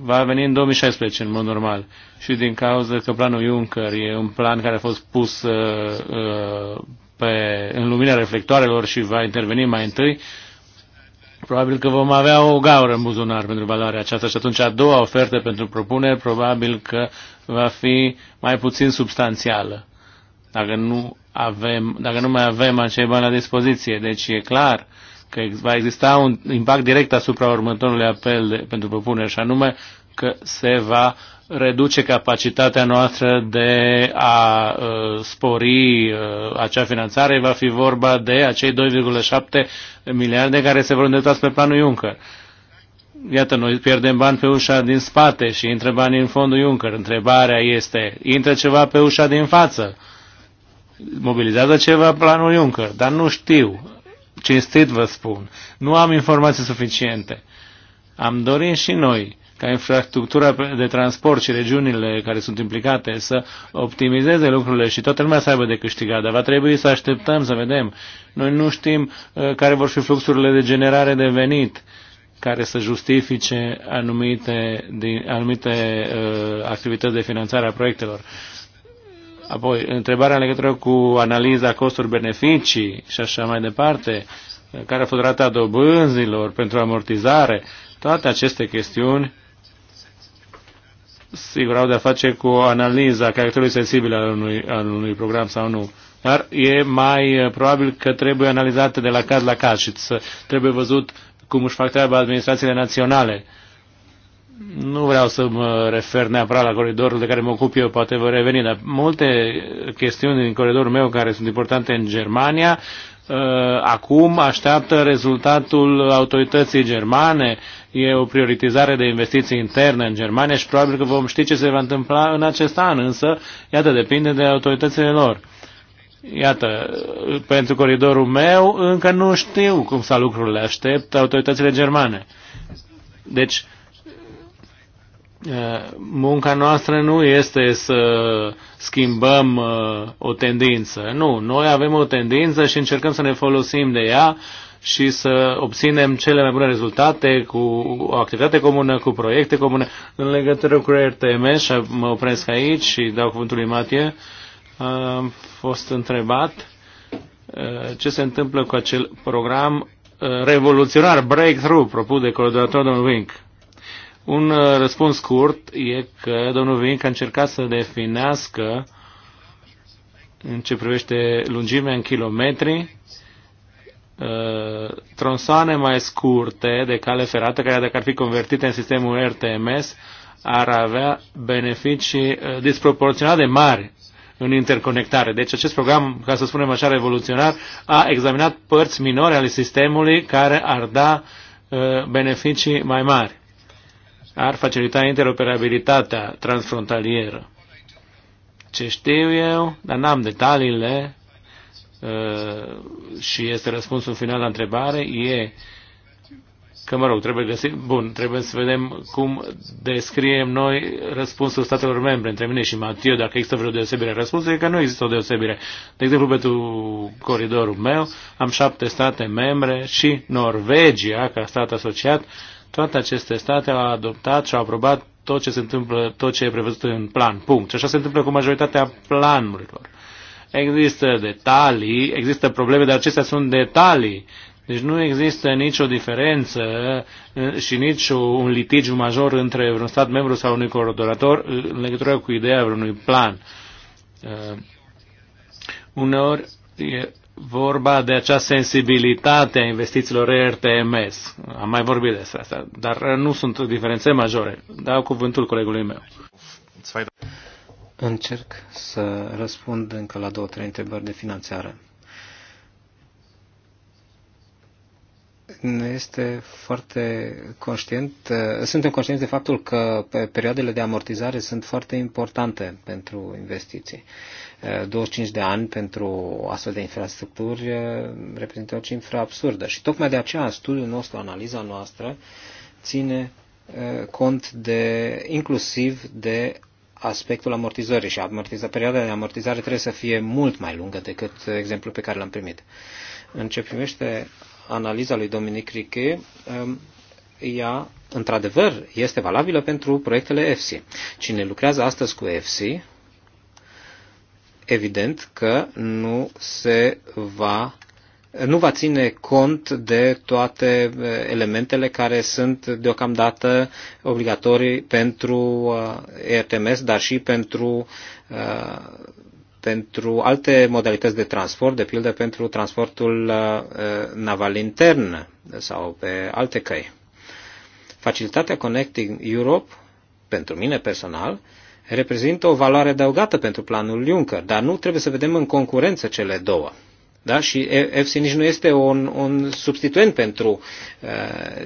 Speaker 1: va veni în 2016, în mod normal. Și din cauza că planul Juncker e un plan care a fost pus uh, pe, în lumina reflectoarelor și va interveni mai întâi, probabil că vom avea o gaură în buzunar pentru valoarea aceasta și atunci a doua ofertă pentru propuneri probabil că va fi mai puțin substanțială dacă nu, avem, dacă nu mai avem acei bani la dispoziție. Deci e clar că va exista un impact direct asupra următorului apel de, pentru propuneri și anume că se va reduce capacitatea noastră de a uh, spori uh, acea finanțare, va fi vorba de acei 2,7 miliarde care se vor îndreptați pe planul Juncker. Iată, noi pierdem bani pe ușa din spate și intră bani în fondul Juncker. Întrebarea este, intră ceva pe ușa din față? Mobilizează ceva planul Juncker, dar nu știu. Cinstit vă spun, nu am informații suficiente. Am dorit și noi ca infrastructura de transport și regiunile care sunt implicate să optimizeze lucrurile și toată lumea să aibă de câștigat, dar va trebui să așteptăm să vedem. Noi nu știm uh, care vor fi fluxurile de generare de venit care să justifice anumite, din, anumite uh, activități de finanțare a proiectelor. Apoi, întrebarea în legătură cu analiza costuri-beneficii și așa mai departe, uh, care a fost rata dobânzilor pentru amortizare, toate aceste chestiuni sigur, au de-a face cu analiza caracterului sensibil al unui, al unui program sau nu. Dar e mai uh, probabil că trebuie analizate de la caz la caz și să, trebuie văzut cum își fac treaba administrațiile naționale. Nu vreau să mă refer neapărat la coridorul de care mă ocup eu, poate vă reveni, dar multe chestiuni din coridorul meu care sunt importante în Germania Uh, acum așteaptă rezultatul autorității germane. E o prioritizare de investiții interne în Germania și probabil că vom ști ce se va întâmpla în acest an, însă, iată, depinde de autoritățile lor. Iată, pentru coridorul meu încă nu știu cum să lucrurile, aștept autoritățile germane. Deci, munca noastră nu este să schimbăm o tendință. Nu, noi avem o tendință și încercăm să ne folosim de ea și să obținem cele mai bune rezultate cu o activitate comună, cu proiecte comune. În legătură cu RTM, și mă opresc aici și dau cuvântul lui Matie, am fost întrebat ce se întâmplă cu acel program revoluționar, breakthrough, propus de coordonatorul domnul Wink. Un uh, răspuns scurt e că domnul Vinc a încercat să definească în ce privește lungimea în kilometri, uh, tronsoane mai scurte de cale ferată, care dacă ar fi convertite în sistemul RTMS, ar avea beneficii uh, disproporționat de mari în interconectare. Deci acest program, ca să spunem așa, revoluționar, a examinat părți minore ale sistemului care ar da beneficii mai mari ar facilita interoperabilitatea transfrontalieră. Ce știu eu, dar n-am detaliile uh, și este răspunsul final la întrebare, e că, mă rog, trebuie găsi, bun, trebuie să vedem cum descriem noi răspunsul statelor membre, între mine și Matiu, dacă există vreo deosebire. Răspunsul e că nu există o deosebire. De exemplu, tu coridorul meu, am șapte state membre și Norvegia, ca stat asociat, toate aceste state au adoptat și au aprobat tot ce se întâmplă, tot ce e prevăzut în plan. Punct. Și așa se întâmplă cu majoritatea planurilor. Există detalii, există probleme, dar acestea sunt detalii. Deci nu există nicio diferență uh, și nici un litigiu major între un stat membru sau unui coordonator uh, în legătură cu ideea vreunui plan. Uh, uneori e vorba de acea sensibilitate a investițiilor RTMS. Am mai vorbit despre asta, dar nu sunt diferențe majore. Dau cuvântul colegului meu.
Speaker 2: Încerc să răspund încă la două, trei întrebări de finanțare. ne este foarte conștient, ă, suntem conștienți de faptul că perioadele de amortizare sunt foarte importante pentru investiții. 25 de ani pentru astfel de infrastructuri eh, reprezintă o cifră absurdă. Și tocmai de aceea studiul nostru, analiza noastră, ține eh, cont de, inclusiv de aspectul amortizării și amortiza, perioada de amortizare trebuie să fie mult mai lungă decât exemplul pe care l-am primit. În ce privește analiza lui Dominic Riche, eh, ea, într-adevăr, este valabilă pentru proiectele EFSI. Cine lucrează astăzi cu EFSI evident că nu se va nu va ține cont de toate eh, elementele care sunt deocamdată obligatorii pentru ERTMS, eh, dar și pentru, eh, pentru alte modalități de transport, de pildă pentru transportul naval intern sau pe alte căi. Facilitatea Connecting Europe, pentru mine personal, reprezintă o valoare adăugată pentru planul Juncker, dar nu trebuie să vedem în concurență cele două. Da? Și EFSI nici nu este un, un substituent pentru uh,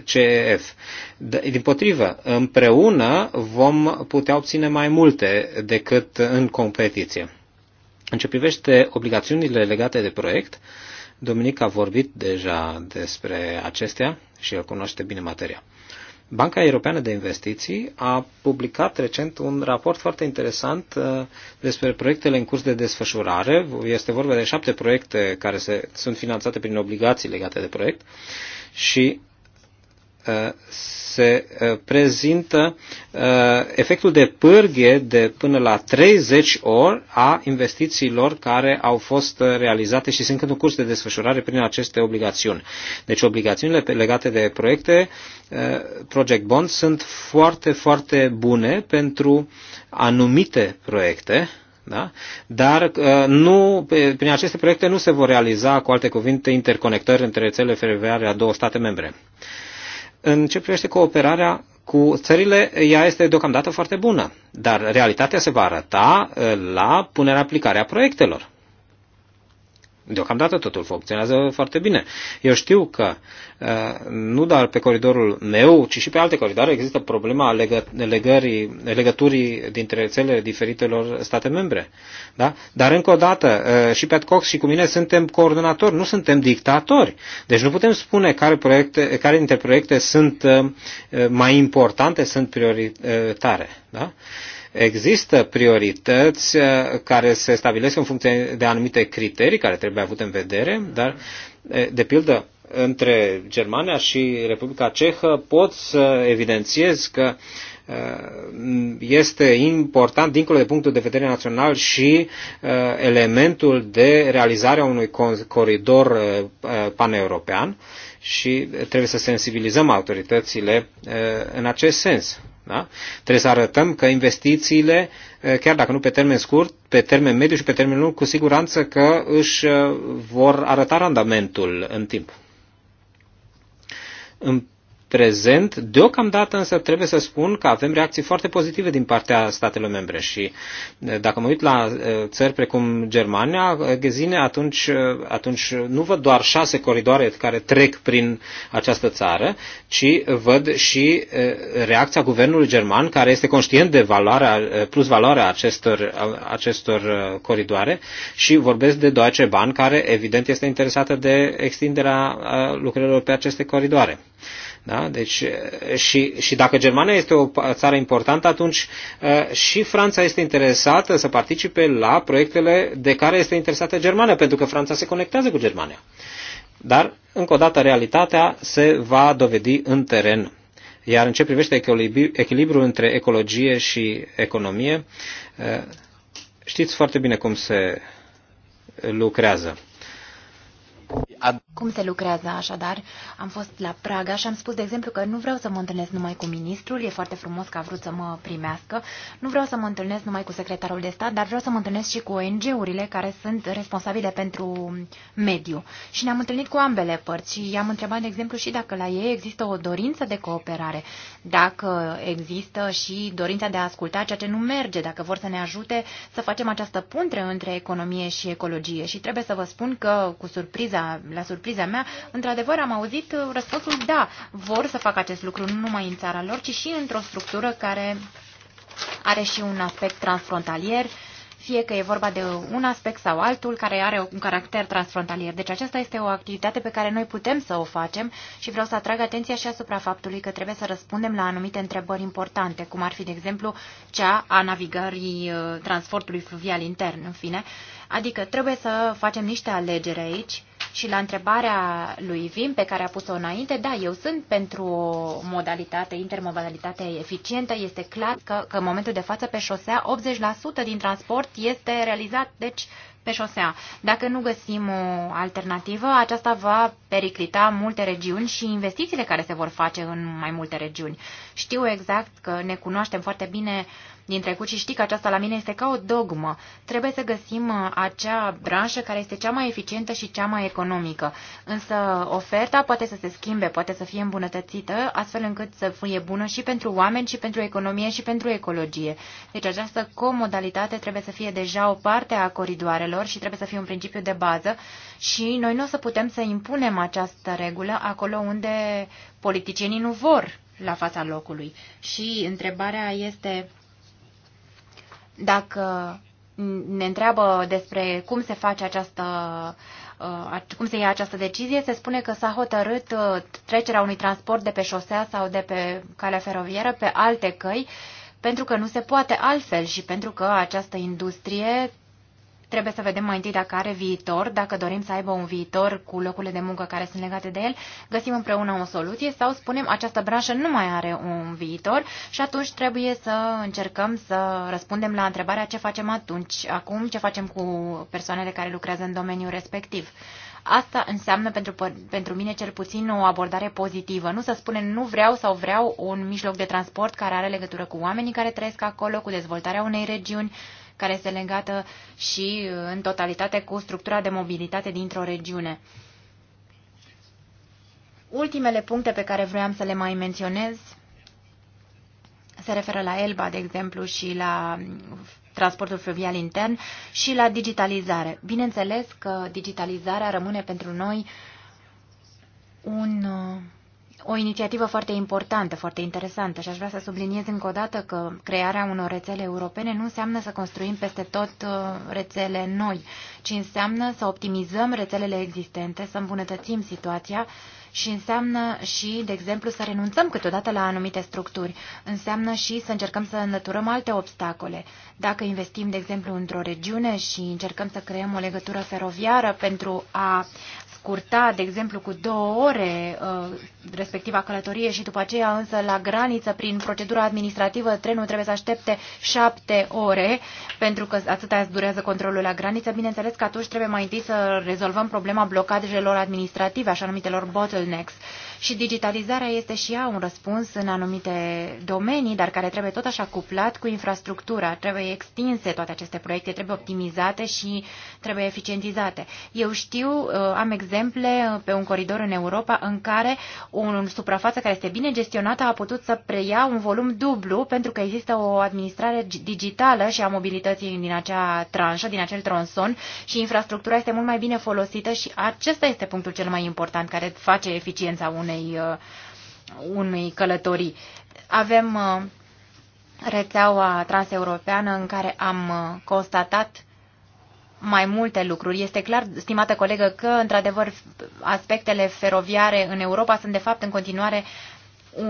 Speaker 2: CEF. Da, din potrivă, împreună vom putea obține mai multe decât în competiție. În ce privește obligațiunile legate de proiect, Dominic a vorbit deja despre acestea și el cunoaște bine materia. Banca Europeană de Investiții a publicat recent un raport foarte interesant uh, despre proiectele în curs de desfășurare. Este vorba de șapte proiecte care se, sunt finanțate prin obligații legate de proiect și se uh, prezintă uh, efectul de pârghie de până la 30 ori a investițiilor care au fost uh, realizate și sunt în curs de desfășurare prin aceste obligațiuni. Deci obligațiunile legate de proiecte, project bond, sunt foarte, foarte bune pentru anumite proiecte, da? Dar nu, prin aceste proiecte nu se vor realiza, cu alte cuvinte, interconectări între cele feroviare a două state membre. Uh, în ce privește cooperarea cu țările, ea este deocamdată foarte bună, dar realitatea se va arăta uh, la punerea a proiectelor. Deocamdată totul funcționează foarte bine. Eu știu că uh, nu doar pe coridorul meu, ci și pe alte coridoare există problema legării, legăturii dintre rețelele diferitelor state membre. Da? Dar încă o dată, uh, și pe Cox și cu mine suntem coordonatori, nu suntem dictatori. Deci nu putem spune care, proiecte, care dintre proiecte sunt uh, mai importante, sunt prioritare. Da? Există priorități uh, care se stabilesc în funcție de anumite criterii care trebuie avute în vedere, dar, uh, de pildă, între Germania și Republica Cehă pot să evidențiez că uh, este important, dincolo de punctul de vedere național, și elementul de realizare a unui coridor paneuropean și trebuie să sensibilizăm autoritățile în acest sens. Da? Trebuie să arătăm că investițiile, chiar dacă nu pe termen scurt, pe termen mediu și pe termen lung, cu siguranță că își vor arăta randamentul în timp. În prezent. Deocamdată însă trebuie să spun că avem reacții foarte pozitive din partea statelor membre și eh, dacă mă uit la eh, țări precum Germania, eh, găzine atunci, atunci nu văd doar șase coridoare care trec prin această țară, ci văd și reacția guvernului german care este conștient de valoarea, plus valoarea acestor, acestor coridoare și vorbesc de Deutsche Bahn care evident este interesată de extinderea lucrărilor pe aceste coridoare. Da? Deci, și, și dacă Germania este o țară importantă, atunci și Franța este interesată să participe la proiectele de care este interesată Germania, pentru că Franța se conectează cu Germania. Dar, încă o dată, realitatea se va dovedi în teren. Iar în ce privește echilibrul între ecologie și economie, știți foarte bine cum se lucrează.
Speaker 4: Cum se lucrează așadar? Am fost la Praga și am spus, de exemplu, că nu vreau să mă întâlnesc numai cu ministrul, e foarte frumos că a vrut să mă primească, nu vreau să mă întâlnesc numai cu secretarul de stat, dar vreau să mă întâlnesc și cu ONG-urile care sunt responsabile pentru mediu. Și ne-am întâlnit cu ambele părți și i-am întrebat, de exemplu, și dacă la ei există o dorință de cooperare, dacă există și dorința de a asculta ceea ce nu merge, dacă vor să ne ajute să facem această puntre între economie și ecologie. Și trebuie să vă spun că, cu surpriza la surpriza mea, într-adevăr am auzit uh, răspunsul da, vor să facă acest lucru nu numai în țara lor, ci și într-o structură care are și un aspect transfrontalier, fie că e vorba de un aspect sau altul care are un caracter transfrontalier. Deci aceasta este o activitate pe care noi putem să o facem și vreau să atrag atenția și asupra faptului că trebuie să răspundem la anumite întrebări importante, cum ar fi, de exemplu, cea a navigării uh, transportului fluvial intern, în fine. Adică trebuie să facem niște alegeri aici și la întrebarea lui Vim, pe care a pus-o înainte, da, eu sunt pentru o modalitate, intermodalitate eficientă. Este clar că, că în momentul de față pe șosea 80% din transport este realizat, deci pe șosea. Dacă nu găsim o alternativă, aceasta va periclita multe regiuni și investițiile care se vor face în mai multe regiuni. Știu exact că ne cunoaștem foarte bine uh, din trecut și știi că aceasta la mine este ca o dogmă. Trebuie să găsim uh, acea branșă care este cea mai eficientă și cea mai economică. Însă oferta poate să se schimbe, poate să fie îmbunătățită, astfel încât să fie bună și pentru oameni, și pentru economie, și pentru ecologie. Deci această comodalitate trebuie să fie deja o parte a coridoarelor și trebuie să fie un principiu de bază și noi nu o să putem să impunem această regulă acolo unde politicienii nu vor la fața locului. Și întrebarea este dacă ne întreabă despre cum se face această uh, cum se ia această decizie, se spune că s-a hotărât uh, trecerea unui transport de pe șosea sau de pe calea feroviară pe alte căi, pentru că nu se poate altfel și pentru că această industrie Trebuie să vedem mai întâi dacă are viitor, dacă dorim să aibă un viitor cu locurile de muncă care sunt legate de el, găsim împreună o soluție sau spunem această branșă nu mai are un viitor și atunci trebuie să încercăm să răspundem la întrebarea ce facem atunci, acum, ce facem cu persoanele care lucrează în domeniul respectiv. Asta înseamnă pentru, pentru mine cel puțin o abordare pozitivă. Nu să spunem nu vreau sau vreau un mijloc de transport care are legătură cu oamenii care trăiesc acolo, cu dezvoltarea unei regiuni, care este legată și uh, în totalitate cu structura de mobilitate dintr-o regiune. Ultimele puncte pe care vroiam să le mai menționez se referă la ELBA, de exemplu, și la mm, transportul fluvial intern și la digitalizare. Bineînțeles că digitalizarea rămâne pentru noi un uh, o inițiativă foarte importantă, foarte interesantă și aș vrea să subliniez încă o dată că crearea unor rețele europene nu înseamnă să construim peste tot uh, rețele noi, ci înseamnă să optimizăm rețelele existente, să îmbunătățim situația și înseamnă și, de exemplu, să renunțăm câteodată la anumite structuri. Înseamnă și să încercăm să înlăturăm alte obstacole. Dacă investim, de exemplu, într-o regiune și încercăm să creăm o legătură feroviară pentru a scurta, de exemplu, cu două ore uh, respectiva călătorie și după aceea însă la graniță prin procedura administrativă trenul trebuie să aștepte șapte ore pentru că atâta durează controlul la graniță, bineînțeles că atunci trebuie mai întâi să rezolvăm problema blocajelor administrative, așa numitelor bottlenecks. Și digitalizarea este și ea un răspuns în anumite domenii, dar care trebuie tot așa cuplat cu infrastructura. Trebuie extinse toate aceste proiecte, trebuie optimizate și trebuie eficientizate. Eu știu, uh, am exemple pe un coridor în Europa în care o suprafață care este bine gestionată a putut să preia un volum dublu pentru că există o administrare digitală și a mobilității din acea tranșă, din acel tronson și infrastructura este mult mai bine folosită și acesta este punctul cel mai important care face eficiența unei, uh, unei călătorii. Avem uh, rețeaua transeuropeană în care am uh, constatat mai multe lucruri. Este clar, stimată colegă, că, într-adevăr, aspectele feroviare în Europa sunt, de fapt, în continuare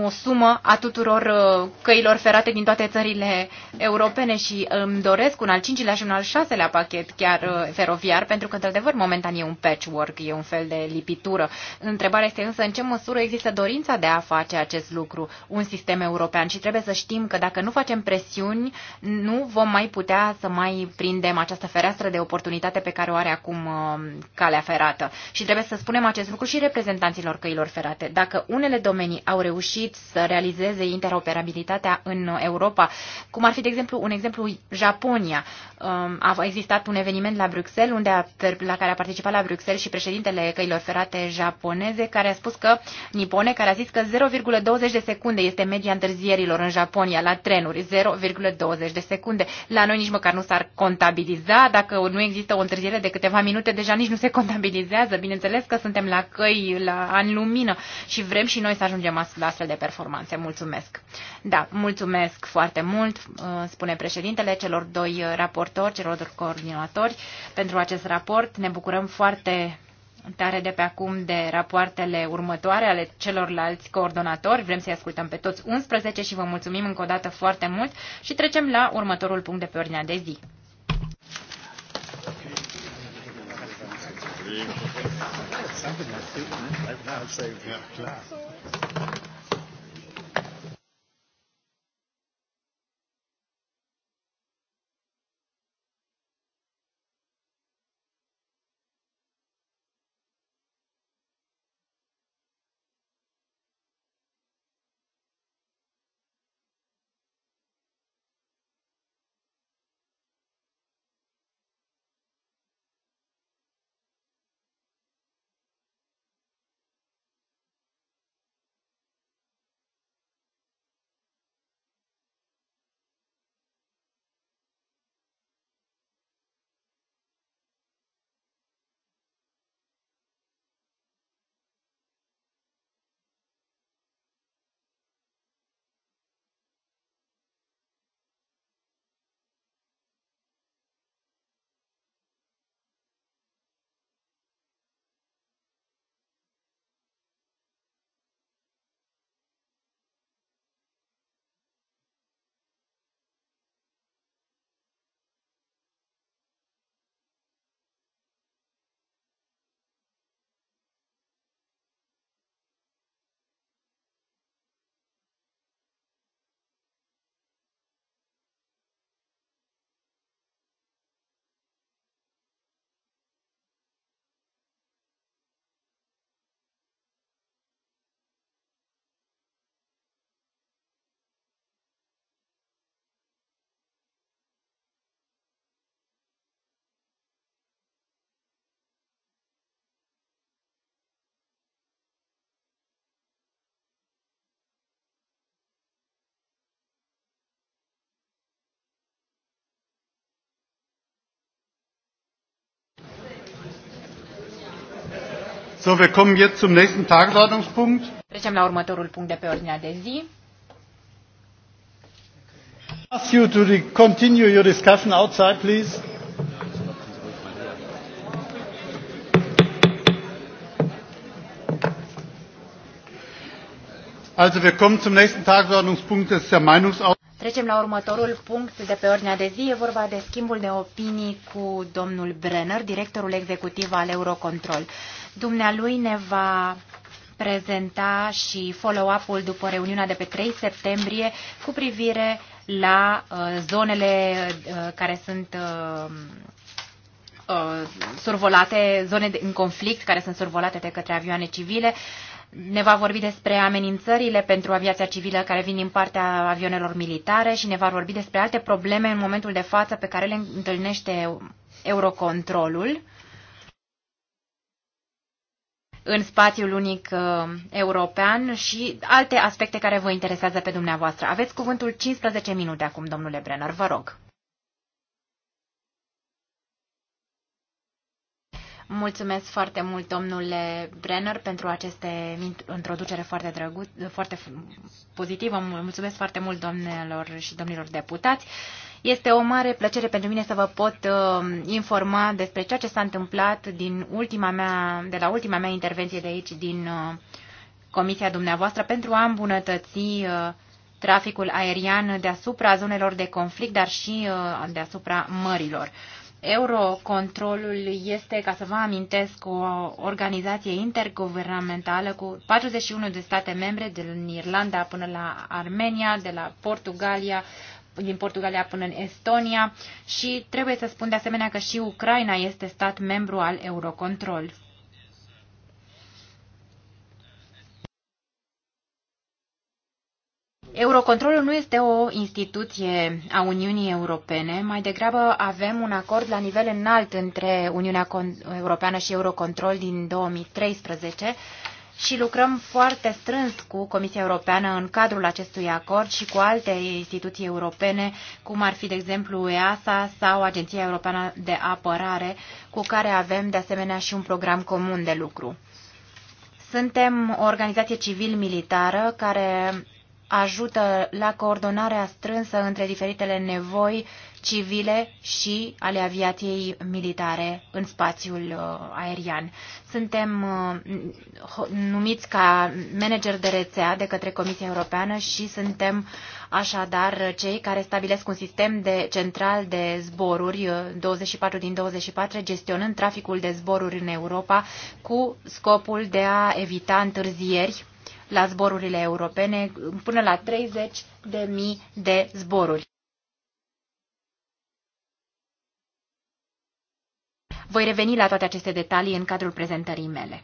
Speaker 4: o sumă a tuturor uh, căilor ferate din toate țările europene și îmi doresc un al cincilea și un al șaselea pachet chiar uh, feroviar, pentru că, într-adevăr, momentan e un patchwork, e un fel de lipitură. Întrebarea este însă în ce măsură există dorința de a face acest lucru, un sistem european și trebuie să știm că dacă nu facem presiuni, nu vom mai putea să mai prindem această fereastră de oportunitate pe care o are acum uh, calea ferată. Și trebuie să spunem acest lucru și reprezentanților căilor ferate. Dacă unele domenii au reușit reușit să realizeze interoperabilitatea în Europa, cum ar fi, de exemplu, un exemplu Japonia. Um, a existat un eveniment la Bruxelles, unde a, la care a participat la Bruxelles și președintele căilor ferate japoneze, care a spus că, nipone, care a zis că 0,20 de secunde este media întârzierilor în Japonia la trenuri, 0,20 de secunde. La noi nici măcar nu s-ar contabiliza, dacă nu există o întârziere de câteva minute, deja nici nu se contabilizează. Bineînțeles că suntem la căi, la ani lumină și vrem și noi să ajungem astfel de performanțe. Mulțumesc! Da, mulțumesc foarte mult, uh, spune președintele, celor doi uh, raportori, celor doi coordinatori pentru acest raport. Ne bucurăm foarte tare de pe acum de rapoartele următoare ale celorlalți coordonatori. Vrem să-i ascultăm pe toți 11 și vă mulțumim încă o dată foarte mult și trecem la următorul punct de pe ordinea de zi.
Speaker 3: Thank you. So, wir kommen jetzt zum nächsten
Speaker 4: Tagesordnungspunkt. Trecem la următorul punct de pe ordinea de zi.
Speaker 3: Ask you to continue your discussion
Speaker 1: outside, please. Also, wir kommen zum nächsten Tagesordnungspunkt, das ist der Meinungsaustausch.
Speaker 4: Trecem la următorul punct de pe ordinea de zi. E vorba de schimbul de opinii cu domnul Brenner, directorul executiv al Eurocontrol. Dumnealui ne va prezenta și follow-up-ul după reuniunea de pe 3 septembrie cu privire la uh, zonele uh, care sunt uh, uh, survolate, zone de, în conflict care sunt survolate de către avioane civile. Ne va vorbi despre amenințările pentru aviația civilă care vin din partea avionelor militare și ne va vorbi despre alte probleme în momentul de față pe care le întâlnește Eurocontrolul în spațiul unic uh, european și alte aspecte care vă interesează pe dumneavoastră. Aveți cuvântul 15 minute acum, domnule Brenner, vă rog. Mulțumesc foarte mult, domnule Brenner, pentru aceste introducere foarte, drăguț, foarte pozitivă. Mulțumesc foarte mult, domnilor și domnilor deputați. Este o mare plăcere pentru mine să vă pot uh, informa despre ceea ce s-a întâmplat din ultima mea, de la ultima mea intervenție de aici, din uh, comisia dumneavoastră, pentru a îmbunătăți uh, traficul aerian deasupra zonelor de conflict, dar și uh, deasupra mărilor. Uh, Eurocontrolul este, ca să vă amintesc, o organizație interguvernamentală cu 41 de state membre, de la Irlanda până la Armenia, de la Portugalia, din Portugalia până în Estonia și trebuie să spun de asemenea că și Ucraina este stat membru al Eurocontrol. Eurocontrolul nu este o instituție a Uniunii Europene, mai degrabă avem un acord la nivel înalt între Uniunea Europeană și Eurocontrol din 2013 și lucrăm foarte strâns cu Comisia Europeană în cadrul acestui acord și cu alte instituții europene, cum ar fi, de exemplu, EASA sau Agenția Europeană de Apărare, cu care avem, de asemenea, și un program comun de lucru. Suntem o organizație civil-militară care ajută la coordonarea strânsă între diferitele nevoi civile și ale aviației militare în spațiul uh, aerian. Suntem uh, numiți ca manager de rețea de către Comisia Europeană și suntem așadar cei care stabilesc un sistem de central de zboruri 24 uh, din 24, gestionând traficul de zboruri în Europa cu scopul de a evita întârzieri la zborurile europene, până la 30 de mii de zboruri. Voi reveni la toate aceste detalii în cadrul prezentării mele.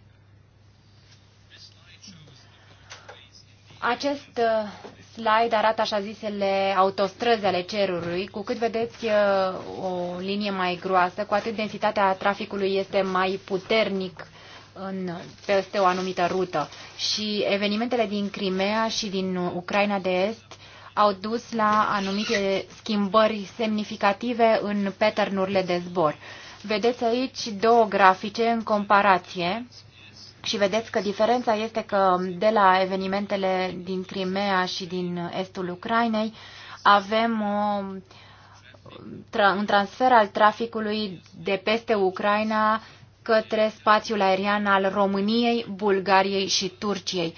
Speaker 4: Acest uh, slide arată așa zisele autostrăzi ale cerului. Cu cât vedeți uh, o linie mai groasă, cu atât densitatea traficului este mai puternic în, peste o anumită rută. Și evenimentele din Crimea și din Ucraina de Est au dus la anumite schimbări semnificative în pattern de zbor. Vedeți aici două grafice în comparație și vedeți că diferența este că de la evenimentele din Crimea și din estul Ucrainei avem o, tra un transfer al traficului de peste Ucraina către spațiul aerian al României, Bulgariei și Turciei,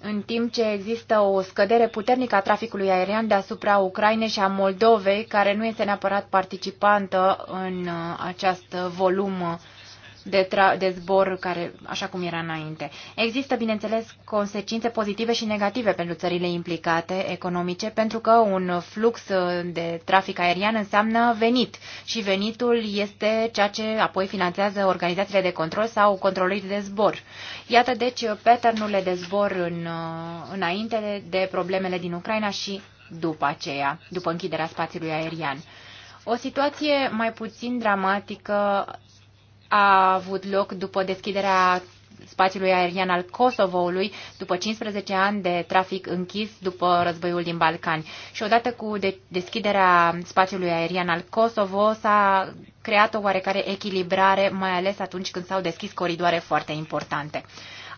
Speaker 4: în timp ce există o scădere puternică a traficului aerian deasupra Ucrainei și a Moldovei, care nu este neapărat participantă în uh, acest volum uh, de, de zbor care, așa cum era înainte. Există, bineînțeles, consecințe pozitive și negative pentru țările implicate economice, pentru că un flux de trafic aerian înseamnă venit și venitul este ceea ce apoi finanțează organizațiile de control sau controlul de zbor. Iată, deci, patternurile de zbor în, înainte de problemele din Ucraina și după aceea, după închiderea spațiului aerian. O situație mai puțin dramatică a avut loc după deschiderea spațiului aerian al Kosovoului după 15 ani de trafic închis după războiul din Balcani. Și odată cu de- deschiderea spațiului aerian al Kosovo s-a creat o oarecare echilibrare, mai ales atunci când s-au deschis coridoare foarte importante.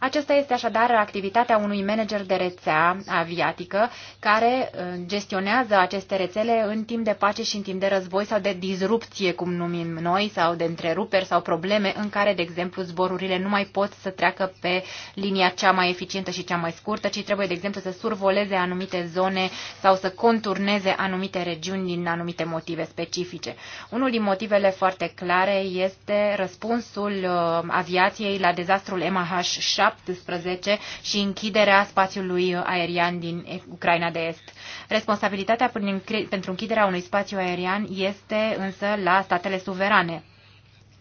Speaker 4: Aceasta este așadar activitatea unui manager de rețea aviatică care uh, gestionează aceste rețele în timp de pace și în timp de război sau de disrupție, cum numim noi, sau de întreruperi sau probleme în care, de exemplu, zborurile nu mai pot să treacă pe linia cea mai eficientă și cea mai scurtă, ci trebuie, de exemplu, să survoleze anumite zone sau să conturneze anumite regiuni din anumite motive specifice. Unul din motivele foarte clare este răspunsul uh, aviației la dezastrul MH7 2017 și închiderea spațiului aerian din Ucraina de Est. Responsabilitatea pentru închiderea unui spațiu aerian este însă la statele suverane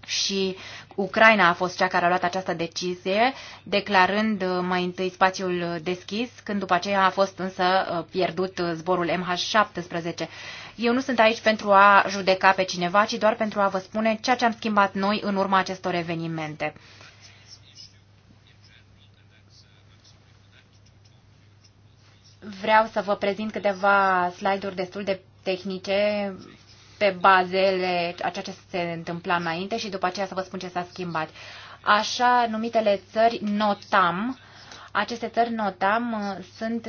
Speaker 4: și Ucraina a fost cea care a luat această decizie, declarând uh, mai întâi spațiul deschis, când după aceea a fost însă uh, pierdut uh, zborul MH17. Eu nu sunt aici pentru a judeca pe cineva, ci doar pentru a vă spune ceea ce am schimbat noi în urma acestor evenimente. vreau să vă prezint câteva slide-uri destul de tehnice pe bazele a ceea ce se întâmpla înainte și după aceea să vă spun ce s-a schimbat. Așa numitele țări NOTAM, aceste țări NOTAM uh, sunt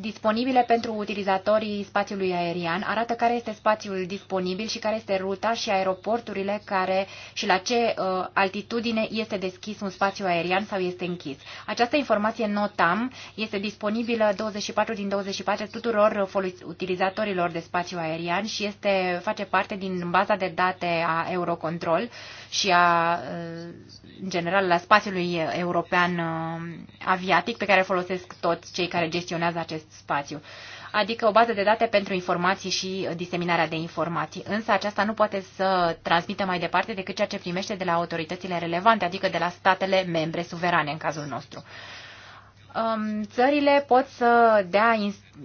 Speaker 4: disponibile pentru utilizatorii spațiului aerian, arată care este spațiul disponibil și care este ruta și aeroporturile care și la ce uh, altitudine este deschis un spațiu aerian sau este închis. Această informație NOTAM este disponibilă 24 din 24 tuturor utilizatorilor de spațiu aerian și este, face parte din baza de date a Eurocontrol și a, în general, la spațiului european uh, aviatic pe care folosesc toți cei care gestionează acest spațiu adică o bază de date pentru informații și diseminarea de informații. Însă aceasta nu poate să transmită mai departe decât ceea ce primește de la autoritățile relevante, adică de la statele membre suverane în cazul nostru. Um, țările pot să dea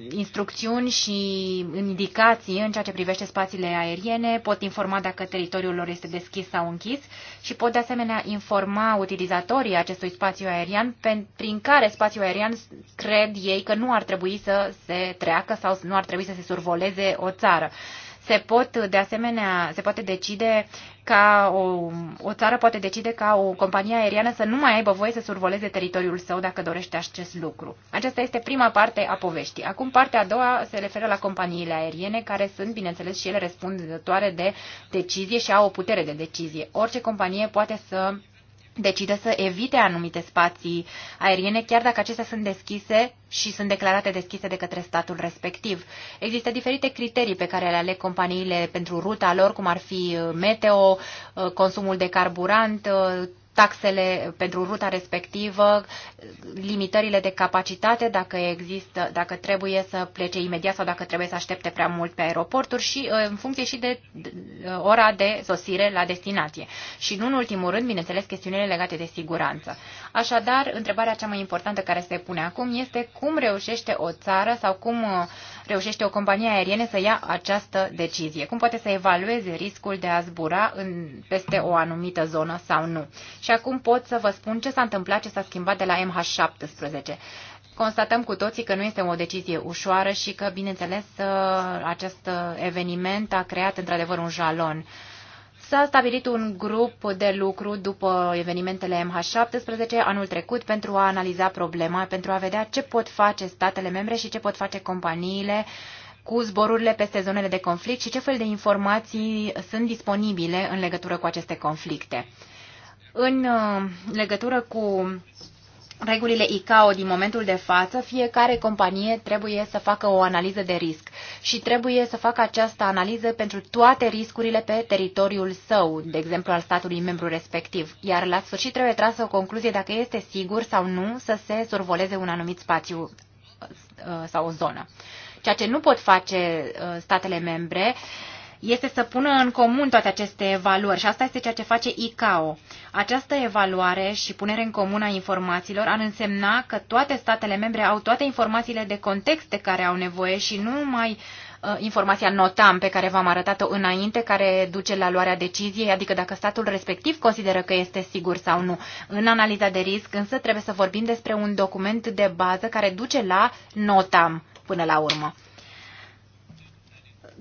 Speaker 4: instrucțiuni și indicații în ceea ce privește spațiile aeriene, pot informa dacă teritoriul lor este deschis sau închis și pot de asemenea informa utilizatorii acestui spațiu aerian prin care spațiul aerian cred ei că nu ar trebui să se treacă sau nu ar trebui să se survoleze o țară. Se pot, de asemenea, se poate decide ca o, o țară poate decide ca o companie aeriană să nu mai aibă voie să survoleze teritoriul său dacă dorește acest lucru. Aceasta este prima parte a poveștii. Acum partea a doua se referă la companiile aeriene care sunt, bineînțeles, și ele răspundătoare de decizie și au o putere de decizie. Orice companie poate să decide să evite anumite spații aeriene, chiar dacă acestea sunt deschise și sunt declarate deschise de către statul respectiv. Există diferite criterii pe care le aleg companiile pentru ruta lor, cum ar fi uh, meteo, uh, consumul de carburant, uh, taxele pentru ruta respectivă, limitările de capacitate, dacă există, dacă trebuie să plece imediat sau dacă trebuie să aștepte prea mult pe aeroporturi și uh, în funcție și de uh, ora de sosire la destinație. Și nu în ultimul rând, bineînțeles, chestiunile legate de siguranță. Așadar, întrebarea cea mai importantă care se pune acum este cum reușește o țară sau cum uh, reușește o companie aeriene să ia această decizie? Cum poate să evalueze riscul de a zbura în, peste o anumită zonă sau nu? Și acum pot să vă spun ce s-a întâmplat, ce s-a schimbat de la MH17. Constatăm cu toții că nu este o decizie ușoară și că, bineînțeles, uh, acest uh, eveniment a creat într-adevăr un jalon. S-a stabilit un grup de lucru după evenimentele MH17 anul trecut pentru a analiza problema, pentru a vedea ce pot face statele membre și ce pot face companiile cu zborurile peste zonele de conflict și ce fel de informații sunt disponibile în legătură cu aceste conflicte. În uh, legătură cu regulile ICAO din momentul de față, fiecare companie trebuie să facă o analiză de risc și trebuie să facă această analiză pentru toate riscurile pe teritoriul său, de exemplu al statului membru respectiv, iar la sfârșit trebuie trasă o concluzie dacă este sigur sau nu să se survoleze un anumit spațiu uh, uh, sau o zonă. Ceea ce nu pot face uh, statele membre uh, este să pună în comun toate aceste evaluări și asta este ceea ce face ICAO. Această evaluare și punere în comun a informațiilor ar însemna că toate statele membre au toate informațiile de context de care au nevoie și nu mai uh, informația notam pe care v-am arătat-o înainte, care duce la luarea deciziei, adică dacă statul respectiv consideră că este sigur sau nu. În analiza de risc însă trebuie să vorbim despre un document de bază care duce la notam până la urmă.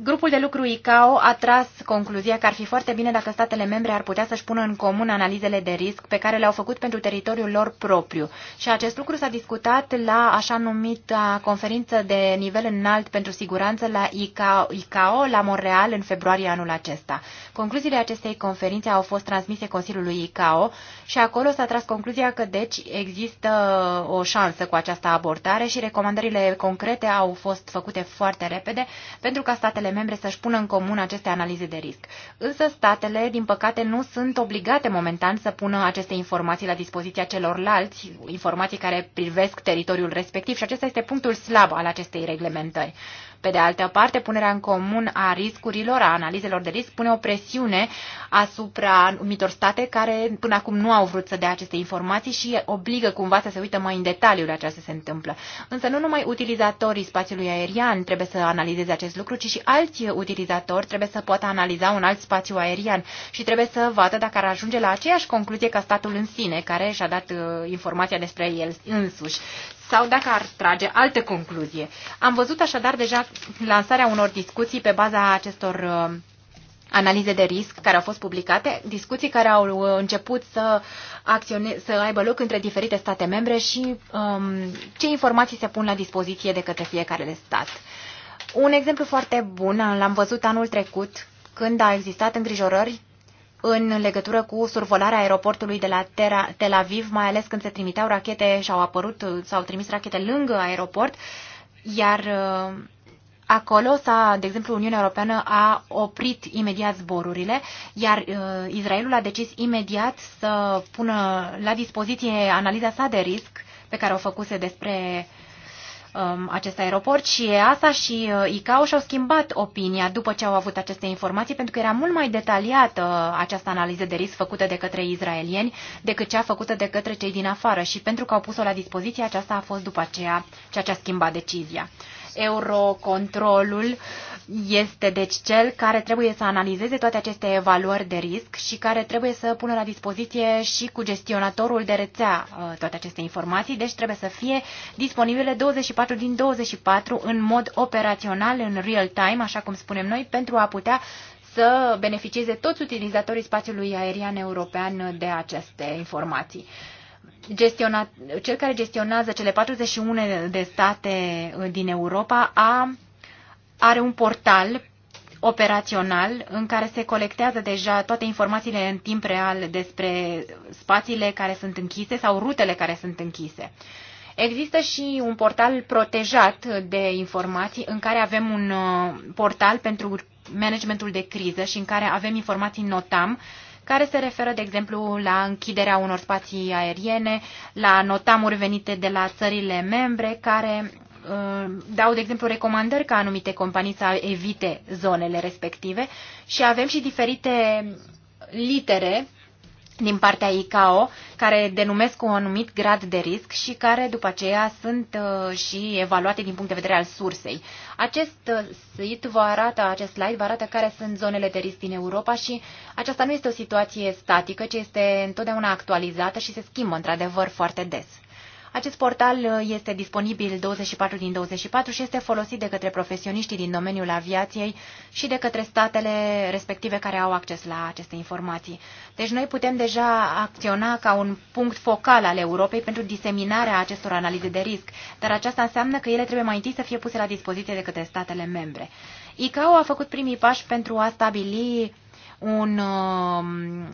Speaker 4: Grupul de lucru ICAO a tras concluzia că ar fi foarte bine dacă statele membre ar putea să-și pună în comun analizele de risc pe care le-au făcut pentru teritoriul lor propriu. Și acest lucru s-a discutat la așa numita conferință de nivel înalt pentru siguranță la ICAO, ICAO la Montreal în februarie anul acesta. Concluziile acestei conferințe au fost transmise Consiliului ICAO și acolo s-a tras concluzia că deci există o șansă cu această abordare și recomandările concrete au fost făcute foarte repede pentru ca statele membre să-și pună în comun aceste analize de risc. Însă statele, din păcate, nu sunt obligate momentan să pună aceste informații la dispoziția celorlalți, informații care privesc teritoriul respectiv și acesta este punctul slab al acestei reglementări. Pe de altă parte, punerea în comun a riscurilor, a analizelor de risc, pune o presiune asupra anumitor state care până acum nu au vrut să dea aceste informații și obligă cumva să se uită mai în detaliu la ce se întâmplă. Însă nu numai utilizatorii spațiului aerian trebuie să analizeze acest lucru, ci și alți utilizatori trebuie să poată analiza un alt spațiu aerian și trebuie să vadă dacă ar ajunge la aceeași concluzie ca statul în sine, care și-a dat uh, informația despre el însuși sau dacă ar trage alte concluzie. Am văzut așadar deja lansarea unor discuții pe baza acestor uh, analize de risc care au fost publicate, discuții care au uh, început să, acțione, să aibă loc între diferite state membre și um, ce informații se pun la dispoziție de către fiecare de stat. Un exemplu foarte bun l-am văzut anul trecut când a existat îngrijorări în legătură cu survolarea aeroportului de la Tel Aviv, mai ales când se trimiteau rachete și au apărut, s-au trimis rachete lângă aeroport, iar uh, acolo s-a, de exemplu, Uniunea Europeană a oprit imediat zborurile, iar uh, Israelul a decis imediat să pună la dispoziție analiza sa de risc pe care o făcuse despre uh, Um, acest aeroport și EASA și uh, ICAO și-au schimbat opinia după ce au avut aceste informații, pentru că era mult mai detaliată uh, această analiză de risc făcută de către izraelieni decât cea făcută de către cei din afară și pentru că au pus-o la dispoziție, aceasta a fost după aceea ceea ce a schimbat decizia. Eurocontrolul este deci cel care trebuie să analizeze toate aceste evaluări de risc și care trebuie să pună la dispoziție și cu gestionatorul de rețea uh, toate aceste informații, deci trebuie să fie disponibile 24 din 24 în mod operațional, în real time, așa cum spunem noi, pentru a putea să beneficieze toți utilizatorii spațiului aerian european de aceste informații gestiona, cel care gestionează cele 41 de state din Europa a, are un portal operațional în care se colectează deja toate informațiile în timp real despre spațiile care sunt închise sau rutele care sunt închise. Există și un portal protejat de informații în care avem un uh, portal pentru managementul de criză și în care avem informații notam care se referă, de exemplu, la închiderea unor spații aeriene, la notamuri venite de la țările membre care uh, dau, de exemplu, recomandări ca anumite companii să evite zonele respective și avem și diferite litere din partea ICAO, care denumesc un anumit grad de risc și care după aceea sunt uh, și evaluate din punct de vedere al sursei. Acest uh, site vă arată, acest slide vă arată care sunt zonele de risc din Europa și aceasta nu este o situație statică, ci este întotdeauna actualizată și se schimbă într-adevăr foarte des. Acest portal uh, este disponibil 24 din 24 și este folosit de către profesioniștii din domeniul aviației și de către statele respective care au acces la aceste informații. Deci noi putem deja acționa ca un punct focal al Europei pentru diseminarea acestor analize de risc, dar aceasta înseamnă că ele trebuie mai întâi să fie puse la dispoziție de către statele membre. ICAO a făcut primii pași pentru a stabili un, uh,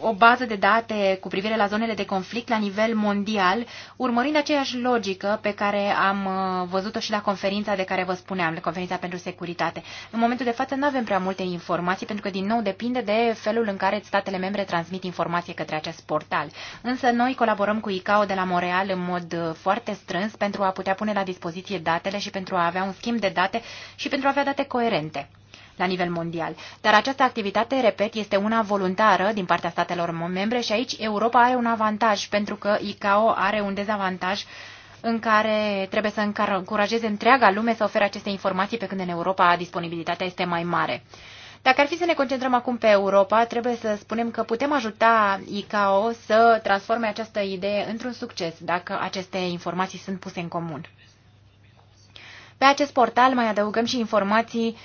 Speaker 4: o bază de date cu privire la zonele de conflict la nivel mondial, urmărind aceeași logică pe care am uh, văzut-o și la conferința de care vă spuneam, la conferința pentru securitate. În momentul de față nu avem prea multe informații, pentru că din nou depinde de felul în care statele membre transmit informație către acest portal. Însă noi colaborăm cu ICAO de la Montreal în mod uh, foarte strâns pentru a putea pune la dispoziție datele și pentru a avea un schimb de date și pentru a avea date coerente la nivel mondial. Dar această activitate, repet, este una voluntară din partea statelor membre și aici Europa are un avantaj pentru că ICAO are un dezavantaj în care trebuie să încurajeze întreaga lume să ofere aceste informații pe când în Europa disponibilitatea este mai mare. Dacă ar fi să ne concentrăm acum pe Europa, trebuie să spunem că putem ajuta ICAO să transforme această idee într-un succes dacă aceste informații sunt puse în comun. Pe acest portal mai adăugăm și informații uh,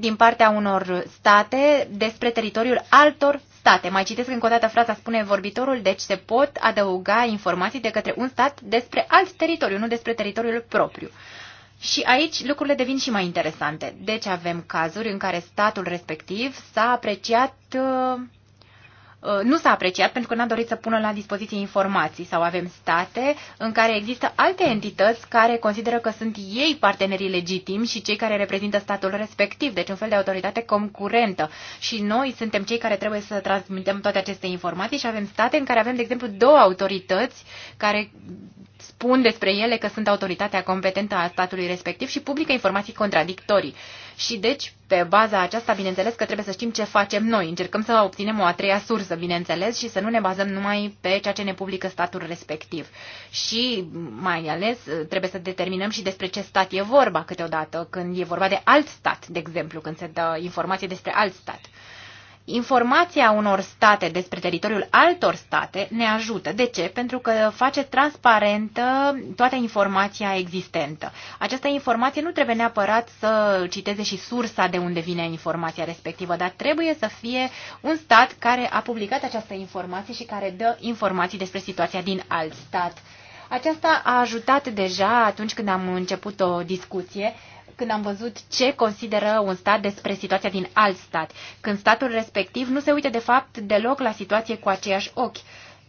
Speaker 4: din partea unor state despre teritoriul altor state. Mai citesc încă o dată fraza, spune vorbitorul, deci se pot adăuga informații de către un stat despre alt teritoriu, nu despre teritoriul propriu. Și aici lucrurile devin și mai interesante. Deci avem cazuri în care statul respectiv s-a apreciat uh, Uh, nu s-a apreciat pentru că n-a dorit să pună la dispoziție informații sau avem state în care există alte entități care consideră că sunt ei partenerii legitimi și cei care reprezintă statul respectiv, deci un fel de autoritate concurentă și noi suntem cei care trebuie să transmitem toate aceste informații și avem state în care avem, de exemplu, două autorități care spun despre ele că sunt autoritatea competentă a statului respectiv și publică informații contradictorii și deci, pe baza aceasta, bineînțeles că trebuie să știm ce facem noi. Încercăm să obținem o a treia sursă, bineînțeles, și să nu ne bazăm numai pe ceea ce ne publică statul respectiv. Și, mai ales, trebuie să determinăm și despre ce stat e vorba câteodată, când e vorba de alt stat, de exemplu, când se dă informație despre alt stat informația unor state despre teritoriul altor state ne ajută. De ce? Pentru că face transparentă toată informația existentă. Această informație nu trebuie neapărat să citeze și sursa de unde vine informația respectivă, dar trebuie să fie un stat care a publicat această informație și care dă informații despre situația din alt stat. Aceasta a ajutat deja atunci când am început o discuție când am văzut ce consideră un stat despre situația din alt stat, când statul respectiv nu se uită de fapt deloc la situație cu aceiași ochi.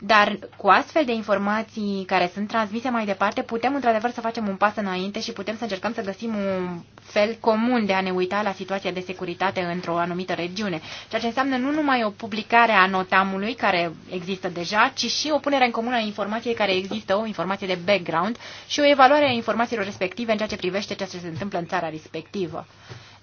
Speaker 4: Dar cu astfel de informații care sunt transmise mai departe, putem într-adevăr să facem un pas înainte și putem să încercăm să găsim un fel comun de a ne uita la situația de securitate într-o anumită regiune. Ceea ce înseamnă nu numai o publicare a notamului, care există deja, ci și o punere în comun a informației care există, o informație de background și o evaluare a informațiilor respective în ceea ce privește ceea ce se întâmplă în țara respectivă.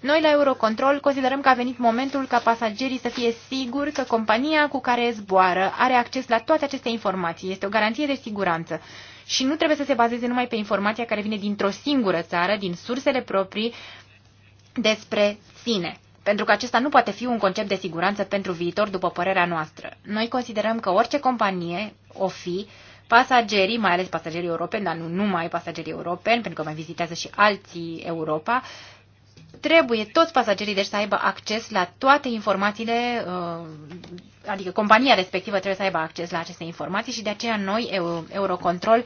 Speaker 4: Noi la Eurocontrol considerăm că a venit momentul ca pasagerii să fie siguri că compania cu care zboară are acces la toate aceste informații. Este o garanție de siguranță și nu trebuie să se bazeze numai pe informația care vine dintr-o singură țară, din sursele proprii, despre sine. Pentru că acesta nu poate fi un concept de siguranță pentru viitor, după părerea noastră. Noi considerăm că orice companie o fi, pasagerii, mai ales pasagerii europeni, dar nu numai pasagerii europeni, pentru că mai vizitează și alții Europa, trebuie toți pasagerii deci să aibă acces la toate informațiile, uh, adică compania respectivă trebuie să aibă acces la aceste informații și de aceea noi, Eurocontrol,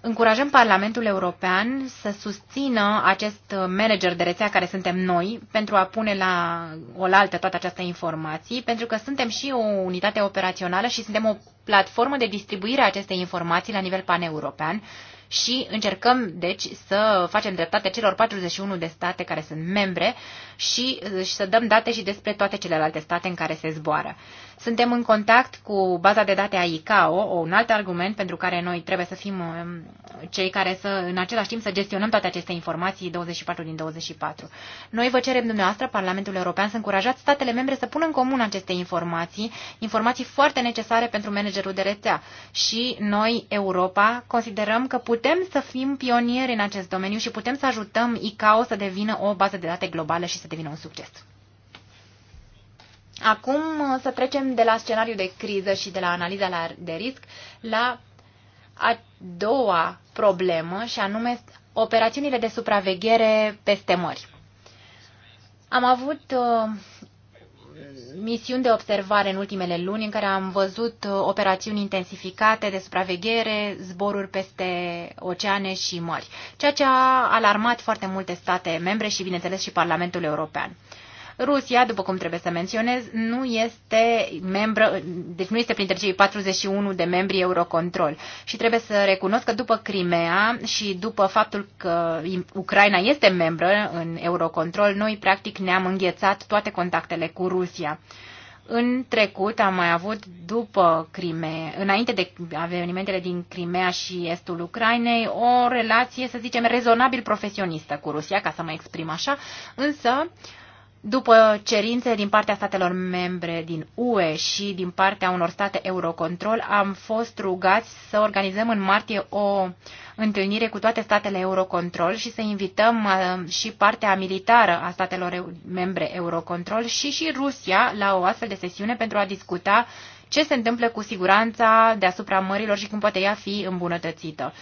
Speaker 4: încurajăm Parlamentul European să susțină acest manager de rețea care suntem noi pentru a pune la oaltă toată această informații, pentru că suntem și o unitate operațională și suntem o platformă de distribuire a acestei informații la nivel paneuropean. european și încercăm, deci, să facem dreptate celor 41 de state care sunt membre și, și să dăm date și despre toate celelalte state în care se zboară. Suntem în contact cu baza de date a ICAO, un alt argument pentru care noi trebuie să fim um, cei care să, în același timp, să gestionăm toate aceste informații 24 din 24. Noi vă cerem dumneavoastră, Parlamentul European, să încurajați statele membre să pună în comun aceste informații, informații foarte necesare pentru managerul de rețea. Și noi, Europa, considerăm că putem să fim pionieri în acest domeniu și putem să ajutăm ICAO să devină o bază de date globală și să devină un succes. Acum uh, să trecem de la scenariul de criză și de la analiza de risc la a doua problemă și anume operațiunile de supraveghere peste mări. Am avut uh, misiuni de observare în ultimele luni în care am văzut uh, operațiuni intensificate de supraveghere, zboruri peste oceane și mări, ceea ce a alarmat foarte multe state membre și, bineînțeles, și Parlamentul European. Rusia, după cum trebuie să menționez, nu este membră, deci nu este printre cei 41 de membri Eurocontrol. Și trebuie să recunosc că după Crimea și după faptul că Ucraina este membră în Eurocontrol, noi practic ne-am înghețat toate contactele cu Rusia. În trecut am mai avut după Crimea, înainte de evenimentele din Crimea și estul Ucrainei, o relație, să zicem, rezonabil profesionistă cu Rusia, ca să mă exprim așa, însă uh, după cerințe din partea statelor membre din UE și din partea unor state Eurocontrol, am fost rugați să organizăm în martie o întâlnire cu toate statele Eurocontrol și să invităm uh, și partea militară a statelor membre Eurocontrol și și Rusia la o astfel de sesiune pentru a discuta ce se întâmplă cu siguranța deasupra mărilor și cum poate ea fi îmbunătățită.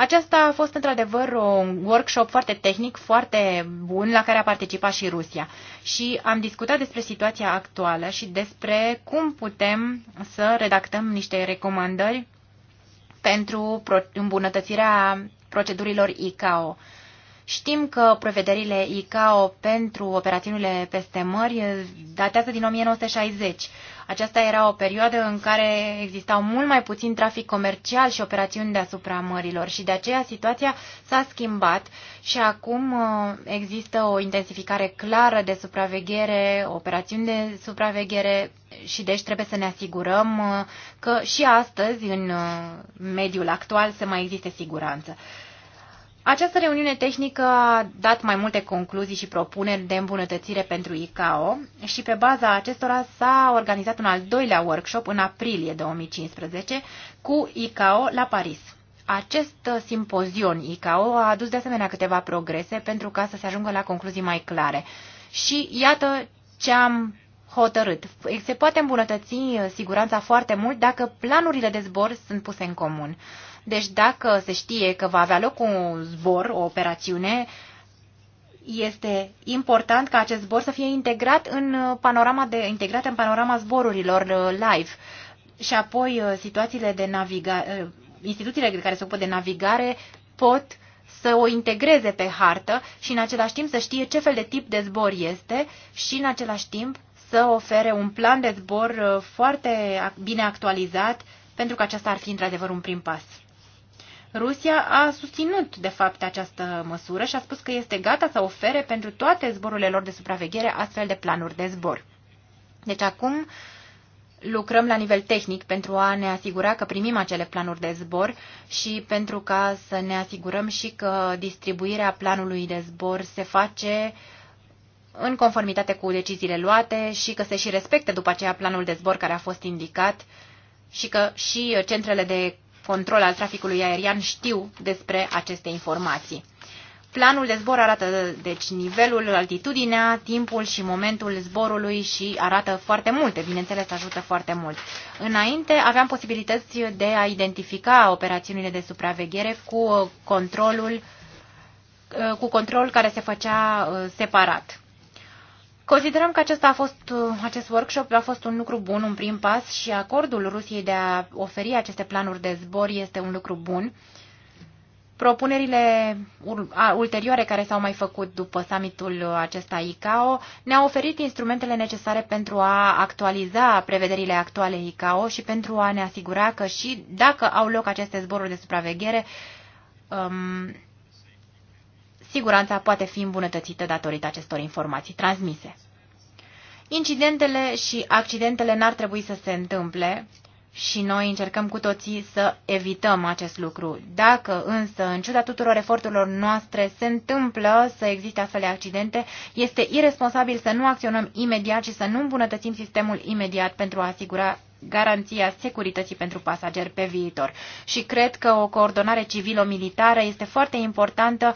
Speaker 4: Aceasta a fost într-adevăr un workshop foarte tehnic, foarte bun, la care a participat și Rusia. Și am discutat despre situația actuală și despre cum putem să redactăm niște recomandări pentru îmbunătățirea procedurilor ICAO. Știm că prevederile ICAO pentru operațiunile peste mări datează din 1960. Aceasta era o perioadă în care existau mult mai puțin trafic comercial și operațiuni deasupra mărilor și de aceea situația s-a schimbat și acum uh, există o intensificare clară de supraveghere, operațiuni de supraveghere și deci trebuie să ne asigurăm uh, că și astăzi în uh, mediul actual să mai existe siguranță. Această reuniune tehnică a dat mai multe concluzii și propuneri de îmbunătățire pentru ICAO și pe baza acestora s-a organizat un al doilea workshop în aprilie 2015 cu ICAO la Paris. Acest simpozion ICAO a adus de asemenea câteva progrese pentru ca să se ajungă la concluzii mai clare. Și iată ce am hotărât. Se poate îmbunătăți siguranța foarte mult dacă planurile de zbor sunt puse în comun. Deci dacă se știe că va avea loc un zbor, o operațiune, este important ca acest zbor să fie integrat în panorama de, integrat în panorama zborurilor uh, live. Și apoi uh, situațiile de navigare, uh, instituțiile care se ocupă de navigare pot să o integreze pe hartă și în același timp să știe ce fel de tip de zbor este și în același timp să ofere un plan de zbor foarte bine actualizat pentru că aceasta ar fi într-adevăr un prim pas. Rusia a susținut, de fapt, această măsură și a spus că este gata să ofere pentru toate zborurile lor de supraveghere astfel de planuri de zbor. Deci acum lucrăm la nivel tehnic pentru a ne asigura că primim acele planuri de zbor și pentru ca să ne asigurăm și că distribuirea planului de zbor se face în conformitate cu deciziile luate și că se și respecte după aceea planul de zbor care a fost indicat și că și centrele de control al traficului aerian știu despre aceste informații. Planul de zbor arată deci nivelul, altitudinea, timpul și momentul zborului și arată foarte multe, bineînțeles ajută foarte mult. Înainte aveam posibilități de a identifica operațiunile de supraveghere cu controlul cu control care se făcea uh, separat. Considerăm că acesta a fost, uh, acest workshop a fost un lucru bun, un prim pas și acordul Rusiei de a oferi aceste planuri de zbor este un lucru bun. Propunerile ulterioare care s-au mai făcut după summitul acesta ICAO ne-au oferit instrumentele necesare pentru a actualiza prevederile actuale ICAO și pentru a ne asigura că și dacă au loc aceste zboruri de supraveghere, um, Siguranța poate fi îmbunătățită datorită acestor informații transmise. Incidentele și accidentele n-ar trebui să se întâmple și noi încercăm cu toții să evităm acest lucru. Dacă însă, în ciuda tuturor eforturilor noastre, se întâmplă să existe astfel de accidente, este irresponsabil să nu acționăm imediat și să nu îmbunătățim sistemul imediat pentru a asigura garanția securității pentru pasageri pe viitor. Și cred că o coordonare civilo-militară este foarte importantă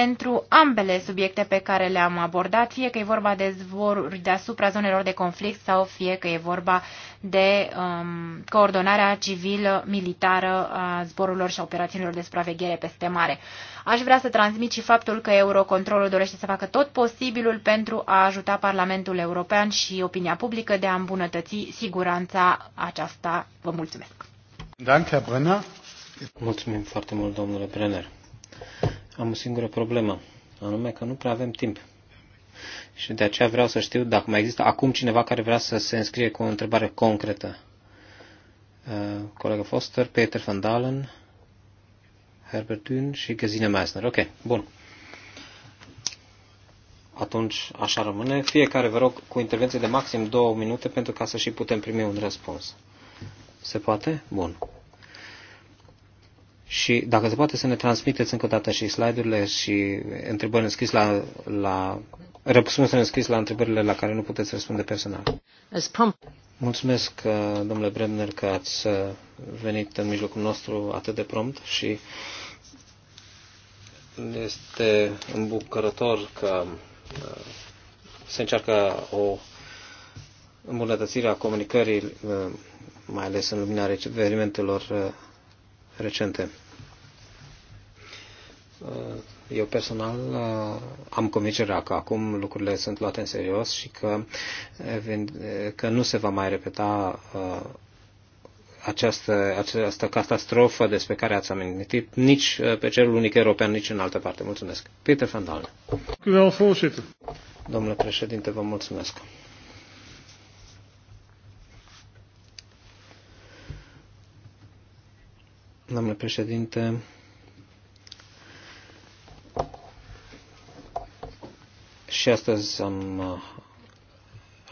Speaker 4: pentru ambele subiecte pe care le-am abordat, fie că e vorba de zboruri deasupra zonelor de conflict sau fie că e vorba de um, coordonarea civilă-militară a zborurilor și a operațiunilor de supraveghere peste mare. Aș vrea să transmit și faptul că Eurocontrolul dorește să facă tot posibilul pentru a ajuta Parlamentul European și opinia publică de a îmbunătăți siguranța aceasta. Vă mulțumesc!
Speaker 2: Mulțumim foarte mult, domnule Brenner am o singură problemă, anume că nu prea avem timp. Și de aceea vreau să știu dacă mai există acum cineva care vrea să se înscrie cu o întrebare concretă. Uh, colegă Foster, Peter van Dalen, Herbert Dün și Gesine Meissner. Ok, bun. Atunci așa rămâne. Fiecare, vă rog, cu intervenție de maxim două minute pentru ca să și putem primi un răspuns. Se poate? Bun. Și dacă se poate să ne transmiteți încă o dată și slide-urile și întrebările înscris la, la răspunsurile înscris la întrebările la care nu puteți răspunde personal. Mulțumesc, uh, domnule Bremner, că ați uh, venit în mijlocul nostru atât de prompt și este îmbucurător că uh, se încearcă o îmbunătățire a comunicării, mai ales în lumina evenimentelor recente. Uh, eu personal uh, am convingerea că acum lucrurile sunt luate în serios și că, că nu se va mai repeta uh, această, această catastrofă despre care ați amintit nici pe cerul unic european, nici în altă parte. Mulțumesc. Peter van Dalen. Domnule președinte, vă mulțumesc. Domnule președinte, și astăzi am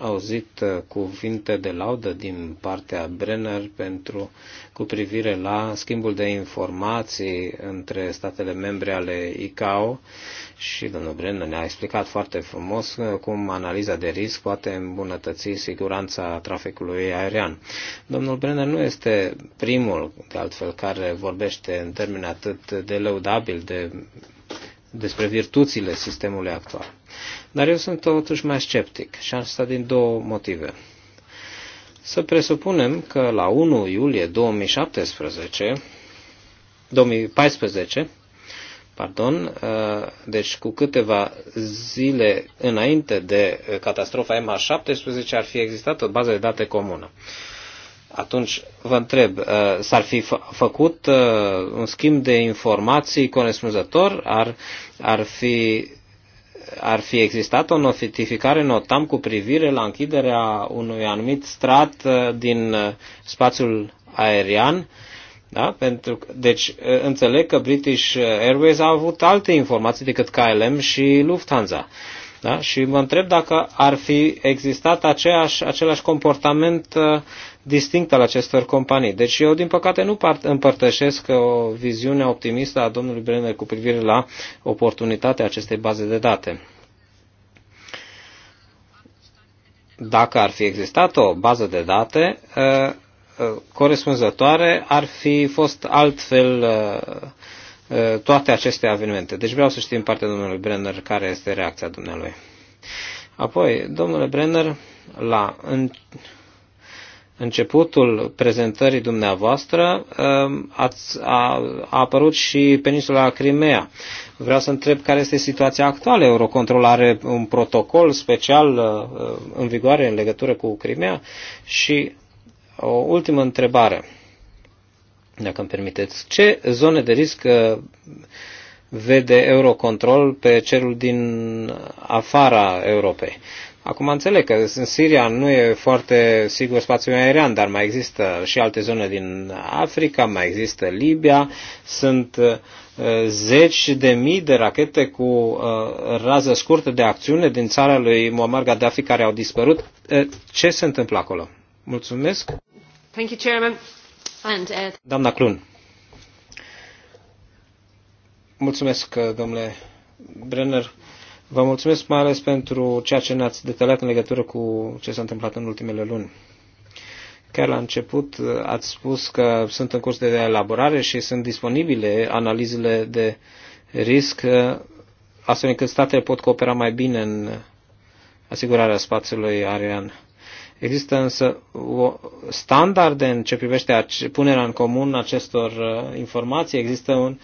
Speaker 2: auzit uh, cuvinte de laudă din partea Brenner pentru, cu privire la schimbul de informații între statele membre ale ICAO și domnul Brenner ne-a explicat foarte frumos uh, cum analiza de risc poate îmbunătăți siguranța traficului aerian. Domnul Brenner nu este primul, de altfel, care vorbește în termeni atât de lăudabil de despre virtuțile sistemului actual. Dar eu sunt totuși mai sceptic și asta din două motive. Să presupunem că la 1 iulie 2017, 2014, pardon, uh, deci cu câteva zile înainte de catastrofa MH17 ar fi existat o bază de date comună. Atunci vă întreb, uh, s-ar fi făcut uh, un schimb de informații corespunzător? Ar, ar, fi, ar fi existat o notificare notam cu privire la închiderea unui anumit strat uh, din spațiul aerian? Da? Pentru, deci înțeleg că British Airways a avut alte informații decât KLM și Lufthansa. Uh, da? Și mă întreb dacă ar fi existat aceeași, același comportament uh, distinct al acestor companii. Deci eu, din păcate, nu împărtășesc uh, o viziune optimistă a domnului Brenner cu privire la oportunitatea acestei baze de date. Dacă ar fi existat o bază de date uh, corespunzătoare, ar fi fost altfel Uh, toate aceste evenimente. Deci vreau să știu din partea domnului Brenner care este reacția dumnealui. Apoi, domnule Brenner, la în, începutul prezentării dumneavoastră um, ați, a, a apărut și peninsula Crimea. Vreau să întreb care este situația actuală. Eurocontrol are un protocol special uh, în vigoare în legătură cu Crimea? Și o ultimă întrebare dacă îmi permiteți. Ce zone de risc uh, vede Eurocontrol pe cerul din afara Europei? Acum înțeleg că în Siria nu e foarte sigur spațiul aerian, dar mai există și alte zone din Africa, mai există Libia, sunt uh, zeci de mii de rachete cu uh, rază scurtă de acțiune din țara lui Muammar Gaddafi care au dispărut. Ce se întâmplă acolo? Mulțumesc!
Speaker 3: Thank you, Chairman. Uh,
Speaker 2: Doamna Clun. Mulțumesc, uh, domnule Brenner. Vă mulțumesc mai ales pentru ceea ce ne-ați detaliat în legătură cu ce s-a întâmplat în ultimele luni. Chiar la început uh, ați spus că sunt în curs de elaborare și sunt disponibile analizele de risc, astfel încât statele pot coopera mai bine în asigurarea spațiului aerian. Există însă standarde în ce privește punerea în comun acestor uh, informații. Există un,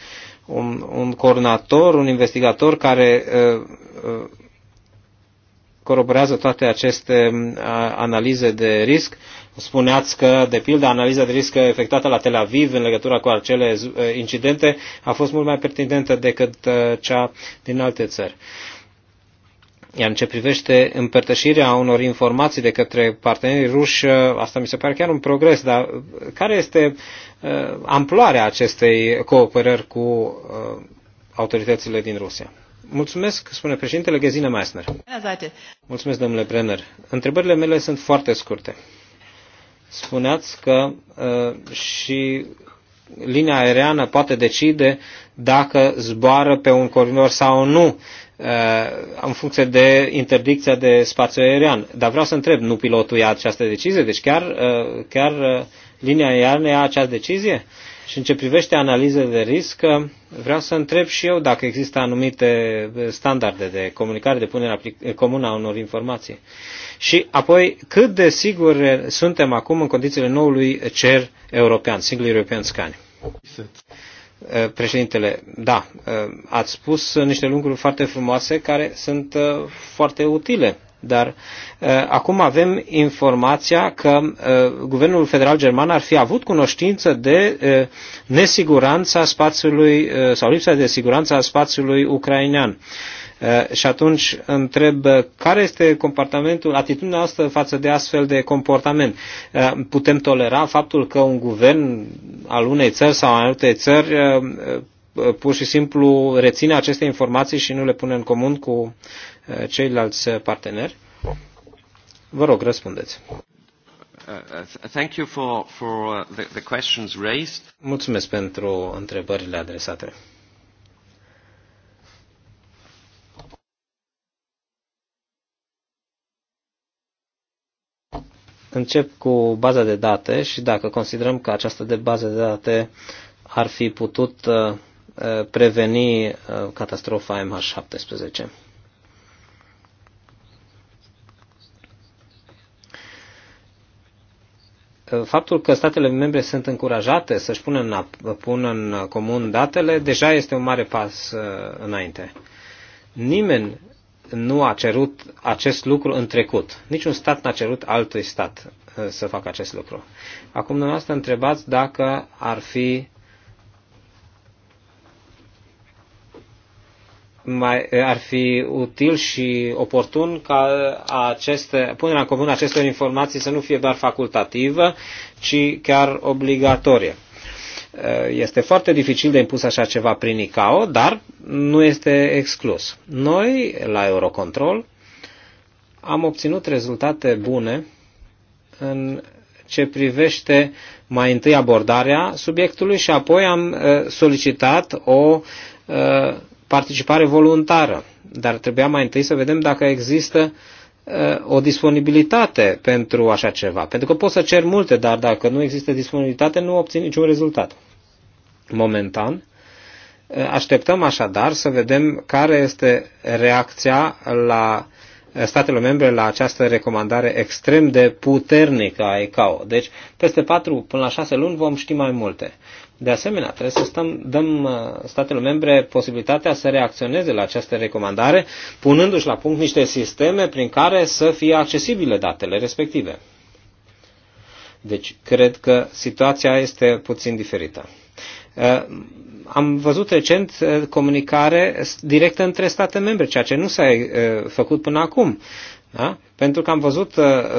Speaker 2: un, un coordonator, un investigator care uh, uh, coroborează toate aceste um, analize de risc. Spuneați că, de pildă, analiza de risc efectuată la Tel Aviv în legătură cu acele incidente a fost mult mai pertinentă decât cea din alte țări. Iar în ce privește împărtășirea unor informații de către partenerii ruși, ă, asta mi se pare chiar un progres, dar care este ă, amploarea acestei cooperări cu ă, autoritățile din Rusia? Mulțumesc, spune președintele Gezine Meissner. Mulțumesc, domnule Brenner. Întrebările mele sunt foarte scurte. Spuneați că uh, și linia aeriană poate decide dacă zboară pe un coridor sau nu Uh, în funcție de interdicția de spațiu aerian. Dar vreau să întreb, nu pilotul ia această decizie? Deci chiar, uh, chiar uh, linia aeriană ia această decizie? Și în ce privește analizele de risc, vreau să întreb și eu dacă există anumite standarde de comunicare, de punere comună a unor informații. Și apoi, cât de sigur suntem acum în condițiile noului cer european, Single European Scan? Eh, președintele, da, eh, ați spus niște lucruri foarte frumoase care sunt eh, foarte utile, dar acum avem informația că guvernul federal german ar fi avut cunoștință de nesiguranța spațiului sau lipsa de siguranță a spațiului ucrainean. Și atunci întreb care este comportamentul, atitudinea noastră față de astfel de comportament. Putem tolera faptul că un guvern al unei țări sau al altei țări pur și simplu reține aceste informații și nu le pune în comun cu ceilalți parteneri? Vă rog, răspundeți. Uh, uh, thank you for, for uh, the, the questions raised. Mulțumesc pentru întrebările adresate. încep cu baza de date și dacă considerăm că această de bază de date ar fi putut uh, uh, preveni uh, catastrofa MH17. Faptul că statele membre sunt încurajate să-și pună în, pună în comun datele deja este un mare pas înainte. Nimeni nu a cerut acest lucru în trecut. Niciun stat n-a cerut altui stat uh, să facă acest lucru. Acum dumneavoastră întrebați dacă ar fi mai, ar fi util și oportun ca aceste, punerea în comun acestor informații să nu fie doar facultativă, ci chiar obligatorie. Eh, este foarte dificil de impus așa ceva prin ICAO, dar nu este exclus. Noi, la Eurocontrol, am obținut rezultate bune în ce privește mai întâi abordarea subiectului și apoi am eh, solicitat o eh, participare voluntară. Dar trebuia mai întâi să vedem dacă există o disponibilitate pentru așa ceva. Pentru că poți să cer multe, dar dacă nu există disponibilitate, nu obții niciun rezultat momentan. Așteptăm așadar să vedem care este reacția la statele membre la această recomandare extrem de puternică a ICAO. Deci, peste 4 până la 6 luni vom ști mai multe. De asemenea, trebuie să stăm, dăm uh, statelor membre posibilitatea să reacționeze la această recomandare, punându-și la punct niște sisteme prin care să fie accesibile datele respective. Deci, cred că situația este puțin diferită. Uh, am văzut recent uh, comunicare directă între state membre, ceea ce nu s-a uh, făcut până acum. Da? Pentru că am văzut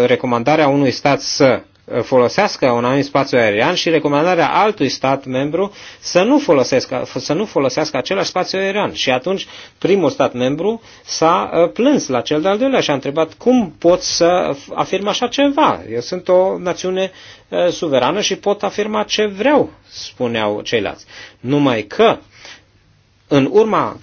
Speaker 2: recomandarea unui stat să folosească un anumit spațiu aerian și recomandarea altui stat membru să nu folosească, să nu folosească același spațiu aerian. Și atunci primul stat membru s-a uh, plâns la cel de-al doilea și a întrebat cum pot să afirm așa ceva. Eu sunt o națiune uh, suverană și pot afirma ce vreau, spuneau ceilalți. Numai că în urma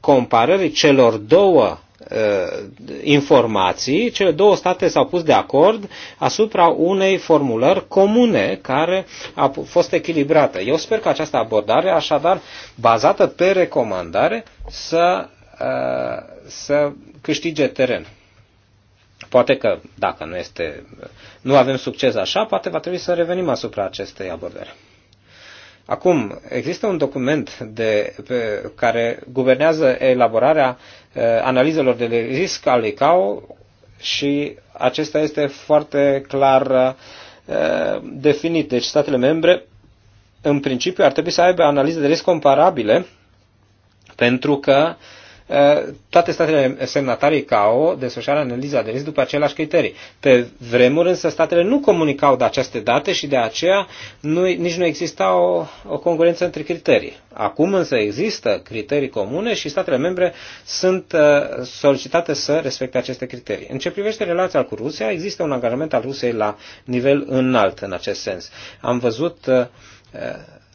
Speaker 2: comparării celor două Uh, informații, cele două state s-au pus de acord asupra unei formulări comune care a fost echilibrată. Eu sper că această abordare, așadar, bazată pe recomandare, să, uh, să câștige teren. Poate că, dacă nu, este, nu avem succes așa, poate va trebui să revenim asupra acestei abordări. Acum, există un document de, pe, care guvernează elaborarea uh, Uh, analizelor de risc ale ICAO și acesta este foarte clar uh, definit. Deci statele membre, în principiu, ar trebui să aibă analize de risc comparabile pentru că uh, Eh, toate statele semnatarii CAO desfășoară analiza de risc după aceleași criterii. Pe vremuri însă statele nu comunicau de aceste date și de aceea nu, nici nu exista o, o concurență între criterii. Acum însă există criterii comune și statele membre sunt eh, solicitate să respecte aceste criterii. În ce privește relația cu Rusia, există un angajament al Rusiei la nivel înalt în acest sens. Am văzut eh,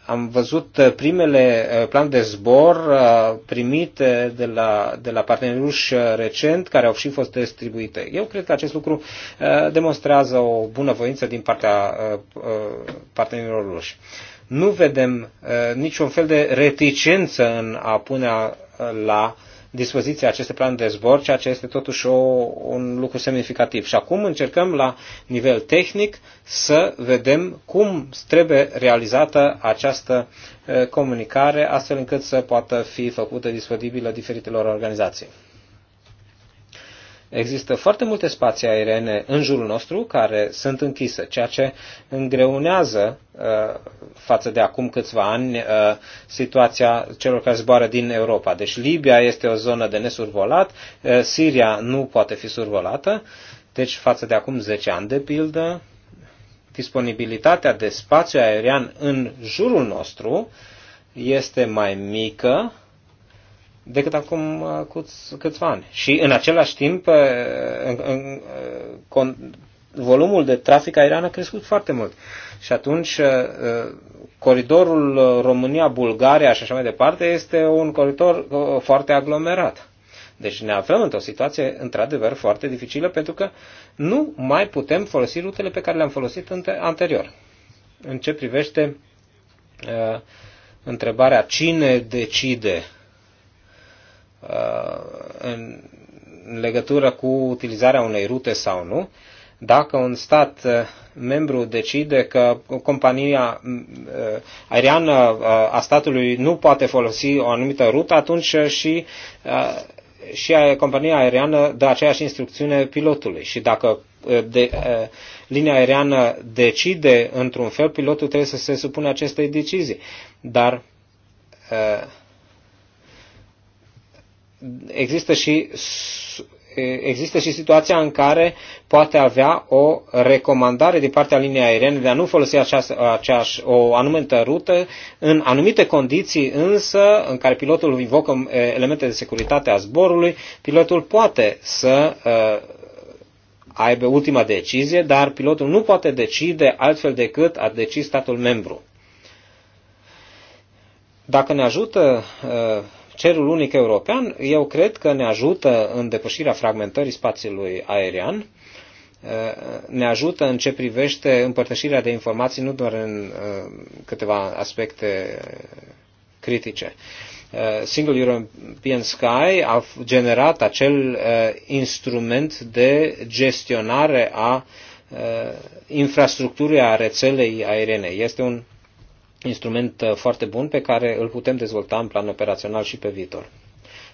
Speaker 2: am văzut uh, primele uh, plan de zbor uh, primite de la, de la parteneri recent, care au și fost distribuite. Eu cred că acest lucru demonstrează o bună voință din partea partenerilor ruși. Nu vedem niciun fel de reticență în a pune la uh, la dispoziție aceste plan de zbor, ceea ce este totuși o, un lucru semnificativ. Și acum încercăm la nivel tehnic să vedem cum trebuie realizată această eh, comunicare, astfel încât să poată fi făcută disponibilă diferitelor organizații. Există foarte multe spații aeriene în jurul nostru care sunt închise, ceea ce îngreunează uh, față de acum câțiva ani uh, situația celor care zboară din Europa. Deci Libia este o zonă de nesurvolat, uh, Siria nu poate fi survolată, deci față de acum 10 ani de pildă, disponibilitatea de spațiu aerian în jurul nostru este mai mică decât acum uh, câțiva ani. Și în același timp, uh, în, în, uh, con, volumul de trafic aerian a crescut foarte mult. Și atunci, coridorul România-Bulgaria și așa mai departe este un coridor foarte aglomerat. Deci ne aflăm într-o situație într-adevăr foarte dificilă pentru că nu mai putem folosi rutele pe care le-am folosit anterior. În ce privește uh, întrebarea cine decide Uh, în legătură cu utilizarea unei rute sau nu, dacă un stat uh, membru decide că compania uh, aeriană a statului nu poate folosi o anumită rută, atunci și și a compania aeriană dă aceeași instrucțiune pilotului. Și dacă de, linia aeriană decide într-un fel, pilotul trebuie să se supune acestei decizii. Dar există și, există și situația în care poate avea o recomandare din partea liniei aeriene de a nu folosi aceasă, aceași, o anumită rută, în anumite condiții însă în care pilotul invocă elemente de securitate a zborului, pilotul poate să aibă ultima decizie, dar pilotul nu poate decide altfel decât a decis statul membru. Dacă ne ajută uh, cerul unic european, eu cred că ne ajută în depășirea fragmentării spațiului aerian, uh, ne ajută în ce privește împărtășirea de informații, nu doar în uh, câteva aspecte critice. Uh, single European Sky a generat acel instrument de gestionare a infrastructurii a rețelei aeriene. Este un instrument uh, foarte bun pe care îl putem dezvolta în plan operațional și pe viitor.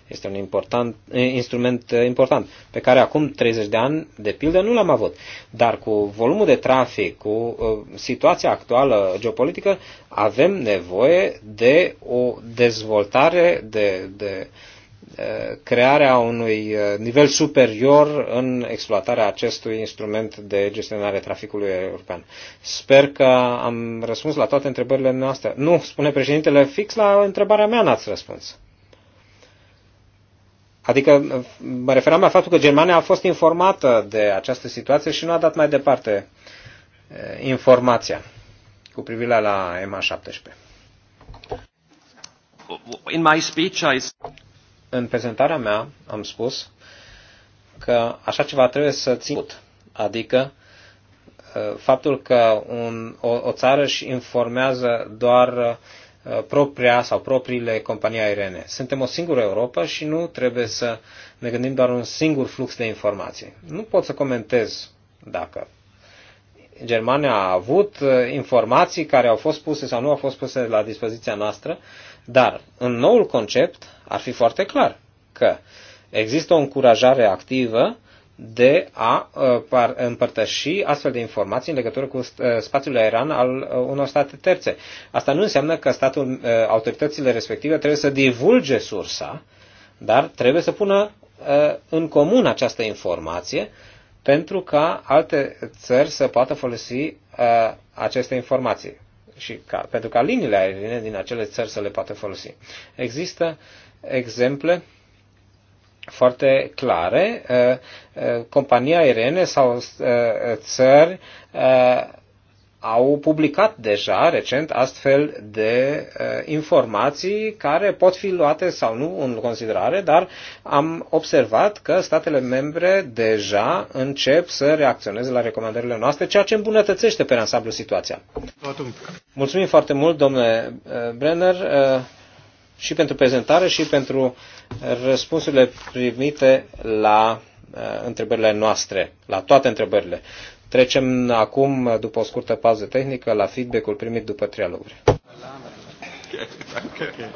Speaker 2: Este un important, instrument uh, important pe care acum 30 de ani, de pildă, nu l-am avut. Dar cu volumul de trafic, cu uh, situația actuală geopolitică, avem nevoie de o dezvoltare, de, de uh, Uh, crearea unui uh, nivel superior în exploatarea acestui instrument de gestionare traficului european. Sper că am răspuns la toate întrebările noastre. Nu, spune președintele, fix la întrebarea mea n-ați răspuns. Adică mă referam la faptul că Germania a fost informată de această situație și nu a dat mai departe uh, informația cu privire la ma 17. In my speech I... În prezentarea mea am spus că așa ceva trebuie să ținut, adică ă, faptul că un, o, o țară își informează doar ă, propria sau propriile companii aeriene. Suntem o singură Europa și nu trebuie să ne gândim doar un singur flux de informații. Nu pot să comentez dacă Germania a avut ă, informații care au fost puse sau nu au fost puse la dispoziția noastră dar în noul concept ar fi foarte clar că există o încurajare activă de a uh, împărtăși astfel de informații în legătură cu uh, spațiul aerian al uh, unor state terțe. Asta nu înseamnă că statul, autoritățile respective trebuie să divulge sursa, dar trebuie să pună în comun această informație pentru ca alte țări să poată folosi aceste informații și ca, pentru ca liniile aeriene din acele țări să le poată folosi. Există exemple foarte clare, uh, uh, companii aeriene sau uh, țări au publicat deja recent astfel de uh, informații care pot fi luate sau nu în considerare, dar am observat că statele membre deja încep să reacționeze la recomandările noastre, ceea ce îmbunătățește pe ansamblu situația. Mulțumim foarte mult, domnule uh, Brenner, uh, și pentru prezentare și pentru răspunsurile primite la uh, întrebările noastre, la toate întrebările. Trecem acum, după o scurtă pauză tehnică, la feedback-ul primit după trialoguri. Okay,
Speaker 3: okay.